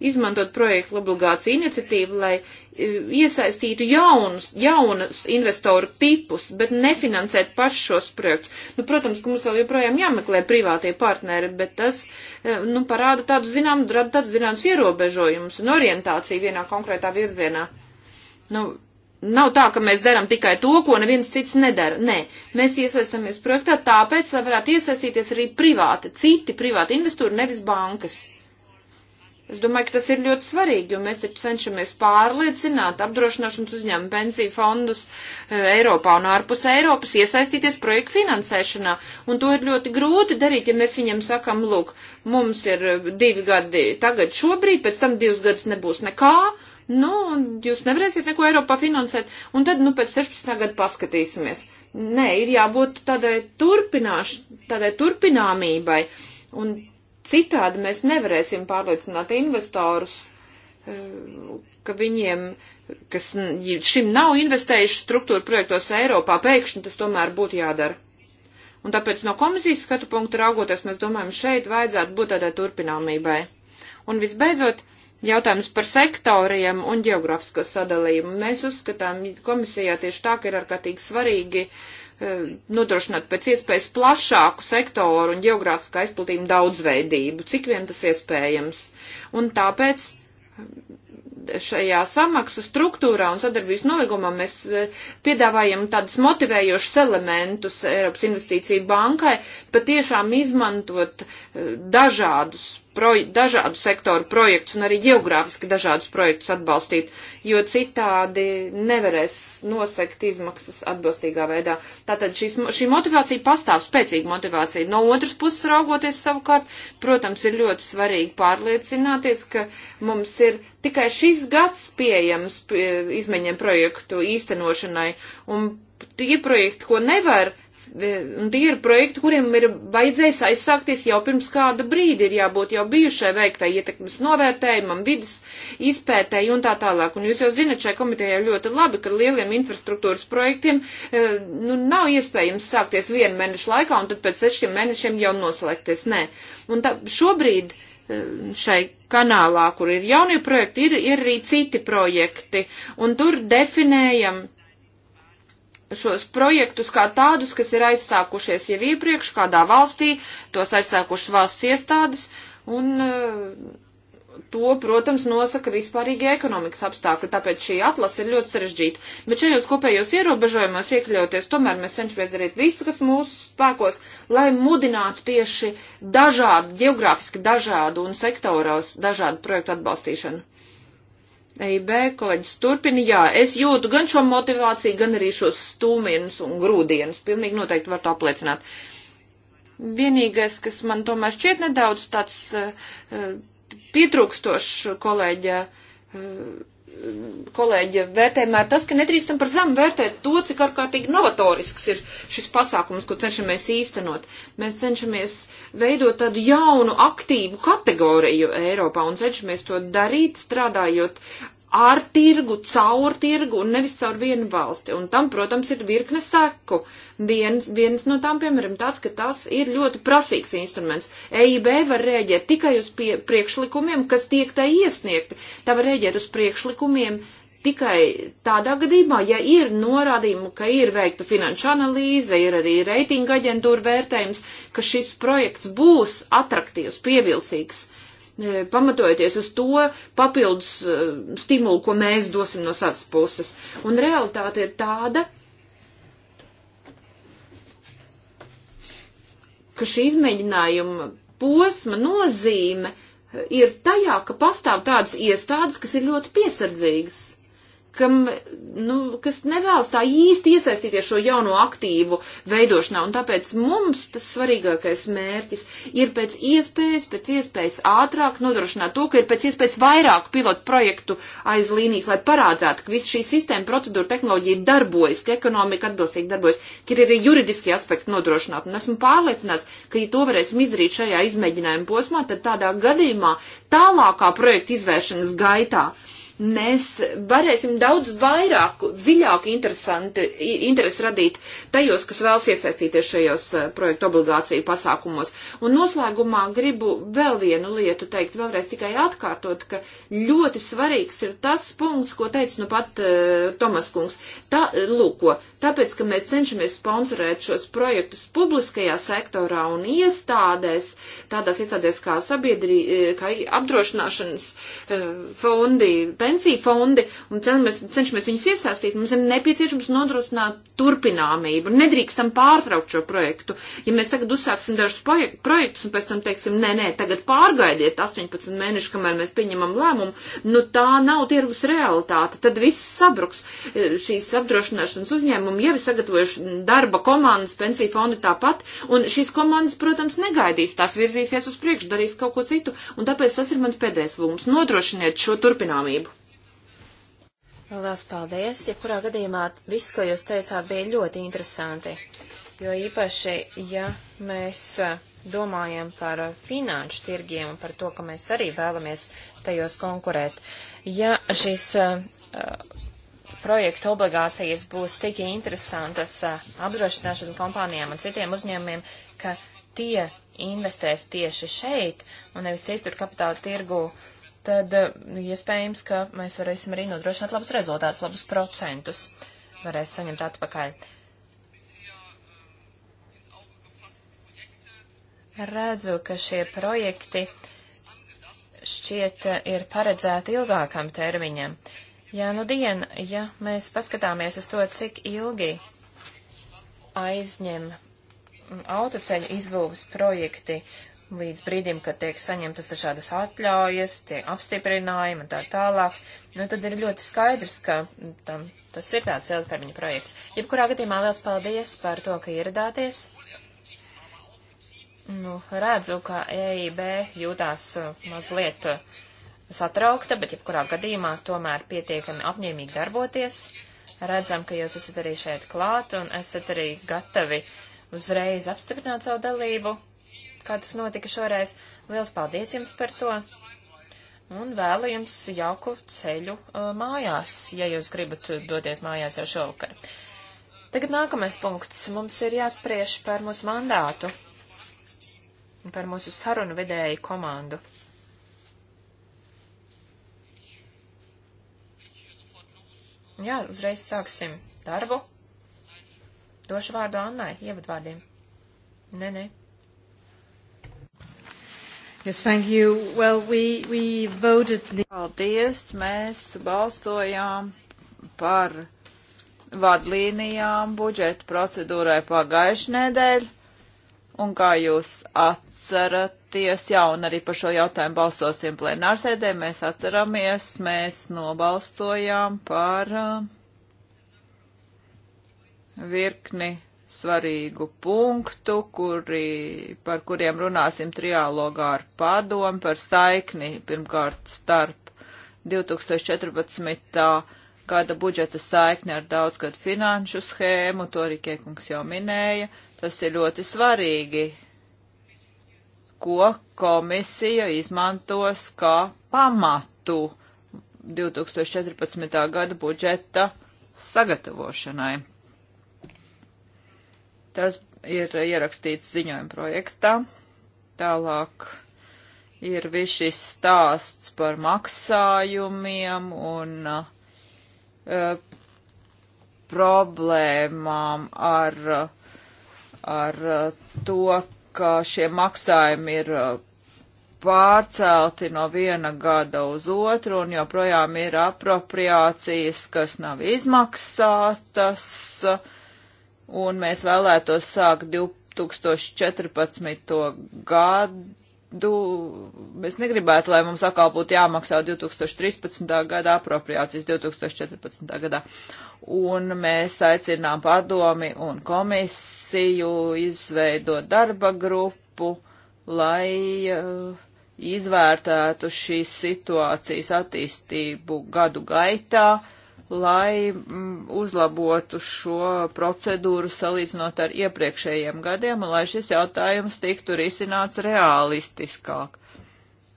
izmantot projektu obligāciju iniciatīvu, lai e, iesaistītu jaunus, jaunus investoru tipus, bet nefinansēt pašus šos projektus. Nu, protams, ka mums vēl joprojām jāmeklē privātie partneri, bet tas, e, nu, parāda tādu zinām, rada tādu zināms ierobežojumus un orientāciju vienā konkrētā virzienā. Nu, Nav tā, ka mēs darām tikai to, ko neviens cits nedara. Nē, mēs iesaistāmies projektā tāpēc, lai varētu iesaistīties arī privāti, citi privāti investori, nevis bankas. Es domāju, ka tas ir ļoti svarīgi, jo mēs taču cenšamies pārliecināt apdrošināšanas uzņēmumu pensiju fondus e, Eiropā un ārpus Eiropas iesaistīties projektu finansēšanā. Un to ir ļoti grūti darīt, ja mēs viņiem sakam, lūk, mums ir e, divi gadi tagad šobrīd, pēc tam divus gadus nebūs nekā nu, jūs nevarēsiet neko Eiropā finansēt, un tad, nu, pēc 16. gada paskatīsimies. Nē, ir jābūt tādai turpināš, tādai turpināmībai, un citādi mēs nevarēsim pārliecināt investorus, eh, ka viņiem, kas šim nav investējuši struktūra projektos Eiropā, pēkšņi tas tomēr būtu jādara. Un tāpēc no komisijas skatu punktu raugoties, mēs domājam, šeit vajadzētu būt tādai turpināmībai. Un visbeidzot, Jautājums par sektoriem un geogrāfisko sadalījumu. Mēs uzskatām komisijā tieši tā, ka ir ārkārtīgi svarīgi eh, nodrošināt pēc iespējas plašāku sektoru un geogrāfiskā izplatījumu daudzveidību, cik vien tas iespējams. Un tāpēc eh, šajā samaksu struktūrā un sadarbības nolīgumā mēs eh, piedāvājam tādus motivējošus elementus Eiropas investīciju bankai, patiešām izmantot dažādus proj dažādu sektoru projektus un arī geogrāfiski dažādus projektus atbalstīt, jo citādi nevarēs nosekt izmaksas atbilstīgā veidā. Tātad šis, šī motivācija pastāv, spēcīga motivācija. No otras puses raugoties savukārt, protams, ir ļoti svarīgi pārliecināties, ka mums ir tikai šis gads pieejams pie, izmaiņiem projektu īstenošanai un tie projekti, ko nevar E, un tie ir projekti, kuriem ir vajadzējis aizsākties jau pirms kāda brīdi, ir jābūt jau bijušai veiktai ietekmes novērtējumam, vidas izpētēji un tā tālāk. Un jūs jau zinat, šai komitejai ļoti labi, ka lieliem infrastruktūras projektiem e, nu, nav iespējams sākties vienu mēnešu laikā un tad pēc sešiem mēnešiem jau noslēgties. Nē. Un tā, šobrīd e, šai kanālā, kur ir jaunie projekti, ir, ir arī citi projekti, un tur definējam šos projektus kā tādus, kas ir aizsākušies jau iepriekš kādā valstī, tos aizsākušas valsts iestādes, un eh, to, protams, nosaka vispārīgie ekonomikas apstākļi, tāpēc šī atlase ir ļoti sarežģīta. Bet šajos kopējos ierobežojumos iekļauties, tomēr mēs cenšamies darīt visu, kas mūsu spēkos, lai mudinātu tieši dažādu, geogrāfiski dažādu un sektoros dažādu projektu atbalstīšanu. EIB kolēģis turpina, jā, es jūtu gan šo motivāciju, gan arī šos stūmienus un grūdienus. Pilnīgi noteikti var to apliecināt. Vienīgais, kas man tomēr šķiet nedaudz tāds uh, pietrūkstošs kolēģa uh, kolēģa vērtējumā ir tas, ka nedrīkstam par zemu vērtēt to, cik ārkārtīgi novatorisks ir šis pasākums, ko cenšamies īstenot. Mēs cenšamies veidot tādu jaunu, aktīvu kategoriju Eiropā un cenšamies to darīt, strādājot ar tirgu, caur tirgu un nevis caur vienu valsti. Un tam, protams, ir virkne seku. Uh, Viens, viens no tām, piemēram, tāds, ka tas ir ļoti prasīgs instruments. EIB var rēģēt tikai uz pie, priekšlikumiem, kas tiek tai iesniegti. Tā var rēģēt uz priekšlikumiem tikai tādā gadījumā, ja ir norādījumi, ka ir veikta finanšu analīze, ir arī reitinga aģentūra vērtējums, ka šis projekts būs atraktīvs, pievilcīgs e, pamatojoties uz to papildus e, stimulu, ko mēs dosim no savas puses. Un realitāte ir tāda, ka šī izmēģinājuma posma nozīme ir tajā, ka pastāv tādas iestādes, kas ir ļoti piesardzīgas kam, nu, kas nevēlas tā īsti iesaistīties šo jauno aktīvu veidošanā, un tāpēc mums tas svarīgākais mērķis ir pēc iespējas, pēc iespējas ātrāk nodrošināt to, ka ir pēc iespējas vairāk pilotu projektu aiz līnijas, lai parādzētu, ka viss šī sistēma, procedūra, tehnoloģija darbojas, ka ekonomika atbilstīgi darbojas, ka ir arī juridiski aspekti nodrošināti, un esmu pārliecināts, ka, ja to varēsim izdarīt šajā izmēģinājuma posmā, tad tādā gadījumā tālākā projekta izvēršanas gaitā, mēs varēsim daudz vairāk, dziļāk interesi radīt tajos, kas vēlas iesaistīties šajos eh, projektu obligāciju pasākumos. Un noslēgumā gribu vēl vienu lietu teikt, vēlreiz tikai atkārtot, ka ļoti svarīgs ir tas punkts, ko teica nu pat uh, Tomas Kungs. Tā, lūko, Tāpēc, ka mēs cenšamies sponsorēt šos projektus publiskajā sektorā un iestādēs, tādās iestādēs kā sabiedrī, kā apdrošināšanas eh, fondi, pensiju fondi, un cenšamies, cenšamies viņus iesaistīt, mums ir nepieciešams nodrošināt turpināmību. Nedrīkstam pārtraukt šo projektu. Ja mēs tagad uzsāksim dažus projektus un pēc tam teiksim, nē, nē, tagad pārgaidiet 18 mēnešus, kamēr mēs pieņemam lēmumu, nu tā nav tirgus realitāte. Tad viss sabruks. Eh, šīs apdrošināšanas uzņēmumi pētījumu, jau ir sagatavojuši darba komandas, pensiju fondi tāpat, un šīs komandas, protams, negaidīs, tās virzīsies uz priekšu, darīs kaut ko citu, un tāpēc tas ir mans pēdējais lūgums. Nodrošiniet šo turpināmību. Lielas paldies, ja kurā gadījumā viss, ko jūs teicāt, bija ļoti interesanti, jo īpaši, ja mēs eh, domājam par eh, finanšu tirgiem un par to, ka mēs arī vēlamies tajos konkurēt. Ja šis uh, projektu obligācijas būs tik interesantas apdrošināšanu kompānijām un citiem uzņēmumiem, ka tie investēs tieši šeit un nevis citur kapitāla tirgu, tad iespējams, ja ka mēs varēsim arī nodrošināt labus rezultātus, labus procentus varēs saņemt atpakaļ. Redzu, ka šie projekti šķiet ir paredzēti ilgākam termiņam. Uh, Jā, nu dien, ja mēs paskatāmies uz to, cik ilgi aizņem autoceļu izbūves projekti līdz brīdim, kad tiek saņemtas dažādas atļaujas, tie apstiprinājumi un tā tālāk, nu tad ir ļoti skaidrs, ka tam, tas ir tāds ilgtermiņa projekts. Jebkurā gadījumā liels paldies par to, ka ieradāties. Nu, redzu, ka EIB jūtās uh, mazliet uh, satraukta, bet jebkurā gadījumā tomēr pietiekami apņēmīgi darboties. Redzam, ka jūs esat arī šeit klāt un esat arī gatavi uzreiz apstiprināt savu dalību, kā tas notika šoreiz. Liels paldies jums par to! Un vēlu jums jauku ceļu uh, mājās, ja jūs gribat doties mājās jau šovakar. Tagad nākamais punkts. Mums ir jāspriež par mūsu mandātu un par mūsu sarunu vidēju komandu. Jā, uzreiz sāksim darbu. Došu vārdu Annai, ievadvārdiem. Nē, nē. Yes, thank you. Well, we, we voted the... Paldies, mēs balsojām par vadlīnijām budžeta procedūrai pagājušajā nedēļā. Un kā jūs atceraties, jā, un arī par šo jautājumu balsosim plenārsēdē, mēs atceramies, mēs nobalstojām par uh, virkni svarīgu punktu, kuri, par kuriem runāsim triālogā ar padomu, par saikni pirmkārt starp 2014. gada budžeta saikni ar daudzgadu finanšu schēmu, to arī Kiekungs jau minēja Tas ir ļoti svarīgi, ko komisija izmantos kā pamatu 2014. gada budžeta sagatavošanai. Tas ir ierakstīts ziņojuma projektā. Tālāk ir viss šis stāsts par maksājumiem un uh, problēmām ar uh, ar uh, to, ka šie maksājumi ir uh, pārcelti no viena gada uz otru un joprojām ir apropriācijas, kas nav izmaksātas, un mēs vēlētos sākt 2014. gadu es negribētu, lai mums atkal būtu jāmaksā 2013. gada apropriācijas 2014. gadā. Un mēs aicinām padomi un komisiju izveidot darba grupu, lai uh, izvērtētu šīs situācijas attīstību gadu gaitā, uh, lai mm, uzlabotu šo procedūru salīdzinot ar iepriekšējiem gadiem un lai šis jautājums tiktu risināts realistiskāk.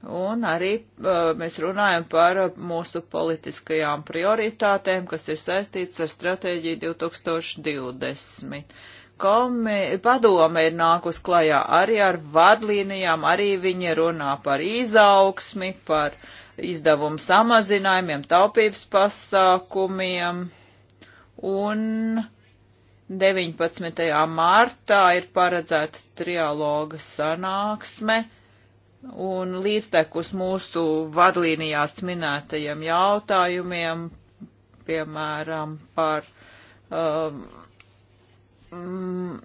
Un arī eh, mēs runājam par mūsu politiskajām prioritātēm, kas ir saistīts ar stratēģiju 2020. Komi, padome ir nākus klajā arī ar vadlīnijām, arī viņi runā par izaugsmi, par uh, izdevumu samazinājumiem, taupības pasākumiem. Un 19. martā ir paredzēta trialoga sanāksme. Un līdztekus mūsu vadlīnijās minētajiem jautājumiem, piemēram, par um, Mm,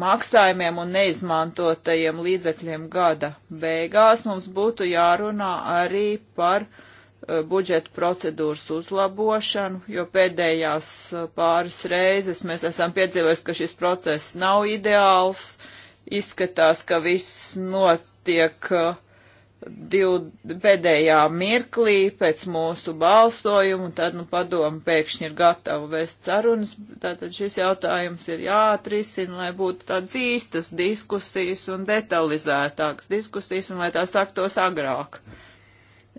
maksājumiem un neizmantotajiem līdzekļiem gada beigās mums būtu jārunā arī par eh, budžeta procedūras uzlabošanu, jo pēdējās eh, pāris reizes mēs esam piedzīvojuši, ka šis process nav ideāls, izskatās, ka viss notiek uh, div, pēdējā mirklī pēc mūsu balsojumu, tad, nu, padomu pēkšņi ir gatava vēst sarunas, tātad šis jautājums ir jāatrisina, lai būtu tādas īstas diskusijas un detalizētākas diskusijas, un lai tā saktos agrāk.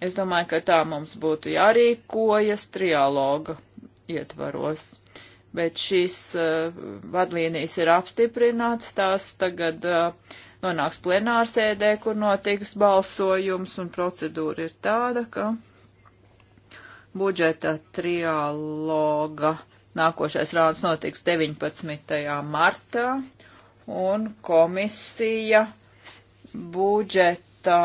Es domāju, ka tā mums būtu jārīkojas trialoga ietvaros. Bet šīs uh, vadlīnijas ir apstiprināts, tās tagad uh, nonāks plenārsēdē, kur notiks balsojums, un procedūra ir tāda, ka budžeta trialoga nākošais rauns notiks 19. martā, un komisija budžeta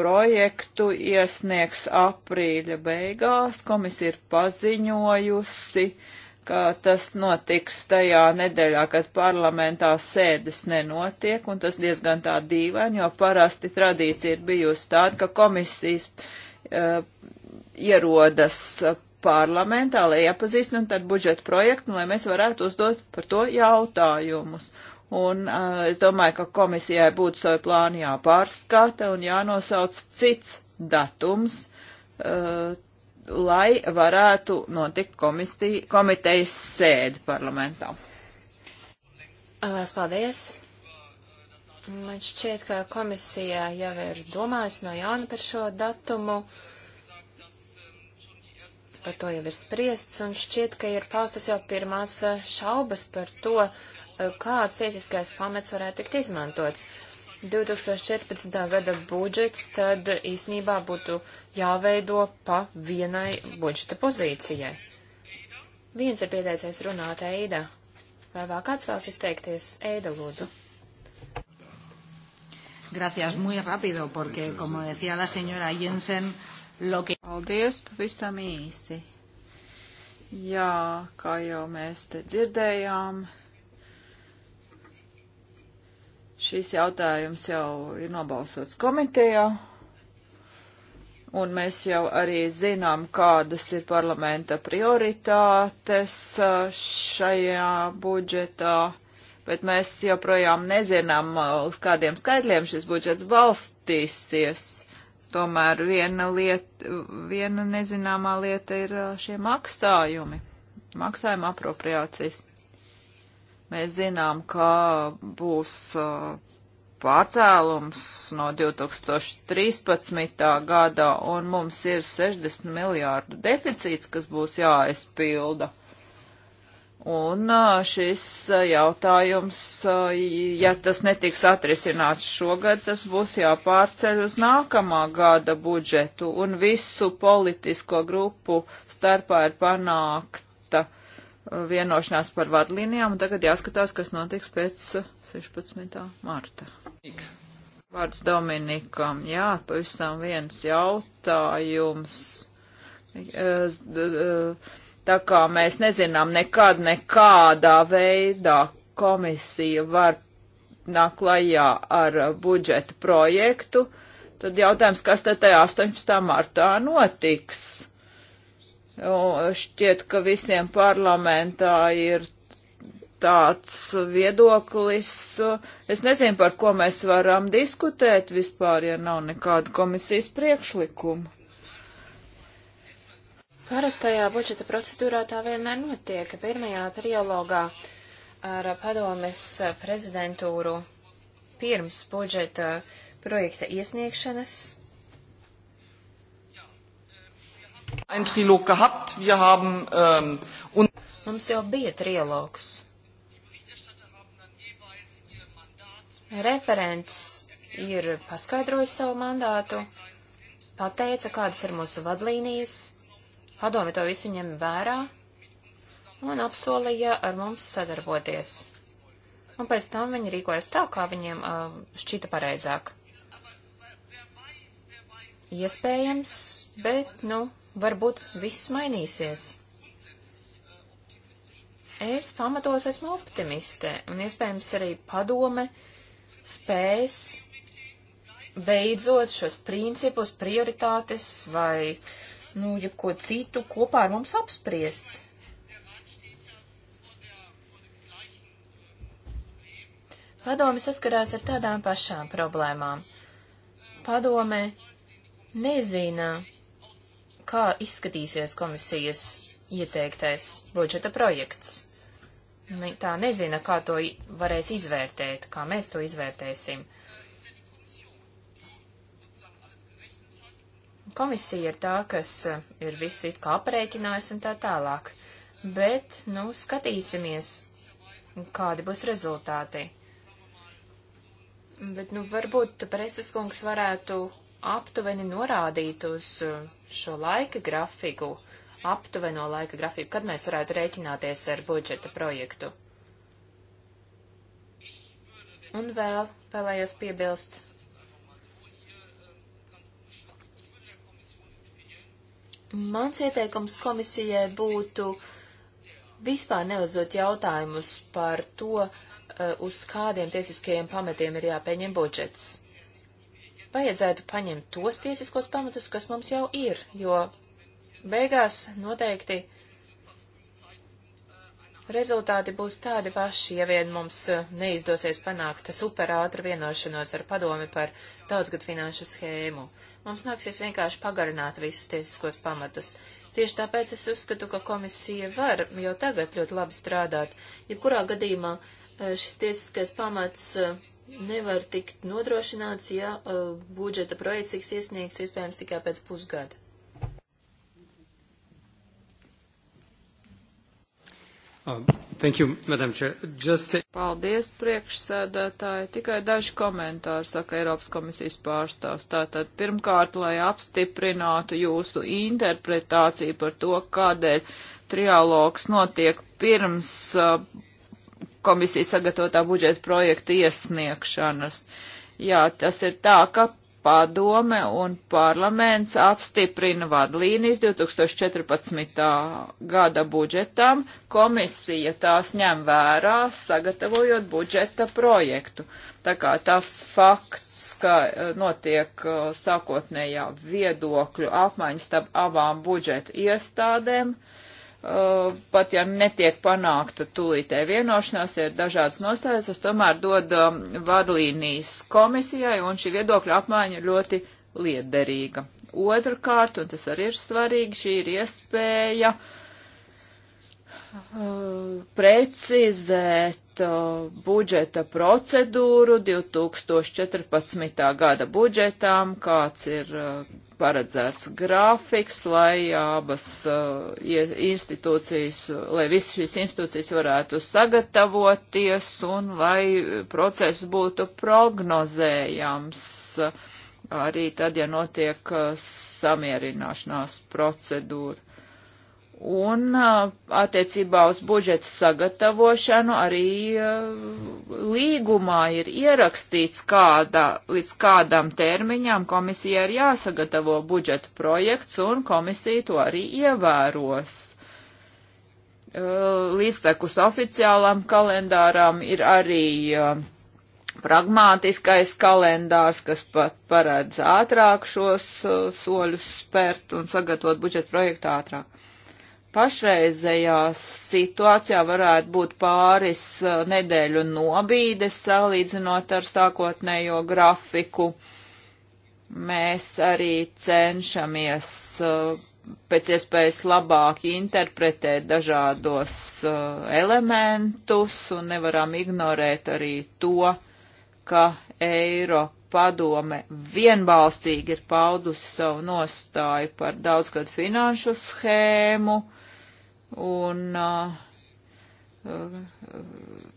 projektu iesniegs aprīļa beigās. Komisija ir paziņojusi, uh, ka tas notiks tajā nedēļā, kad parlamentā sēdes nenotiek, un tas diezgan tā dīvaini, jo parasti tradīcija ir bijusi tāda, ka komisijas uh, ierodas parlamentā, lai iepazīstinātu ar budžeta projektu, lai mēs varētu uzdot par to jautājumus. Un uh, es domāju, ka komisijai būtu savu plānu jāpārskata un jānosauc cits datums. Uh, lai varētu notikt komisija, komitejas sēdi parlamentā. Lielas paldies! Man šķiet, ka komisija jau ir domājusi no jauna par šo datumu. Par to jau ir spriests, un šķiet, ka ir paustas jau pirmās šaubas par to, kāds tiesiskais pamats varētu tikt izmantots. Uh, 2014. gada budžets, tad īsnībā būtu jāveido pa vienai budžeta pozīcijai. Viens ir pieteicies runāt Eida. Vai vēl kāds vēlas izteikties? Eida, lūdzu. Gracias, muy rápido, porque, como decía la señora Jensen, lo que... Paldies, pavisam īsti. Jā, kā jau mēs te dzirdējām, Šis jautājums jau ir nobalsots komitejā, un mēs jau arī zinām, kādas ir parlamenta prioritātes šajā budžetā, bet mēs joprojām nezinām, uz kādiem skaitļiem šis budžets balstīsies. Tomēr viena, lieta, viena nezināmā lieta ir šie maksājumi, maksājuma apropriācijas. Mēs zinām, ka būs uh, pārcēlums no 2013. gada, un mums ir 60 miljārdu deficīts, kas būs jāaizpilda. Un uh, šis uh, jautājums, ja tas netiks atrisināts šogad, tas būs jāpārceļ uz nākamā gada budžetu, un visu politisko grupu starpā ir panākta uh, vienošanās par vadlīnijām, un tagad jāskatās, kas notiks pēc 16. marta. Vārds Dominikam, jā, pavisam viens jautājums. E, e, tā kā mēs nezinām nekad nekādā veidā komisija var nāk klajā ar budžeta projektu, tad jautājums, kas tad tajā 18. martā notiks? Šķiet, ka visiem parlamentā ir tāds viedoklis. Es nezinu, par ko mēs varam diskutēt vispār, ja nav nekāda komisijas priekšlikuma. Parastajā budžeta procedūrā tā vienmēr notiek. Pirmajā trialogā ar padomes prezidentūru pirms budžeta projekta iesniegšanas Ein Trilog gehabt, wir haben, um, un... Mums jau bija trilogs. Referents ir paskaidrojis savu mandātu, pateica, kādas ir mūsu vadlīnijas, padomi to visu ņem vērā un apsolīja ar mums sadarboties. Un pēc tam viņi rīkojas tā, kā viņiem uh, šķita pareizāk. Iespējams, bet, nu, varbūt viss mainīsies. Es pamatos esmu optimiste, un iespējams arī padome spēs beidzot šos principus, prioritātes vai, nu, jebko citu kopā ar mums apspriest. Padome saskarās ar tādām pašām problēmām. Padome nezina, kā izskatīsies komisijas ieteiktais budžeta projekts. Tā nezina, kā to varēs izvērtēt, kā mēs to izvērtēsim. Komisija ir tā, kas e, ir visu it kā aprēķinājusi un tā tālāk. Bet, nu, skatīsimies, kādi būs rezultāti. Bet, nu, varbūt preses kungs varētu aptuveni norādīt uz uh, šo laika grafiku, aptuveno laika grafiku, kad mēs varētu rēķināties ar budžeta projektu. Un vēl vēlējos piebilst. Mans ieteikums komisijai būtu vispār neuzdot jautājumus par to, uh, uz kādiem tiesiskajiem pamatiem ir jāpieņem budžets vajadzētu paņemt tos tiesiskos pamatus, kas mums jau ir, jo beigās noteikti rezultāti būs tādi paši, ja vien mums eh, neizdosies panākt superātru vienošanos ar padomi par daudzgad finanšu schēmu. Mums nāksies vienkārši pagarināt visus tiesiskos pamatus. Tieši tāpēc es uzskatu, ka komisija var jau tagad ļoti labi strādāt. Jebkurā gadījumā eh, šis tiesiskais pamats eh, nevar tikt nodrošināts, ja uh, budžeta projekts tiks iesniegts iespējams tikai pēc pusgada. Um, thank you, Madam Chair. Just... Paldies, priekšsēdētāji. Tikai daži komentāri, saka Eiropas komisijas pārstāvs. Tātad pirmkārt, lai apstiprinātu jūsu interpretāciju par to, kādēļ trialogs notiek pirms uh, komisijas sagatavotā budžeta projekta iesniegšanas. Jā, tas ir tā, ka padome un parlaments apstiprina vadlīnijas 2014. gada budžetam, komisija tās ņem vērā, sagatavojot budžeta projektu. Tā kā tas fakts, ka e, notiek e, sākotnējā viedokļu apmaiņas starp abām budžeta iestādēm, uh, Uh, pat ja netiek panākta tūlītē vienošanās, ir dažādas nostājas, es tomēr dodu um, vadlīnijas komisijai, un šī viedokļa apmaiņa ir ļoti liederīga. Otrakārt, un tas arī ir svarīgi, šī ir iespēja uh, precizēt uh, budžeta procedūru 2014. gada budžetām, kāds ir uh, paredzēts grafiks, lai abas uh, institūcijas, lai visas šīs institūcijas varētu sagatavoties un lai process būtu prognozējams arī tad, ja notiek uh, samierināšanās procedūra. Un uh, attiecībā uz budžeta sagatavošanu arī uh, līgumā ir ierakstīts, kāda, līdz kādam termiņam komisija ir jāsagatavo budžeta projekts, un komisija to arī ievēros. Uh, līdztekus oficiālam kalendāram ir arī pragmātiskais kalendārs, kas pat paredz ātrāk šos soļus spērt un sagatavot budžeta projektu ātrāk pašreizējā situācijā varētu būt pāris uh, nedēļu nobīdes salīdzinot ar sākotnējo grafiku. Mēs arī cenšamies uh, pēc iespējas labāk interpretēt dažādos uh, elementus un nevaram ignorēt arī to, ka Eiropa padome vienbalstīgi ir paudusi savu nostāju par daudzgadu finanšu schēmu un uh, uh,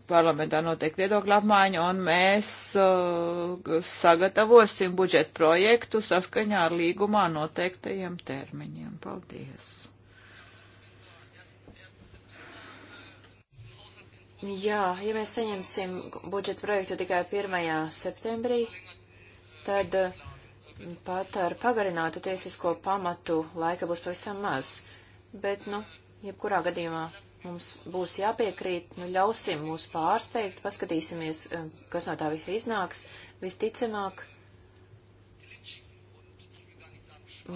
parlamentā notiek viedokļa apmaiņa, un mēs uh, sagatavosim budžeta projektu saskaņā ar līgumā noteiktajiem termiņiem. Paldies! Jā, ja mēs saņemsim budžeta projektu tikai 1. septembrī, tad uh, pat ar pagarinātu tiesisko pamatu laika būs pavisam maz. Bet, nu, jebkurā gadījumā mums būs jāpiekrīt, nu ļausim mūs pārsteigt, paskatīsimies, eh, kas no tā visa iznāks. Visticamāk,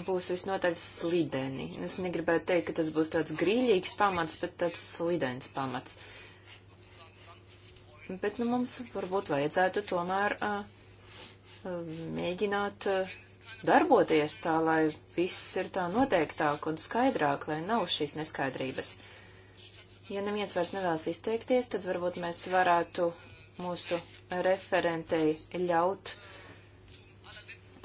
būs visnotaļ slideni. Es negribētu teikt, ka tas būs tāds grīļīgs pamats, bet tāds slidens pamats. Bet nu, mums varbūt vajadzētu tomēr uh, mēģināt uh, darboties tā, lai viss ir tā noteiktāk un skaidrāk, lai nav šīs neskaidrības. Ja neviens vairs nevēlas izteikties, tad varbūt mēs varētu mūsu referentei ļaut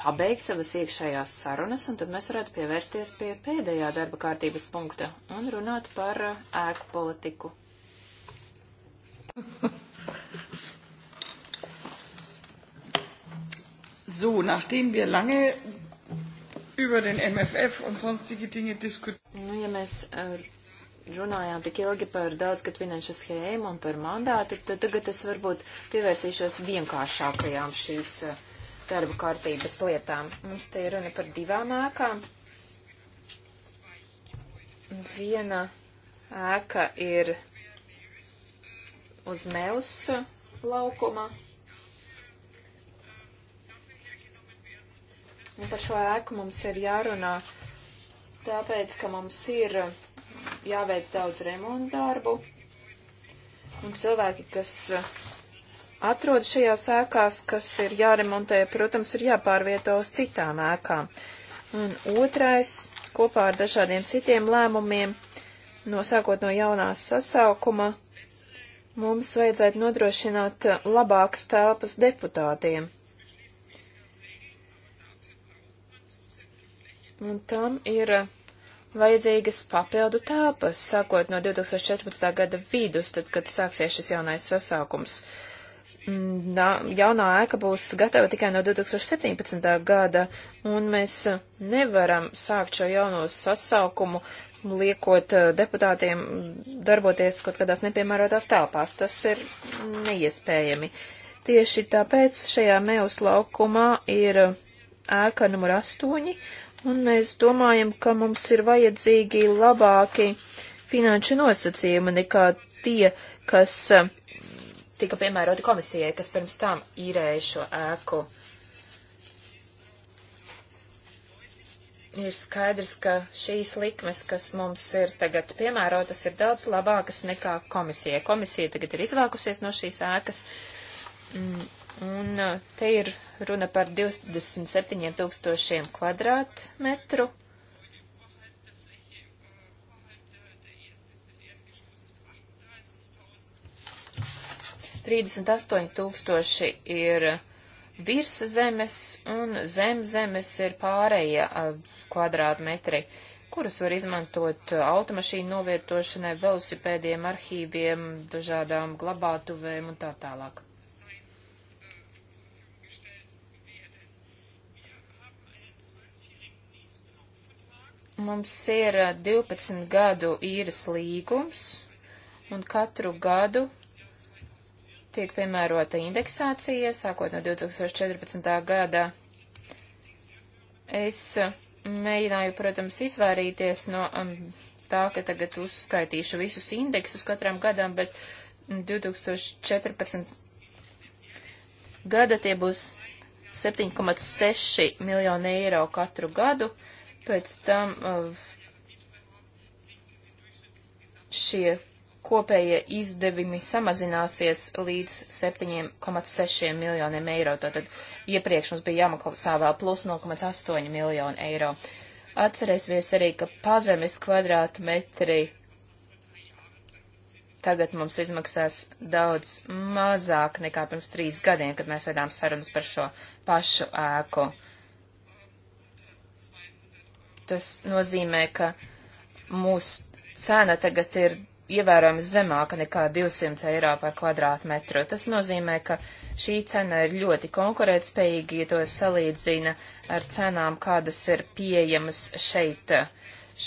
pabeigt savas iekšējās sarunas, un tad mēs varētu pievērsties pie pēdējā darba kārtības punkta un runāt par ēku politiku. So, nachdem wir lange über den MFF und sonstige Dinge diskutiert. Nu, ja mēs äh, runājām tik ilgi par daudzgad finanšu schēmu un par mandātu, tad tagad es varbūt pievērsīšos vienkāršākajām šīs äh, darba kārtības lietām. Mums te ir runa par divām ēkām. Viena ēka ir uz Meus laukuma, Un nu, par šo ēku mums ir jārunā, tāpēc, ka mums ir jāveic daudz remontu darbu. Un cilvēki, kas atrodas šajās ēkās, kas ir jāremontē, protams, ir jāpārvieto uz citām ēkām. Un otrais, kopā ar dažādiem citiem lēmumiem, nosākot no jaunās sasaukuma, mums vajadzētu nodrošināt labākas telpas deputātiem. un tam ir eh, vajadzīgas papildu telpas, sākot no 2014. gada vidus, tad, kad sāksies šis jaunais sasaukums. Mm, nā, jaunā ēka būs gatava tikai no 2017. gada, un mēs eh, nevaram sākt šo jauno sasaukumu, liekot eh, deputātiem darboties kaut kādās nepiemērotās telpās. Tas ir neiespējami. Tieši tāpēc šajā mēus laukumā ir ēka numur 8, Un mēs domājam, ka mums ir vajadzīgi labāki finanšu nosacījumi nekā tie, kas eh, tika piemēroti komisijai, kas pirms tam īrēja šo ēku. Ir skaidrs, ka šīs likmes, kas mums ir tagad piemērotas, ir daudz labākas nekā komisijai. Komisija tagad ir izvākusies no šīs ēkas, mm, un eh, te ir Runa par 27 tūkstošiem kvadrātmetru. Trīsdesmit astoņi tūkstoši ir virs zemes un zem zemes ir pārējie kvadrātmetri, kurus var izmantot automašīnu novietošanai, velosipēdiem, arhīviem, dažādām glabātuvēm un tā tālāk. Mums ir 12 eh, gadu īres līgums, un katru gadu tiek piemērota indeksācija, sākot no 2014. gada. Es eh, mēģināju, protams, izvairīties no um, tā, ka tagad uzskaitīšu visus indeksus katram gadam, bet 2014. Mm, gada tie būs 7,6 miljoni eiro katru gadu, Pēc tam uh, šie kopējie izdevumi samazināsies līdz 7,6 miljoniem eiro. Tātad iepriekš mums bija jāmaksā vēl plus 0,8 miljonu eiro. Atcerēsimies arī, ka pazemes kvadrātmetri tagad mums izmaksās daudz mazāk nekā pirms trīs gadiem, kad mēs vedām sarunas par šo pašu ēku. Uh, Tas nozīmē, ka mūsu cena tagad ir ievērojami zemāka nekā 200 eiro par kvadrātmetru. Tas nozīmē, ka šī cena ir ļoti konkurētspējīga, ja to salīdzina ar cenām, kādas ir pieejamas šeit,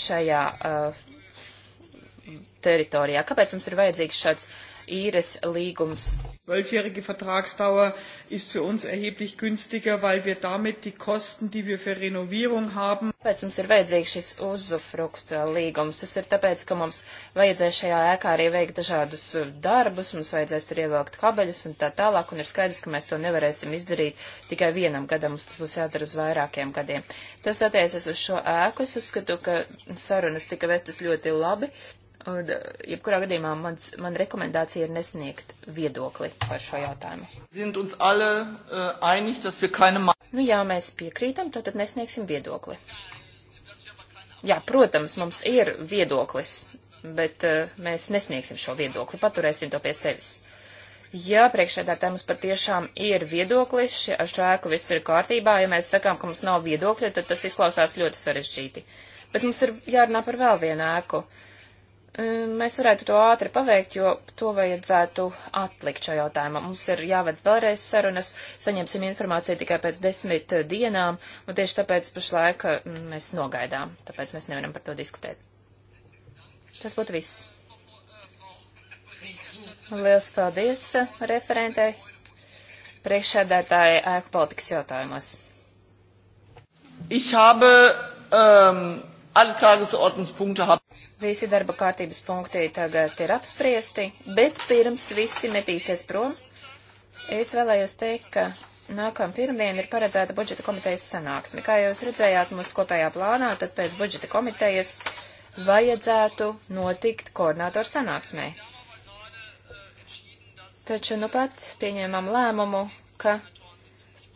šajā uh, teritorijā. Kāpēc mums ir vajadzīgs šāds īres līgums. Zwölfjährige Vertragsdauer ist für uns erheblich günstiger, weil wir damit die Kosten, die wir für Renovierung haben. Tāpēc mums ir vajadzīgs šis uzufrukta eh, līgums. Tas ir tāpēc, ka mums vajadzēs šajā ēkā arī veikt dažādus eh, darbus, mums vajadzēs tur ievelkt kabeļus un tā tālāk, un ir skaidrs, ka mēs to nevarēsim izdarīt tikai vienam gadam, mums tas būs jādara uz vairākiem gadiem. Tas attiecas uz šo ēku, es uzskatu, ka sarunas tika vestas ļoti labi, Un, eh, jebkurā gadījumā mans, man rekomendācija ir nesniegt viedokli par šo jautājumu. Alle, uh, einig, keine... Nu jā, mēs piekrītam, tad nesniegsim viedokli. Jā, protams, mums ir viedoklis, bet uh, mēs nesniegsim šo viedokli, paturēsim to pie sevis. Ja priekšēdētājiem mums patiešām ir viedoklis, ar šo ēku viss ir kārtībā, ja mēs sakām, ka mums nav viedokļa, tad tas izklausās ļoti sarežģīti. Bet mums ir jārunā par vēl vienu ēku. Uh, Mm, mēs varētu to ātri paveikt, jo to vajadzētu atlikt šo jautājumu. Mums ir jāved vēlreiz sarunas, saņemsim informāciju tikai pēc desmit eh, dienām, un tieši tāpēc pašlaik eh, mm, mēs nogaidām, tāpēc mēs nevaram par to diskutēt. Tas būtu viss. Liels paldies eh, referentei, priekšādētāji ēku politikas jautājumos. Ich habe ähm, alle Tagesordnungspunkte habe Visi darba kārtības punkti tagad ir apspriesti, bet pirms visi metīsies prom, es vēlējos teikt, ka nākamā pirmdiena ir paredzēta budžeta komitejas sanāksme. Kā jūs redzējāt mūsu kopējā plānā, tad pēc budžeta komitejas vajadzētu notikt koordinātoru sanāksmē. Taču nu pat pieņēmām lēmumu, ka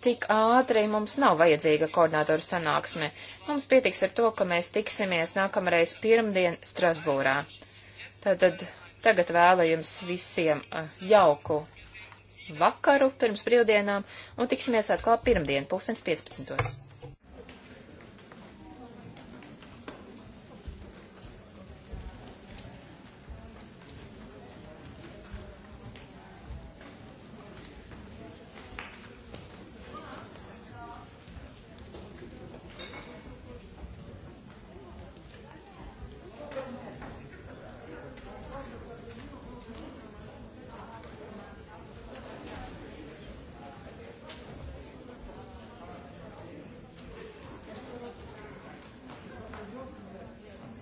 tik ātri mums nav vajadzīga koordinātoru sanāksme. Mums pietiks ar to, ka mēs tiksimies nākamreiz pirmdien Strasbūrā. Tātad tagad vēlu jums visiem eh, jauku vakaru pirms brīvdienām un tiksimies atkal pirmdien, 2015.